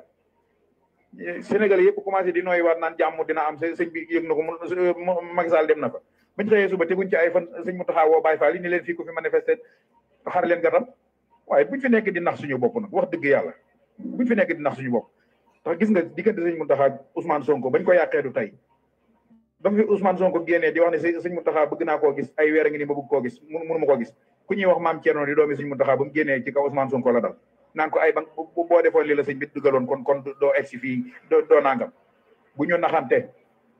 Sénégal yëpp commencé di nooy waat naan jàmm dina am sëñ bi yëg na ko mu Macky Sall dem na fa. bañ xëyee suba teguñ ci ay fan sëñ Mountakha woo Baye Fall yi ni leen fii ko fi manifester xar leen gàttam waaye buñ fi nekk di nax suñu bopp nag wax dëgg yàlla buñ fi nekk di nax suñu bopp. tax gis nga diggante sëñ Mountakha Ousmane Sonko bañ ko yàqee du tey ba mu fi Ousmane Sonko génnee di wax ne sëñ Mountakha bëgg naa koo gis ay weer a ngi nii gis mënuma koo gis ku ñuy wax maam Thierno di doomi sëñ Mountakha ba mu génnee ci kaw Ousmane Sonko la dal naan ko ay ban boo defoon lii la sëñ bi dugaloon kon doo egsi fii doo nangam bu naxante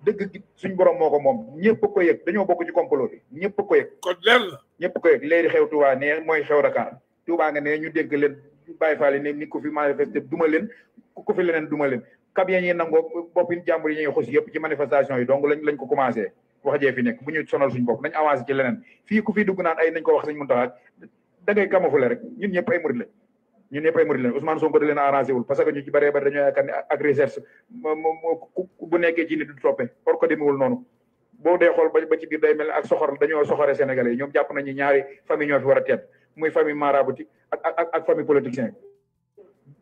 dëgg gi suñ borom moo ko moom ñëpp ko yëg dañoo bokk ci complot bi ñëpp ko yëg kon leer la ñëpp ko yëg léegi xew Touba ne mooy xew Dakar Touba nga ne ñu dégg leen Baye Fall ne ni ko fi manifesté duma leen ku fi leneen duma leen camion yi nangoo boppin jàmbur yi ñuy xus yëpp ci manifestation yi donc lañ lañ ko commencé wax jee fi nekk bu ñu sonal suñu bopp nañ avancé ci leneen fii ku fi dugg naan ay nañ ko wax sañ mun taxaat da ngay kamafule rek ñun ñëpp ay murid lañ ñun ñëpp ay murid leen arrangé wul parce que ñu ci bëree bëri dañoo yaakaar ak recherche bu nekkee ci du toppee or ko demewul noonu boo dee xool ba ci biir day mel ak soxor dañoo soxore sénégalais ñoom jàpp a teet muy famille maraboutique ak ak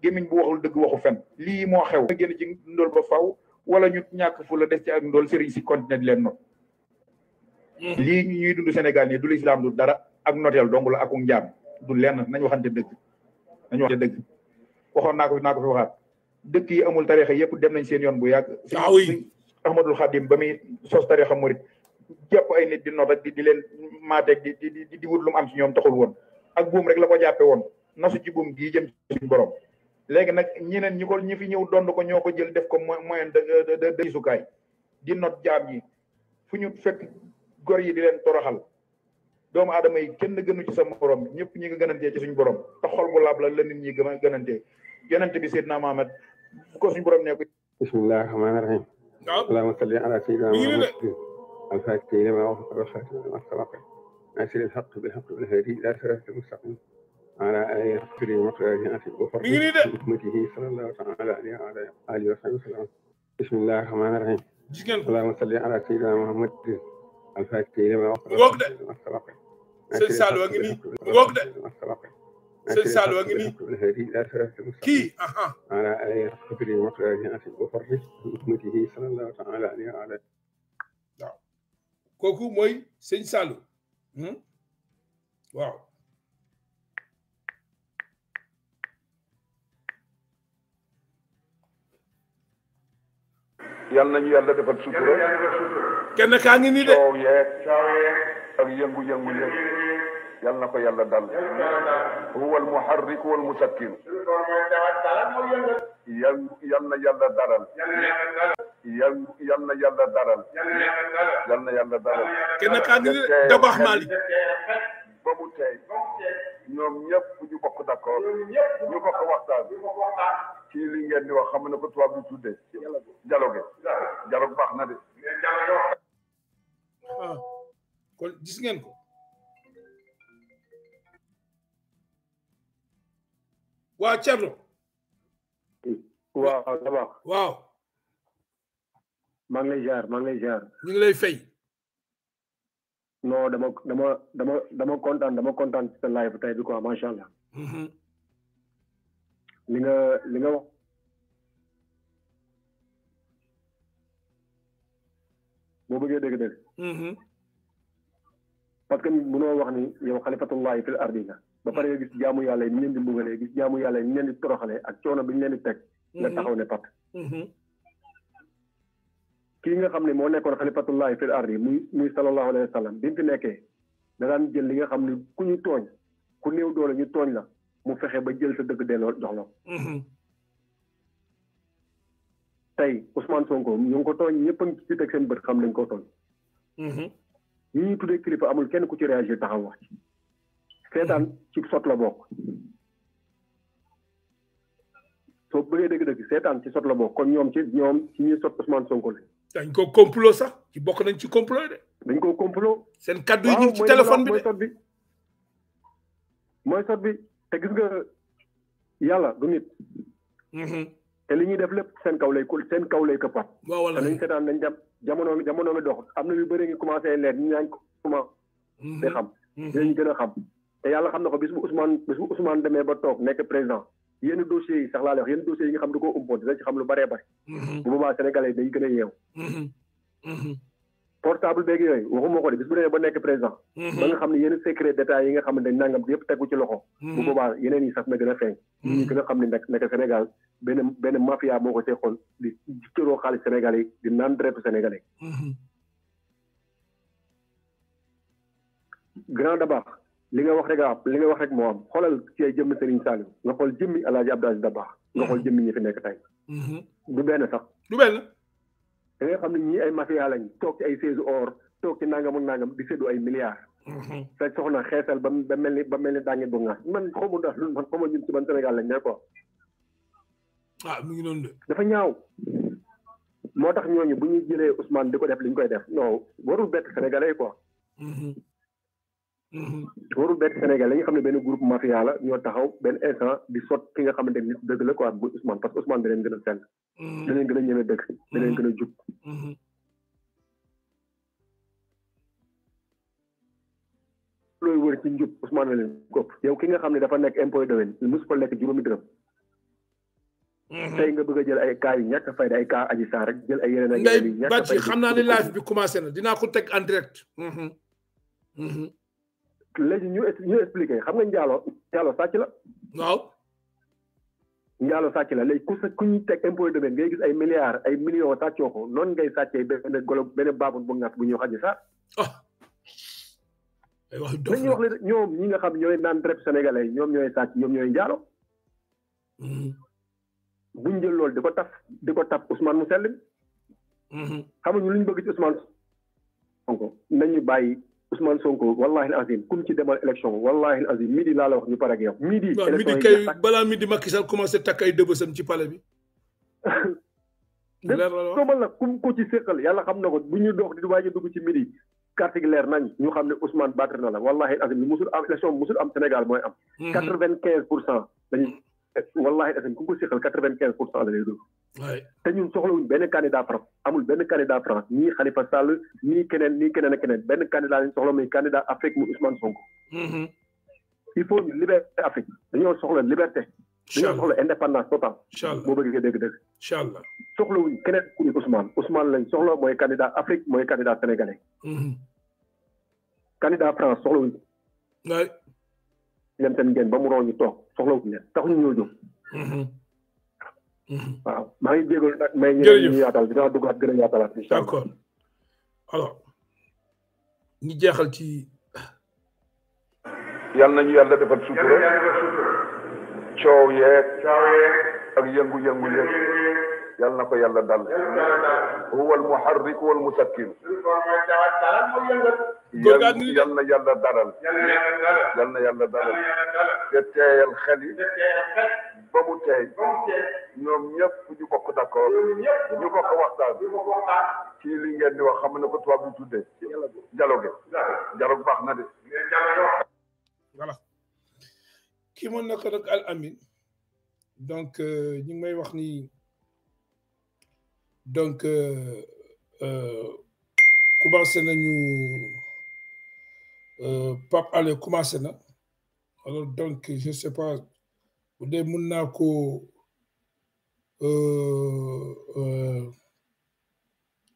gémmiñ bu waxul dëgg waxu fen lii moo xew a génn ci ndool ba faw wala ñu ñàkk fu la des ci ak ndool sëriñ si continuer di leen not hmm. lii ñuy dund Sénégal nii du lislaam du dara ak noteel dong la aku njaam du lenn nañ waxante dëgg nañ waxante dëgg waxoon naa ko naa ko fi waxaat dëkk yi amul tarixa yëpp dem nañ seen yoon bu yàgg ah sëñ Ahmadul Xadim ba muy sos tarixa murit jàpp ay nit di not ak di di leen maateeg di di lu am ci ñoom taxul woon ak buum rek la ko jàppe woon nasu ci buum gii jëm ci suñu léegi nag ñeneen ñi ko ñi fi ñëw dond ko ñoo ko jël def ko moyen de de de isukaay di not jaam yi fu ñu fekk gor yi di leen toroxal doomu adama yi kenn gënu ci sa morom ñëpp ñi nga gënantee ci suñu borom te xol bu laab la la nit ñi gën gënantee yonent bi Seydina Mohamed bu ko suñu borom ne ko bismillahi rahmaani rahim allahumma salli ala sayyidina Muhammad al-fatihi lima ughliqa wal khatimi lima sabaq nasiril haqqi bil على آله وصحبه آية وفرده أمته آية صلى الله تعالى عليه وعلى آله وصحبه وسلم بسم الله الرحمن الرحيم اللهم صل على سيدنا محمد الفاتح لما وقت سلسال وقني وقت سلسال وقني كي أها على آية آله وصحبه وقراءه وفرده آية أمته صلى الله عليه وعلى kooku mooy sëñ Saalum waaw yal nañu yàlla defal sutura. kenn kaa ngi de. coow yeeg yëngu-yëngu yal na ko yàlla dal. huwa al muharrik wal musakkin. yal yal na yàlla daral. yal na yal na yàlla daral. de Dabax Mali. ñoom ñëpp ñu bokk d'accord ñu bokk waxtaan ci li ngeen di wax xam na ko tubaab bi tuddee dialogue dialogue baax na de ah ngeen ko waaw Thierno waaw waaw maa ngi lay jaar maa ngi lay jaar ñu lay fay non dama dama dama dama kontaan dama kontaan ci sa live tey bi quoi macha allah. Mhm. li nga li nga wax. boo bëggee dégg dégg. Mhm. parce que mënoo wax ni yow xalifatullahi fil ardi nga ba pare gis mhm. jaamu yàlla yi ñu leen di mbugalee gis jaamu yàlla yi ñu leen di toroxalee ak coono bi ñu leen di teg. nga taxaw ne pat. ki nga xam mo nekkon khalifatullah fil ardi muy muy salallahu alayhi wasallam bi fi nekké da daan jël li nga xam ku ñu togn ku neew do la ñu togn la mu fexé ba jël sa dëgg delloo dox la mm-hmm. tay Ousmane Sonko ñu ko togn ñepp ci tek seen bëtt xam nañ ko tooñ mm-hmm. ñi ñu tuddee kilifa amul kenn ku ci réagir taxaw wax sétan mm-hmm. ci sot la bok so bëggee dëgg-dëgg sétan ci sot la bok kon ñom ci ñom ci ñi sot Ousmane Sonko lañ dañ ko complot sax ci bokk nañ ci complot de. dañ ko complot. seen kaddu yi ñu téléphone bi de mooy bi. mooy sot bi te gis nga yàlla du nit. Mhm. te li ñuy def lépp seen kaw lay seen kaw lay këppaat. waaw wala nañ seetaan nañ dem jamono mi jamono mi dox am na lu bëri ngi commencé leer ñu ñaañ ko commencé. Mhm. xam mhm. dinañ gën a xam. te yàlla xam na ko bis bu Ousmane bis bu demee ba toog nekk président. yenn dossiers yi sax laa lay wax yenn dossiers yi nga xam ne da koo umpoon dinañ ci xam lu bëree bëri. Mhm. bu boobaa sénégalais dañ gën a yeewu. Mhm. Mhm. portable beeg yooyu waxuma ko de bis bu ba nekk président. ba nga xam ne yenn secret d'état yi nga xam ne dañ nangam yëpp tegu ci loxo. bu boobaa yeneen yi sax na gën a feeñ. ñu gën a xam ne nag nekk Sénégal benn benn mafia moo ko seexoon di cëroo xaalis sénégalais di naan dërëtu sénégalais. grand Dabakh. li nga wax rek li nga wax rek moo am xoolal ci ay jëmmi Serigne Saliou nga xool jëmmi El Hadj Abdou baax Dabakh nga xool mhm. jëmmi ñi nekk tey. Mhm. du benn sax. du benn. da nga xam ne ñii ay mafia lañ toog ay seize or toog ci nangam ak di séddu ay milliards. sa mhm. soxna xeesal ba ba mel ni ba mel ni dànge bu nga man xamu ndax man xamu ñun si ban Sénégal lañ ne quoi. ah mu ngi noonu de. dafa ñaaw. moo tax ñooñu bu ñu jëlee Ousmane di ko def liñ koy def non warul bett Sénégalais quoi. warul benn Sénégal la nga xam ne benn groupe mafia la ñoo taxaw benn instant di sot ki nga xamante ni dëgg la quoi bu Ousmane parce que Ousmane da leen gën a sell. Mm-hmm. da leen gën a ñeme dëgg. da leen gën a jub. Mm-hmm. Mm-hmm. looy wër ci njub Ousmane la leen góob yow ki nga xam ne dafa nekk impôt domaine mosu fa lekk juróomi dërëm. tey nga bëgg a jël ay cas yu ñàkk a fay ay cas aji saar rek jël ay yeneen ak yeneen yu ñàkk a fay. Ndeye Badji xam naa ne live bi commencé na dinaa ko teg en direct. léegi ñu ñu expliqué xam nga njaalo njaalo sàcc la. waaw. njaalo sàcc la léegi ku sa ku ñuy teg impôt domaine ngay gis ay milliards ay million sàccoo ko noonu ngay sàccee benn golo benn baabur bu ngas bu ñu wax aji saar. Oh. wax nañu wax le ñi nga xam ñooy naan rep sénégalais ñoom ñooy sàcc ñoom ñooy njaalo. Mm-hmm. buñ jël loolu di ko taf di ko taf Ousmane mu sell. Mm-hmm. xamuñu luñ bëgg ci Ousmane. donc nañu bàyyi. Ousmane Sonko wallahi al azim kum ci demal élection wallahi al azim midi laa la wax ñu pare ak yow. midi élection balaa midi Macky Sall commencé takk ay dëbësam ci palais bi. leer la somal nag kum ko ci séqal yàlla xam na ko bu ñu dox di waaj a dugg ci midi. carte nañ ñu xam ne Ousmane battre na la wallahi al musul am élection musul am Sénégal mooy am. Mhm. quatre vingt quinze pour cent lañu wallahi al kum ko séqal quatre vingt quinze pour cent la lay te ñun soxlawuñ benn candidat France amul benn candidat France nii Khalifa Sall nii keneen nii keneen ak keneen benn candidat lañ soxla muy candidat Afrique mu mm-hmm. ñu liberté Afrique dañoo soxla liberté. dañoo soxla indépendance totale. incha allah boo bëggee dégg-dégg. incha allah soxlawuñ keneen ku ñu Ousmane Ousmane lañ soxla mooy candidat Afrique mooy candidat sénégalais. Mm-hmm. candidat France soxlawuñ. waay. ñoom seen ngeen ba mu roo ñu toog soxlawuñ leen taxuñ ñoo jóg. Mm-hmm. Mm-hmm. waaw maa ngi jégalu nag may ñu yaatal gën a yaatalaat incha allah d'accord alors ñu jeexal ci yal nañu yàlla defal sutura coow yeeg ak yëngu-yëngu yeeg na ko yàlla dal huwa al muharrik wal góor gaa na yàlla daral yal na yàlla daral te teeyal xel yi ba mu teey ñoom ñëpp ñu bokk d'accord ñu bokk waxtaan ci li ngeen di wax xam na ko tubaab bi tuddee dialogue dialogue baax na de voilà kii mën na al amin donc euh, ñu ngi wax ni donc euh, euh, commencé nañu Euh, pap ale commencé na alors donc je sais pas bu dee mun naa ko euh, euh,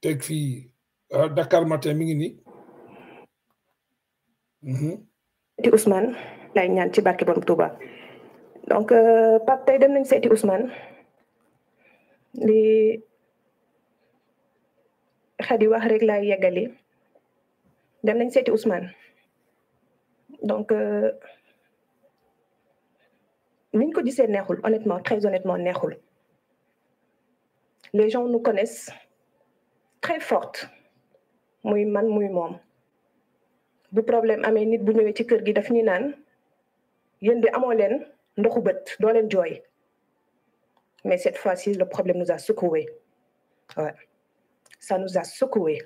teg fii ah, Dakar matin mi ngi nii. di mhm. Ousmane lay ñaan ci barke borom Touba donc pap tey dem nañ seeti Ousmane li xadi wax rek laay yeggali dem nañ seeti Ousmane. donc ni euh, ñu ko gisee honnêtement très honnêtement neexul les gens nous connaissent très forte muy man muy mom. Le problème amé nit bu ñëwé ci kër gi daf ñi naan des di amo len ndoxu bët do len joy. mais cette fois-ci le problème nous a secoué ouais ça nous a secoué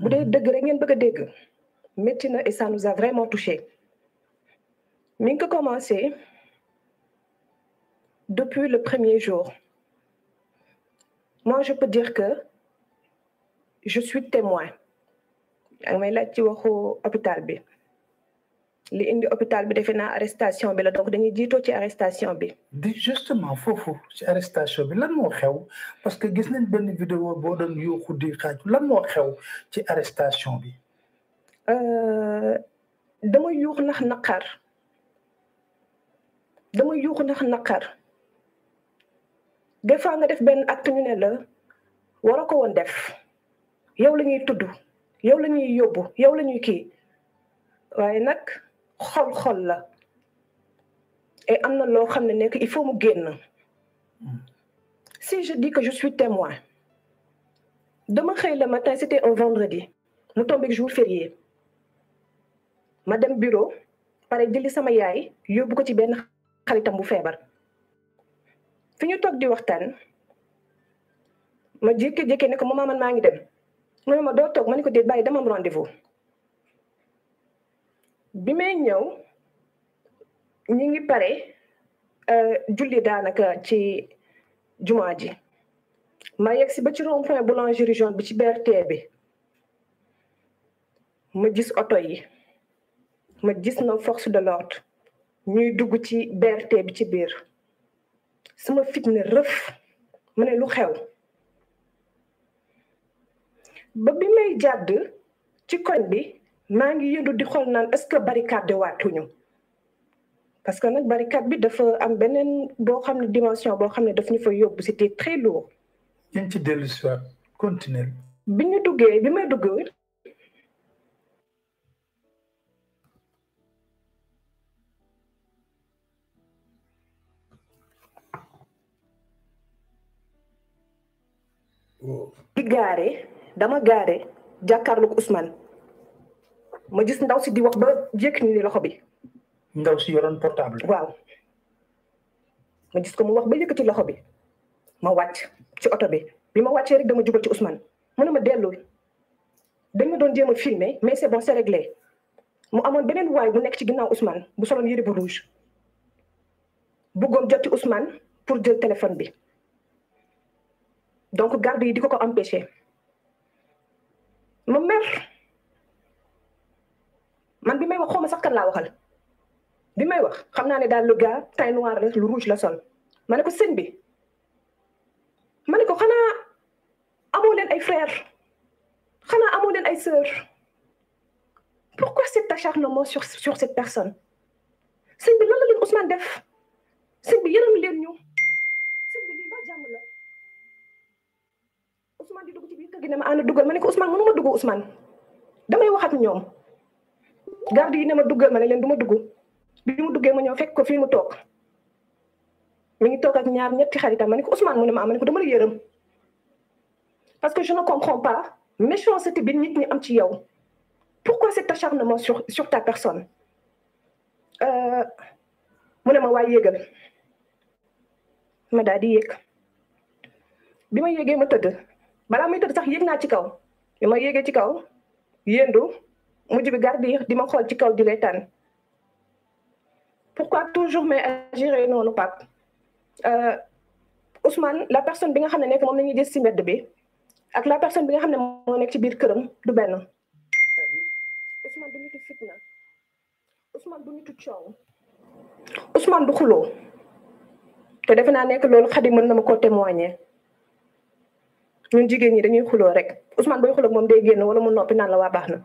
bu dee mm-hmm. dëgg rek ngeen bëgg dégg et ça nous a vraiment touché Mais que commencer depuis le premier jour moi je peux dire que je suis témoin Je suis laaj ci l'hôpital. hôpital bi li indi hôpital arrestation bi On donc dañuy jiitoo ci arrestation bi justement il ci arrestation bi lan moo parce que gis nañ sais vidéo boo vous yuuxu di xaaj lan xew ci arrestation bi euh, dama yuux ndax naqar dama yuux ndax naqar des fois nga def benn acte ñu ne la war a ko woon def yow la ñuy tudd yow la ñuy yóbbu yow la ñuy kii waaye nag xol-xol la et am na loo xam ne nekk il faut mu génn si je dis que je suis témoin dama xëy le matin c'était un vendredi mu tombé jour férié ma dem bureau pare jëli sama yaay yóbbu ko ci benn xaritam bu feebar fi ñu toog di waxtaan ma jékki-jékki ne ko mama man maa ngi dem mu ne ma doo toog ma ko dama am rendez-vous bi may ñëw ñi ngi pare euh, julli daanaka ci jumaa ji ma yegg si ba ci rond point boulangerie jaune bi ci BRT bi ma gis oto yi ma gis na force de l'ordre ñuy dugg ci BRT bi ci biir sama fit ne rëf ma ne lu xew ba bi may jàdd ci koñ bi maa ngi yëndu di xool naan est-ce que barricade waatuñu parce que nag barricade bi dafa am beneen boo xam ne dimension boo xam ne daf ñu fa yóbbu c'était très lourd. ñu ci dellu si waat continuer. bi ñu duggee bi may dugg. di gaare dama gaare jàkkaarlu usman ma gis ndaw si di wax ba jékki ni loxo bi. ndaw si yoroon portable. waaw ma gis ko mu wax ba ci loxo bi ma wàcc ci oto bi bi ma wàccee rek dama jubal ci Ousmane mu ne ma dellul dañ doon jéem a filmer mais c'est bon c'est mu amoon beneen waay bu nekk ci ginnaaw Ousmane bu soloon yëre bu rouge buggoon jot ci Ousmane pour jël téléphone bi. donc garde yi ko ko empêché ma mer man bi may wax xaw ma sax kan la waxal bi may wax xam naa ne daal le gars teint noir rek lu rouge la sol mané ko seen bi mané ko xanaa amoo leen ay frère xanaa amoo leen ay sœur pourquoi cet acharnement sur sur cette personne seen bi lan la leen Ousmane def seen bi yërëm len ñu. Ousmane di dugg ci biir kër gi ne ma ànd duggal ma ne ko Ousmane mënu ma dugg Ousmane damay wax ak ñoom garde yi ne ma duggal ma ne leen du ma dugg bi mu duggee ma ñëw fekk ko fii mu toog mi ngi toog ak ñaar ñetti xaritam ma ne ko Ousmane mu ne ma ma ne ko dama la yërëm parce que je ne comprends pas méchanceté bi nit ñi am ci yow pourquoi cet acharnement sur sur ta personne euh, mu ne ma waay yéegal ma daal di yéeg bi ma yéegee ma tëdd malam itu tëdd sax yéeg naa ci kaw bi yegge ci kaw yendu mujj bi gardi di ma xool ci kaw di reetaan pourquoi toujours mais agiré noonu euh Ousmane la personne bi nga xamne nek mom lañuy la ci mbedd bi ak la personne bi nga xamne mo nek ci biir kërëm du ben Ousmane du nitu fitna Ousmane du nitu coow Ousmane du xulo te defe naa nekk Xadi mën na ko témoigner ñun jigéen ñi dañuy xuloo rek Ousmane boy xuloo moom day génn wala mu noppi naan la waa baax na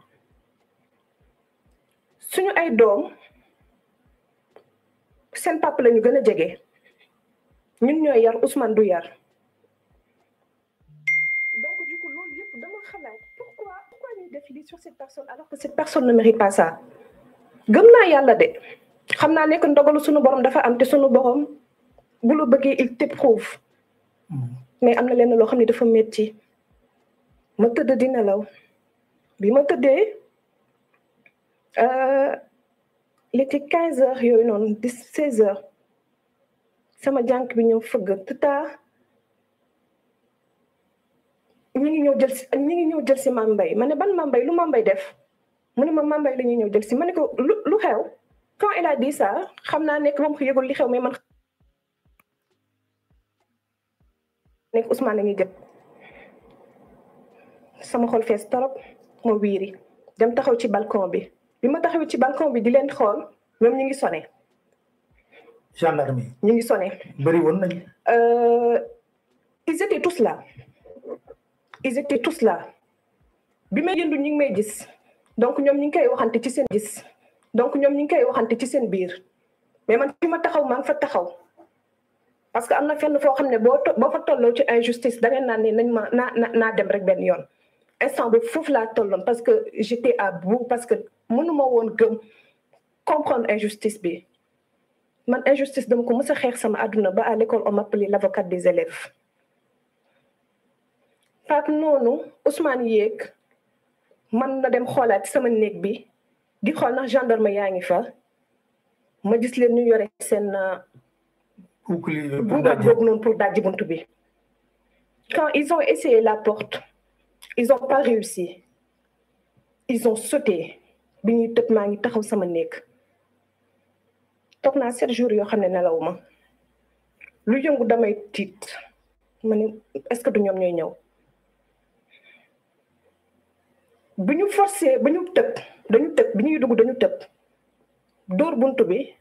suñu ay doom seen la ñu gën a jege ñun ñooy yar Ousmane du yar donc du coup loolu yëpp dama xalaat pourquoi pourquoi ñuy def lii sur cette personne alors que cette personne ne mérite pas ça gëm naa yàlla de xam naa nekk ndogalu suñu borom dafa am te suñu borom bu lu bëggee il t'éprouve hmm. mais am na lenn loo xam ne dafa métti ma tëdd dina law bi ma tëddee euh, il était quinze heures yooyu noonu di seize heures sama jànk bi ñëw fëgg tata ñu ngi ñëw jël si ñu ngi ñëw jël si Mame Mbaye ma ne ban Mame Mbaye lu ma mbay def mu ne ma Mame la ñuy ñëw jël si ma ne ko lu lu xew quand il a dit xam naa nekk moom ko yëgul li xew mais man nekk Ousmane la ñuy gët sama xol fees torop ma wiiri dem taxaw ci balcon bi bi ma taxaw ci balcon bi di leen xool ñoom ñu ngi sone gendarmerie ñu ngi sone bëri woon nañ euh, ils étaient tous là ils étaient tous la bi may yëndu ñu ngi may gis donc ñoom ñu ngi koy waxante ci seen gis donc ñoom ñu ngi koy waxante ci seen biir mais man ki ma taxaw maa fa taxaw parce que amna fenn fo xam bo boo fa tollo ci injustice da ngay naan ne nañ ma naa naa dem rek ben yoon instant bi fouf la tolloon parce que j'étais à bout parce que mënuma won gëm comprendre injustice bi man injustice dama ko mës xex sama aduna ba à l'école on m'appelait l'avocate des élèves fat noonu Ousmane yek man na dem xolat sama néeg bi di xol ndax gendarme yaangi fa ma gis leen ñu yore seen euh, quand ils ont essayé la porte ils n'ont pas réussi ils ont sauté sauté. Ils ont ngi taxaw sama Ils ont sauté. jours sauté. ne lu sauté. damay ont sauté. est-ce que ont sauté. forcé sauté. Ils ont sauté. Ils ont dañu sauté. Ils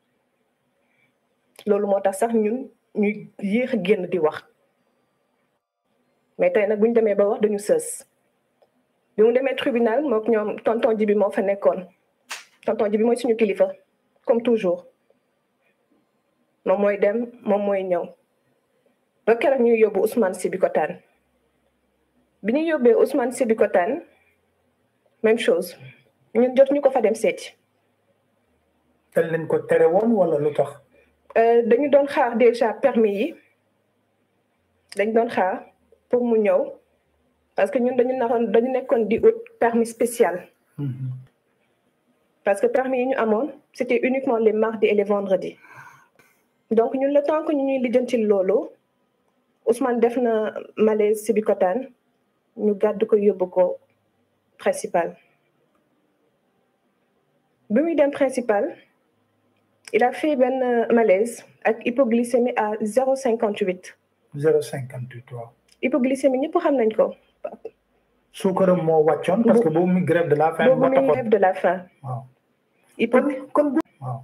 loolu moo tax sax ñun ñu yéex a génn di wax mais tey nag bu ñu demee ba wax dañu sës bi mu demee tribunal mook ñoom tonton ji bi moo fa nekkoon tonton ji bi mooy suñu kilifa comme toujours moom mooy dem moom mooy ñëw ba keroog ñuy yóbbu Ousmane Sibikotaan bi ñu yóbbee Ousmane Sibikotaan même chose ñun jot ñu ko fa dem seeti. dañ leen ko tere woon wala lu tax. Euh, dañu doon xaar déjà permis yi dañ doon xaar pour mu parce que nous dañu naroon dañu nekkoon permis spécial. Mm-hmm. parce que permis ñu c'était uniquement les mardis et les vendredis. donc nous, le temps que nous ñuy lijjanti loolu Ousmane def na malaise sibikotan ñu gàddu ko yóbbu ko principal le muy principal il a fait un ben, euh, malaise avec hypoglycémie à 0,58. 0,58 hypoglycémie pour xam nañ ko. Sucre, moo wàccoon. parce que boobu une grève de la faim. boobu une grève de la faim. waaw. hypo kon waaw.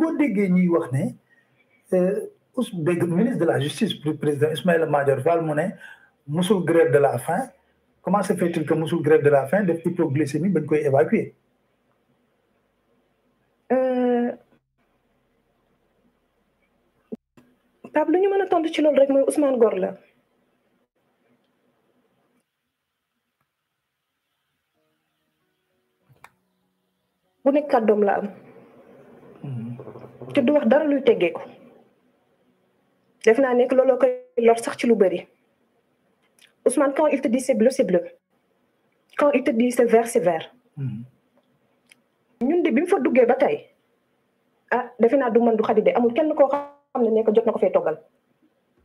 grève de la faim. us le ministre de la justice le président Ismaël Madior Fall mu musul grève de la faim comment se fait-il que musul grève de la faim l'hypoglycémie hypoglycémie bañ koy évacuer. Pape lu ñu mën a tontu ci loolu rek mooy Ousmane Gor la. bu nekk kàddoom la am. te du wax dara luy teggee ko. def naa nekk looloo koy lor sax ci lu bëri. Ousmane quand il te dit c'est bleu c'est bleu. quand il te dit c'est vert c'est vert. ñun de bi mu fa duggee ba tey ah defe naa du man du xadi de amul kenn koo xam. am na nekk jot na ko fee toggal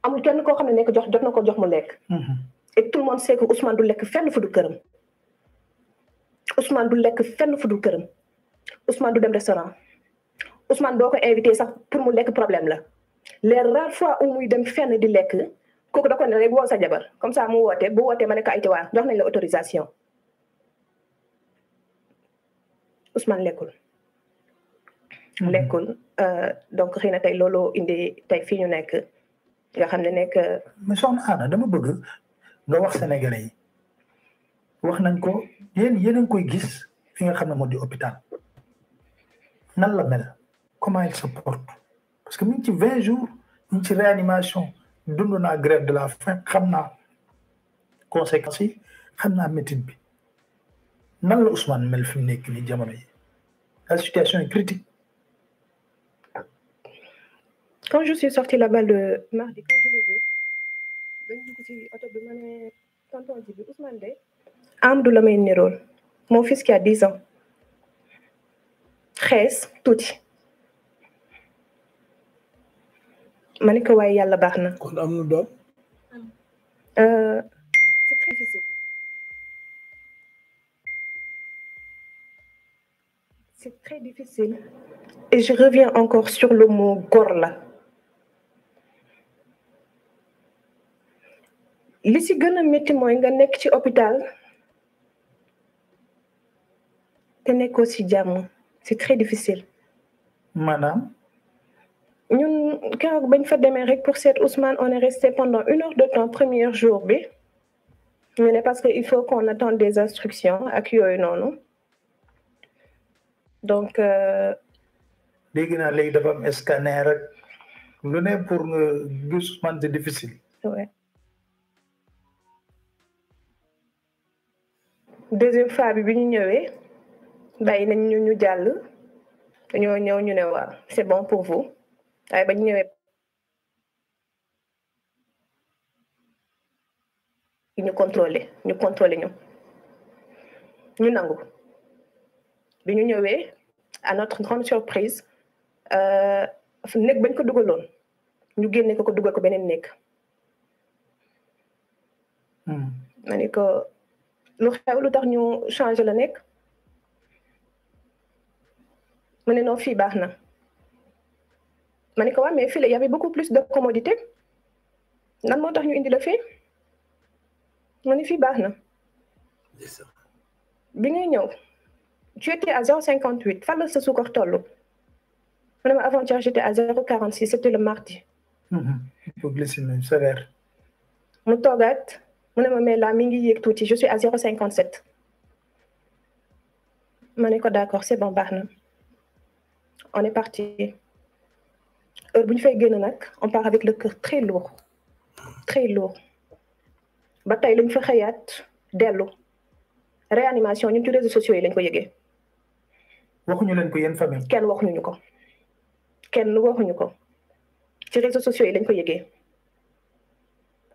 amul kenn koo xam ne nekk jox jot na ko jox mu lekk. Mm-hmm. et tout le monde sait que du lekk fenn fu dul këram. Ousmane du lekk fenn fu këram Ousmane du dem restaurant Ousmane boo ko invité sax pour mu lekk problème la leer la fois où muy dem fenn di lekk kooku da ko ne rek woo sa jabar comme ça mu woote bu wootee ma ne ko ay tiwaa jox nañ la autorisation Ousmane lekkul. lekkul mm-hmm. euh, donc xëy na tey looloo indi tey fii ñu nekk nga xam ne nekk. Euh, mais soxna Anna dama bëgg nga wax sénégalais yi wax nañ ko yéen yéen a ngi koy gis fi nga xam ne moo di hôpital nan la mel comment il se porte parce que mi ngi ci vingt jours mi ngi ci réanimation dund naa grève de la faim xam naa conséquences yi xam naa métit bi nan la Ousmane mel fi mu nekk nii jamono yi la situation est critique quand je suis sortie là-bas le mardi, quand je l'ai vu, je dugg ci oto bi ma ne tonton Ousmane de mon fils qui a 10 ans 13 tout. Manika ne Yalla waaye Quand on nous donne c'est très difficile. c'est très difficile. et je reviens encore sur le mot gorla ». si gën a métti mooy nga nekk ci hôpital te nekkoo c'est très difficile. Madame ñun keroog bañ fa rek pour cette Ousmane on est resté pendant une heure de temps premier jour Mais ñu parce qu'il faut qu'on attende des instructions ak yooyu noonu donc. Euh, dégg naa léegi dafa am scanner rek lu ne pour nga gis Ousmane c'est difficile. Oui. deuxième fois bi bi ñu ñëwee nañ ñu ñu jall ñoo ñëw ñu ne waaw c'est bon pour vous ay ba ñëwé ñu contrôlé ñu contrôlé ñu ñu nangu bi ñu ñëwee à notre grande surprise euh néeg bañ ko dugaloon ñu génné ko ko dugal ko benen néeg hmm ni ko lu xew lu tax ñu changé la nekk mu ne non fii baax na ma ne ko waa mais fii la y avait beaucoup plus de commodité nan moo tax ñu indi la fii mu ne fii baax na bi ngay ñëw tu étais à 058 cinquante huit fan la sa suukar toll mu ne ma avant-hier j'étais à 046 quarante six c'était le mardi hypoglycémie mhm. sévère mu toogaat mu ne ma mais là mi ngi je suis à zéro cinquante sept ma ko d'accord c'est bon baax on est parti heure bu ñu fay génn nag on part avec le cœur très lourd très lourd ba tey lañ fa xëyaat dellu réanimation ñun ci réseaux sociaux yi lañ ko yëgee. waxuñu leen ko yéen famille. kenn waxuñu ko kenn waxuñu ko ci réseaux sociaux yi lañ ko yëgee.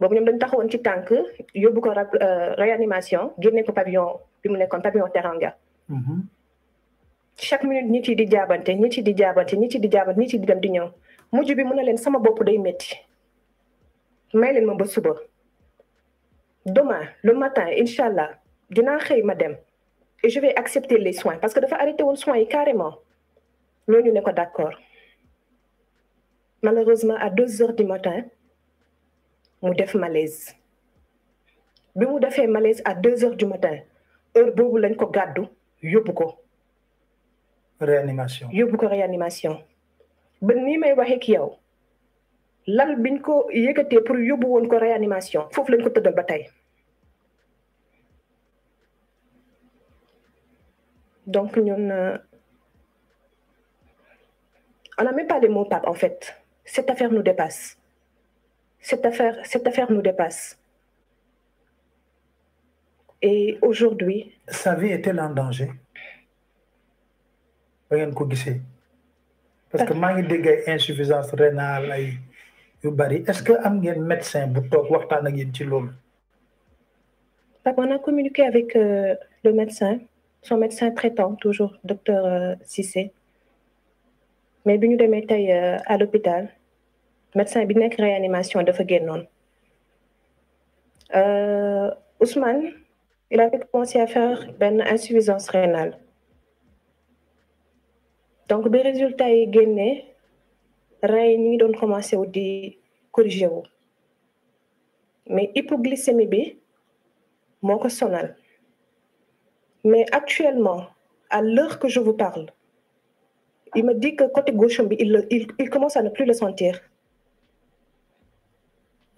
boobu ñom dañ taxawoon ci tank yóbbu ko euh, réanimation génne ko pavillon bi mu nekkoon pavillon Teranga. Mhm. chaque minute ñi ci di jaabante ñi ci di jaabante ñi ci di jaabante ñi ci di dem di ñew mujju bi mu ne leen sama bopp day metti may leen ma ba suba. demain le matin Inshallah, dina xey ma dem et je vais accepter les soins parce que dafa arrêté won soins yi carrément loolu ñu ne ko d'accord malheureusement à 12 heures du matin mu def malaise bi malaise à 2 heures du matin heure boobu lañ ko ko. réanimation yóbbu ko réanimation. ba nii may yow lal pour yóbbu woon ko réanimation foofu lañ ko donc euh, on a même pas les mots en fait cette affaire nous dépasse cette affaire, cette affaire nous dépasse. Et aujourd'hui. Sa vie est-elle en danger Parce que mangi ngi dégg ay insuffisance rénale ay yu est-ce que am un médecin pour vous waxtaan ak ci on a communiqué avec euh, le médecin, son médecin traitant, toujours docteur euh, Cissé. Mais de sommes euh, à l'hôpital médecin bi une réanimation dafa euh Ousmane il avait commencé à faire une insuffisance rénale donc les résultats yi été rein yi commencé à di corriger wu mais hypoglycémie bi moko sonal mais actuellement à l'heure que je vous parle il me dit que côté gauche il commence à ne plus le sentir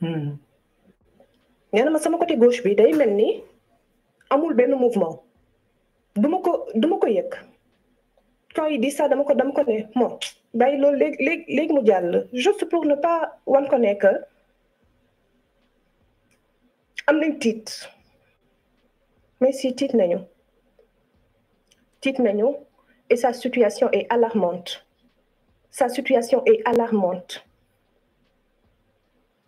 Hmm. nee na ma sama côté gauche bi day mel ni amul benn mouvement du ko du ko yëg quand il ça dama ko ko ne bon mu juste pour ne pas wan ko que am nañ tiit mais si nañu et sa situation est alarmante sa situation est alarmante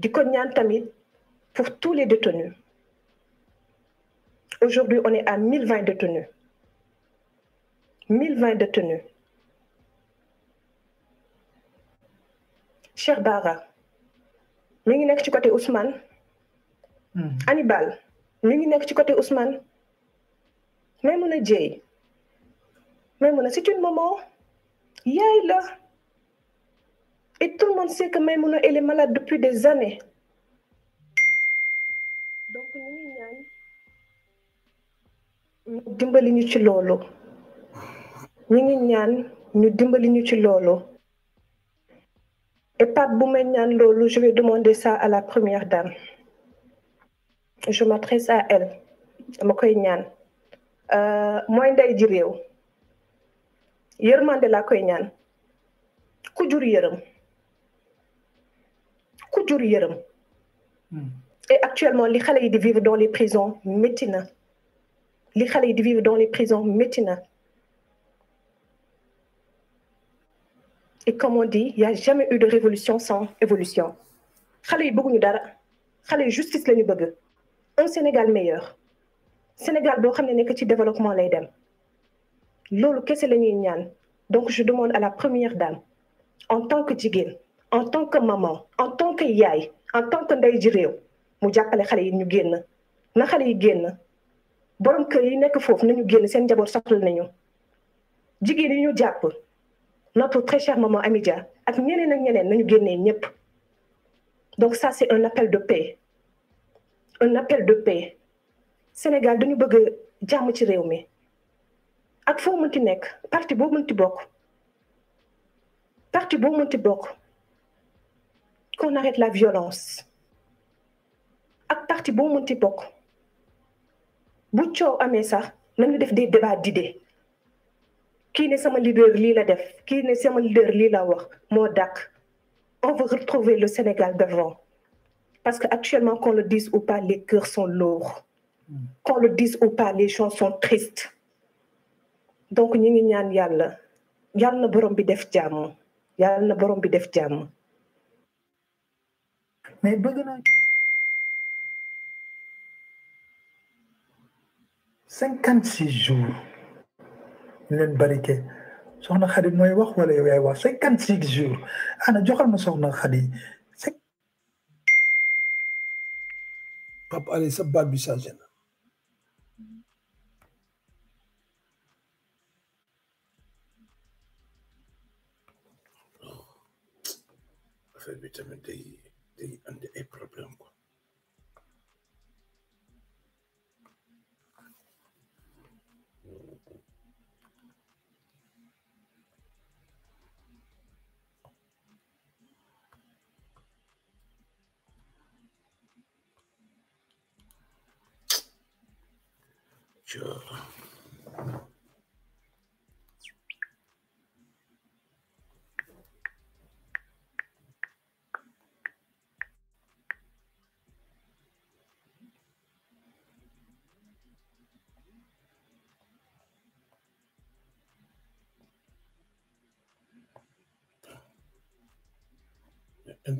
Dikonyan Tamit pour tous les détenus. Aujourd'hui, on est à 1020 détenus. 1020 détenus. Cher Bara, nous sommes Ousmane. Annibal, hmm. Hannibal, nous sommes Ousmane. Même on est Jay. Même on a c'est une maman. Yay là. Et tout le monde sait que même elle est malade depuis des années. Donc, nous, nous, dimbali ñu nous, nous nous, Nous ñu dimbali ñu nous nous, et nous, je vais demander ça à la première dame je m'adresse à elle dama koy Je euh, ji Je Je ku une femme et actuellement les xale vivent dans les prisons maintenant. Les li vivent dans les prisons maintenant. et comme on dit il n'y a jamais eu de révolution sans évolution xale yi bëgguñu dara xale justice la un Sénégal meilleur Sénégal doit xam ne ci développement lay dem donc je demande à la première dame en tant que jigéen en tant que maman en tant que yai, en tant que mu yi ñu na xalé yi génn borom kër nekk foofu nañu génn seen njaboot nañu notre très chère maman ak ñeneen ak ñeneen donc ça c'est un appel de paix un appel de paix Sénégal dañu bëgg ci mi ak nekk parti boo mënti parti qu'on arrête la violence ak parti de mon type, bu amé sax nañu def des débats d'idées Qui sama leader li la def qui leader li la wax on veut retrouver le Sénégal devant. parce qu'actuellement, qu'on le dise ou pas les cœurs sont lourds qu'on le dise ou pas les gens sont tristes donc mais bëgg naa cinquante six jours leen barike soxna Xadi mooy wax wala yow wax cinquante six jours ana joxal ma soxna Xadi Pape Alé sa baat And a problem. Sure.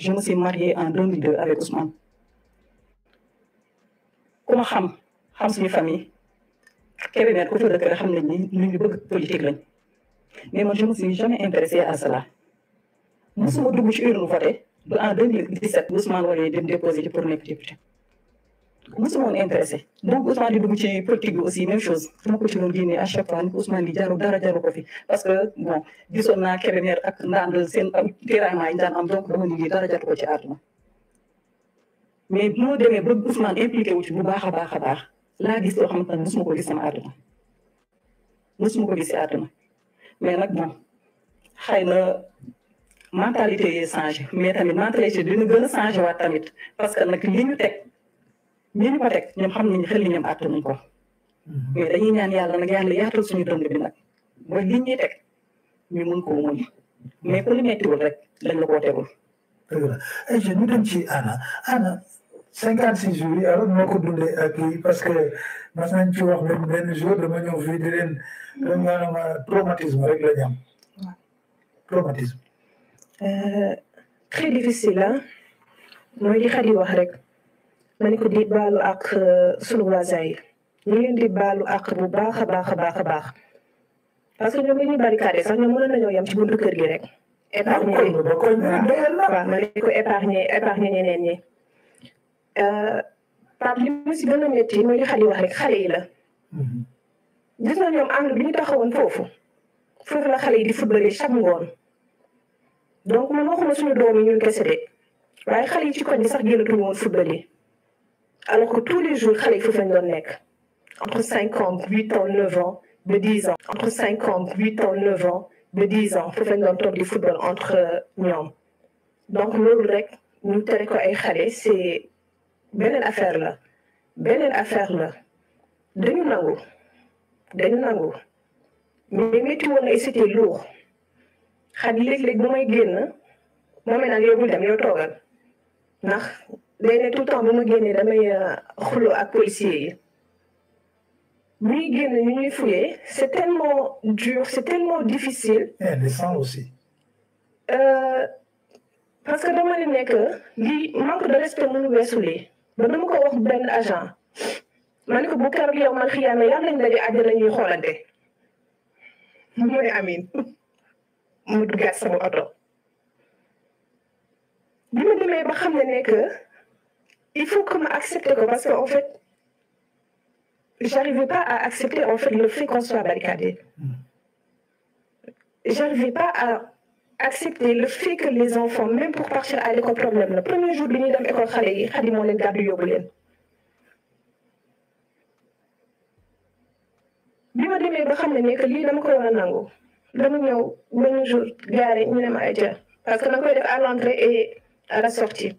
je me suis mariée en 2002 avec Ousmane je sais, je suis une famille qui ku fi dëkk rek xam une politique mais je je me suis jamais intéressée à cela Je suis ci urne voté en 2017 Ousmane a été déposé pour une député mosuma woon intéressé donc aussi même chose su ma ko ci doon génnee à chaque fois ni ko Ousmane di jaru dara jaru ko fi parce que bon gisoon naa Kébémer ak Ndande seen am tiraillement yi daan am donc dama ni dara jaru ko ci àdduna mais moo demee ba Ousmane impliqué wu ci bu baax a baax a baax laa gis loo xam ne mosuma ko gis sama àdduna mosuma ko gis si àdduna mais nag bon xay na mentalité yi changé mais tamit mentalité dina gën a changé waat tamit parce que nag li ñu teg ñu ko teg xam nañ xel ni ñoom àttanuñ ko mhm. mais dañuy ñaan yàlla nag yàlla yaatal suñu dënd bi nag ba li ñuy teg ñu mën koo muñ mais ku rek dañ la koo tegul dëgg la ci Anna Anna cinquante six jours yi alors moo ko dundee ak kii parce que mas nañ ci wax même benn jour dama ñëw fii di traumatisme rek la ñu am traumatisme euh, difficile ah mooy li Khady rek ma ne ko di baalu ak euh, sulu voisin yi ñu leen di baalu ak bu baax a baax a baax a baax parce que ñoom li ñuy barricade sax ñoom mënoon nañoo yem ci buntu kër gi rek. épargne waaw ma ne ko épargne épargne ñeneen ñi. Euh, li mu si gën a métti mooy wax rek xale yi la. Mhm. gis nga ñoom angle bi ñu taxawoon foofu foofu la xale yi di footballé chaque ngoon donc man waxuma suñu doom yi ñun kese de waaye xale yi ci koñ sax génnatuñu woon footballé. alors que tous les jours il faut faire entre 50, 8 ans 9 ans de 10 ans entre 50, 8 ans 9 ans de 10 ans faut faire de football entre nous. donc nous, nous nous nous ko c'est affaire là affaire nous mais c'était lourd day ne tout temps bu ma génnee damay euh, xuloo ak policiers yi bu ñuy génn ñu ñuy fuyee c' est tellement dur c' est tellement difficile. et eh, indécent aussi. Euh, parce que dama leen nekk li manque de respect mënu weesu lii ba dama ko wax benn agent ma ne ko bu keroog yow man xiyaame yàlla lañ daje àjjana ñuy xoolante mu ne amiin mu duggaat sama oto bi ma demee ba xam ne nekk il faut qu'on accepte que, parce qu'en fait, j'arrivais pas à accepter en fait le fait qu'on soit barricadé. Mm. J'arrivais pas à accepter le fait que les enfants, même pour partir à l'école, problème, le premier jour, ils ont école, ils ont l'école, bi ma demee ba xam ne ne que lii dama koy war a nangu dama ñëw benn jour gaare ñu ne ma ay parce que danga koy def à l'entrée et à la sortie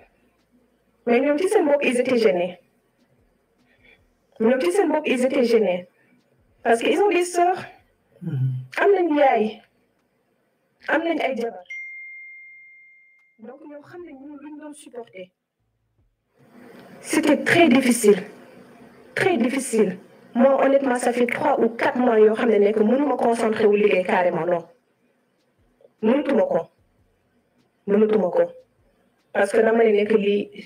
mais nous ci seen ils étaient gênés Nous ci seen ils étaient gênés parce que ils ont des sœurs. ont mhm. nañ yaay am ont ay jabar donc nous avons nañ ñun nous doon supporter. c'était très difficile très difficile moi honnêtement ça fait trois ou quatre mois que je ne nekk mënuma concentré wu liggéey carrément non mënatuma ko mënatuma pas. parce que je ne que... lii.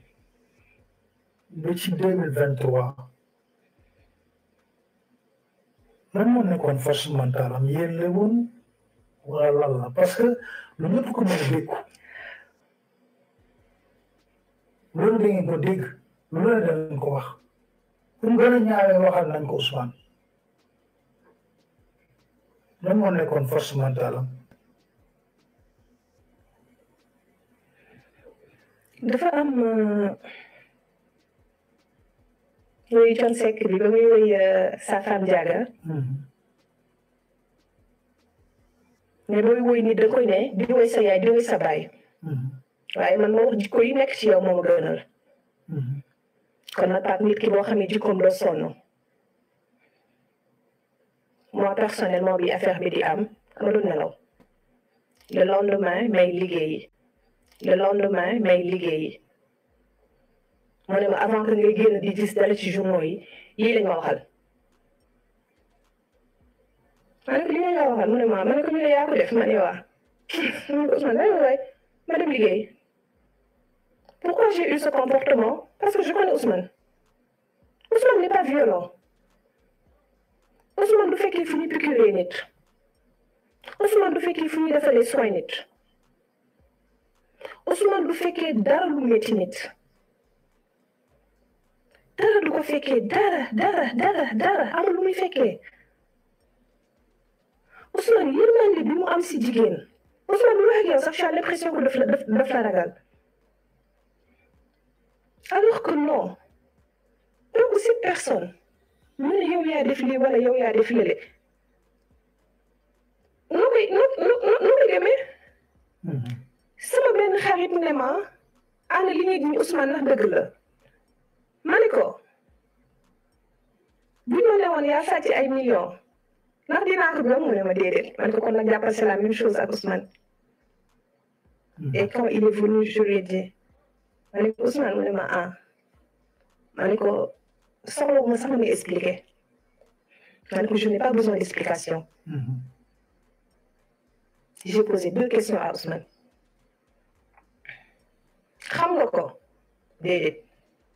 ba ci deux mille trois lan moo nekkoon force mentale am yéen la woon wala lan la parce que lu ñëpp ko mën a dégg loolu da ngeen ko dégg loolu da ngeen ko wax pour gën a ñaaree waxal nekkoon force muy Thione Seck bi ba muy woy sa femme Diaga mais booy woy nit da koy ne di woy sa yaay di woy sa baay waaye man moo wax jikko yi nekk ci yow moom a gënal boo xam ne jikkoom doo sonn moi personnellement bi affaire bi di am ma doon nelaw le lendemain may liggéeyi le lendemain may liggéeyi mu ma avant que ngay génn di gis dara ci journaux yi lii lañ ma waxal. ma ne ko lii lañ la waxal mu ne ma ma ko ñu ne yaa ko def ma ne waa ko waay ma dem liggéey. pourquoi j'ai eu ce comportement parce que je connais Ousmane Ousmane n'est pas violent Ousmane du fekkee fu ñuy piqûre nit Ousmane du fekkee fu ñuy defalee soin nit Ousmane du que dara lu métti nit. دار لوكا فيكيه داره داره داره داره عمرو ما فيكيه وصلنا يرمان اللي بيمو امسي جيجين وصلنا بروح يا صافي على بريسيون كل فلاراغال الوغ كو نو دونك سي بيرسون من يوم يعرف لي ولا يوم يعرف لي نوبي نوبي نوبي جميع سما بين خارج من ما انا اللي نجني عثمان نهبق له ma ni ko bu ñu ne yaa sàcc ay million ndax dinaa ko gëm mu ne ma déedéet ma ko kon nag jàppal c'est la même chose ak Ousmane. Hmm. et quand il est venu je lui ai ma ni ko Ousmane mu ne ma ah ma ni ko soxla ma sax mu expliquer ma ni ko je n'ai pas besoin d'explication. Hmm. j'ai posé deux questions à Ousmane. xam nga ko déedéet.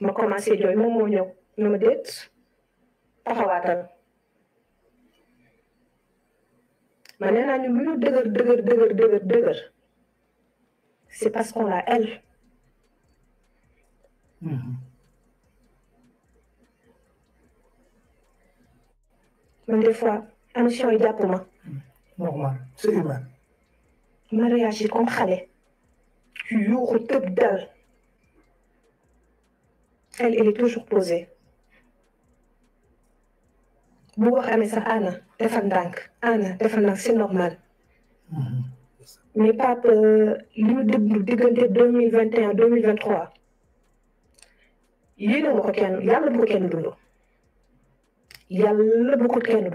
ma commencé jooy moom moo ñëw na ma déet taxawaatal ma nee naa ñu lu ñu dëgër dëgër dëgër dëgër dëgër c'est parce qu'on la elle mm-hmm. man des fois émission yi jàpp ma mm-hmm. normal c'est humain ma réagir comme xale yuuxu tëb dal elle, est toujours posée. C'est normal. Mm-hmm. Mais pas lui, de 2021 2023, il y a le bouquin de Il y a le bouquin de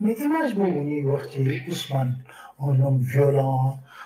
Mais Les vous voyez, Ousmane, un homme violent,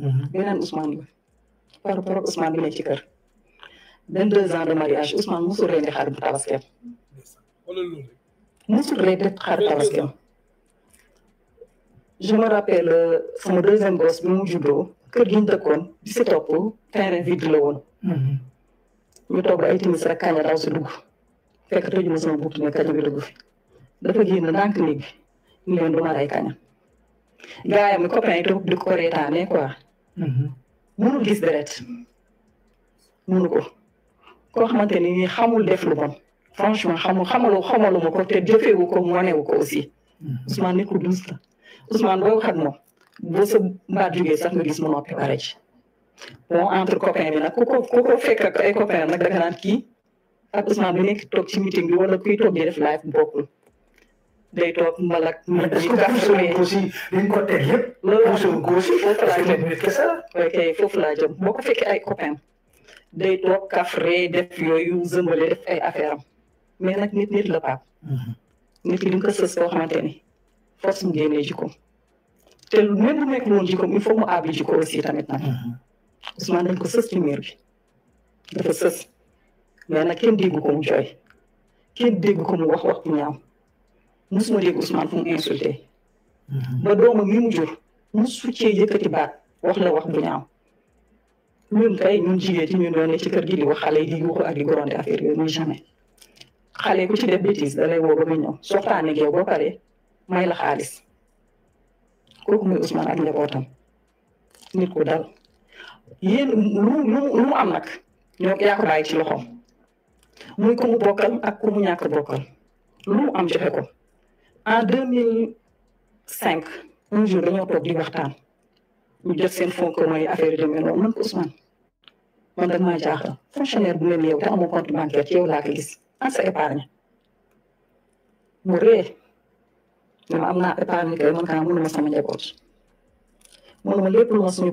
ñu mhm. naan Ousmane la par rapport ak Ousmane bi nekk ans de mariage Ousmane musul rendi xar bu tabaskeem. musul rendi xar tabaskeem. je euh, sama deuxième gosse bi mu juddoo kër gi ñu dëkkoon bi si topp terrain vide la woon. Mhm. ñu toog ba ay daw si dugg fekk tëju ma sama bunt ne dafa génn ndànk néeg bi ñu leen du ma rey di ko reetaane mënu mhm. gis deret mënu ko koo xamante ni nii xamul def lu bon franchement xamul xamalu xamaluma ko te jëfewu ko wanewu ko aussi mhm. Ousmane nit ku duus la Ousmane boo xam moom boo sa baat sax nga gis mu noppi pare ci entre copain bi nag ku ko ku ko fekk ak ay copain nag da nga naan kii ak Ousmane bi nekk toog ci meeting bi wala kuy toog di def live bokul day toog mbalak ma ji gàllankoor aussi dañ ko teg yëpp. la foofu laa jëm ok foofu boo ko fekkee ay copain day toog kafre def yooyu zëmbale def ay affaire am mais nag nit nit la paap. nit ki di nga ko sës koo xamante ni force mu génnee jikkoom te même bu nekk woon jikkoom il faut mu aabi jikko aussi tamit nag. Ousmane dañ ko sës ci miir bi dafa sës mais nag kenn déggu ko mu jooy musuma dégg Ousmane fu mu insulté mhm. ba doomam mi mu jur musu cee yëkkati baat wax la wax bu ñaaw ñun kay ñun jigéen ci ñun doon ne ci kër gi di wax xale yi di yuuxu ak di goronte affaire yooyu muy jamais xale ku ci def bêtise da lay woo ba muy soxtaan ak yow nit ku dal yéen lu lu lu mu am nag ñoo yaa ko ci loxoom muy ku mu bokkal ak ku mu bokkal lu am joxe ko en 2005 un jour dañoo toog di waxtaan ñu seen fonk commun yi affaire yi demee noonu man ko Ousmane man da maa jaaxal bu mel ni yow te amoo compte bancaire ci yow laa ko gis en sa épargne mu ree dama am lépp lu ma suñu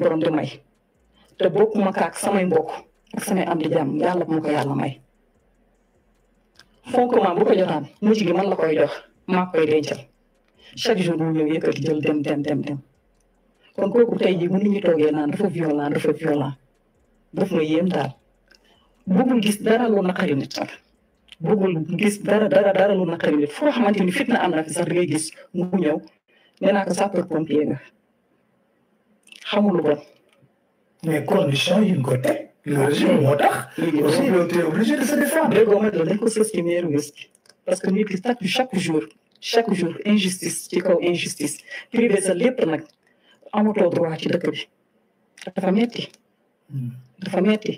samay mbokk ak samay am di jàmm yàlla bu ma may fonds commun bu ko jotaan mu ci man la koy jox maa koy dencal chaque jour mu ñëw yëkkati jël dem dem dem dem kon kooku tey jii mën toogee naan dafa violent dafa violent daf ma yéem daal gis dara lu naqari nit nag gis dara dara dara lu naqari nit foo xamante ni fitna am na fi sax da ngay gis mu ñëw nee naa ko sapeur pompier nga xamul condition yi ko teg. le moo tax. aussi il était obligé de se défendre. déggoo parce que nit ki statut chaque jour chaque jour injustice ci kaw injustice privé sa lépp nag amatoo droit ci dëkk bi dafa metti dafa metti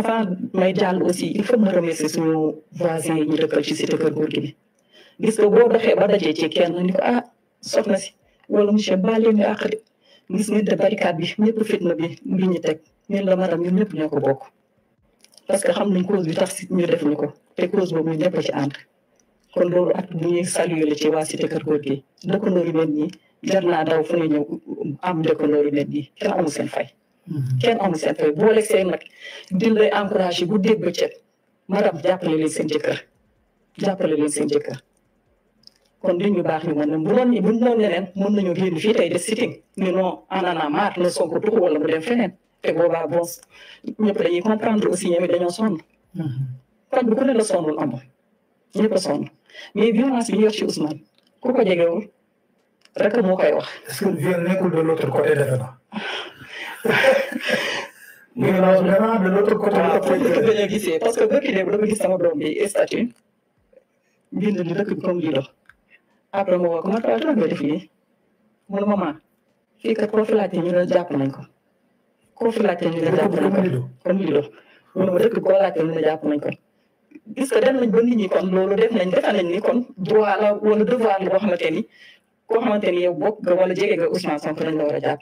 avant may jàll aussi il faut ma remercier suñu voisins yi ñu dëkkal ci cité kër bi gis nga boo doxee ba kenn ni ko ah soxna si wala monsieur baal leen ñu àq de gis nga de bi ñëpp fitna bi mbi ñu teg ñun la maram ñun ñëpp ñoo ko bokk parce que xam nañ cause bi tax si ñu def ñu ko te cause boobu ñu ñëpp ci ànd kon loolu ak ni ñuy la ci waa cité Kër Góor gi dëkkandoo yu mel nii jar naa daw fu ne ñëw am dëkkandoo yu mel nii kenn seen fay. Mhm. kenn amul seen fay boole seen nag di lay bu dégg ba ceeb madame jàppale leen seen jëkkër leen seen jëkkër. kon nit ñu baax ni mën ne bu doon bu doon mën nañoo génn tey de sitting ñu non en ana marre la Sonko wala mu dem te boobaa boos ñëpp dañuy comprendre aussi ñoom it la sonnul am ñëpp a sonn mais violence bi ku ko jegewul rek moo koy wax. est-ce que viol nekkul de l'autre côté defe naa. violence vraiment de l'autre côté. parce que bëgg démb dama gis sama doom bi statut bind ni dëkk bi comme lii dox après ma woo ko ma tawaat lan nga ñu nañ ko. kooku laajte ñu ne jàpp nañ ko kon ñu dox mu ne ma dëkk boo laajte ñu ne jàpp nañ ko gis que dem nañ ba nit ñi kon loolu def na defe nañ ni kon wala devoir la boo xamante ni koo xamante ni yow bokk nga wala jege nga Ousmane Sonko dañ la war a jàpp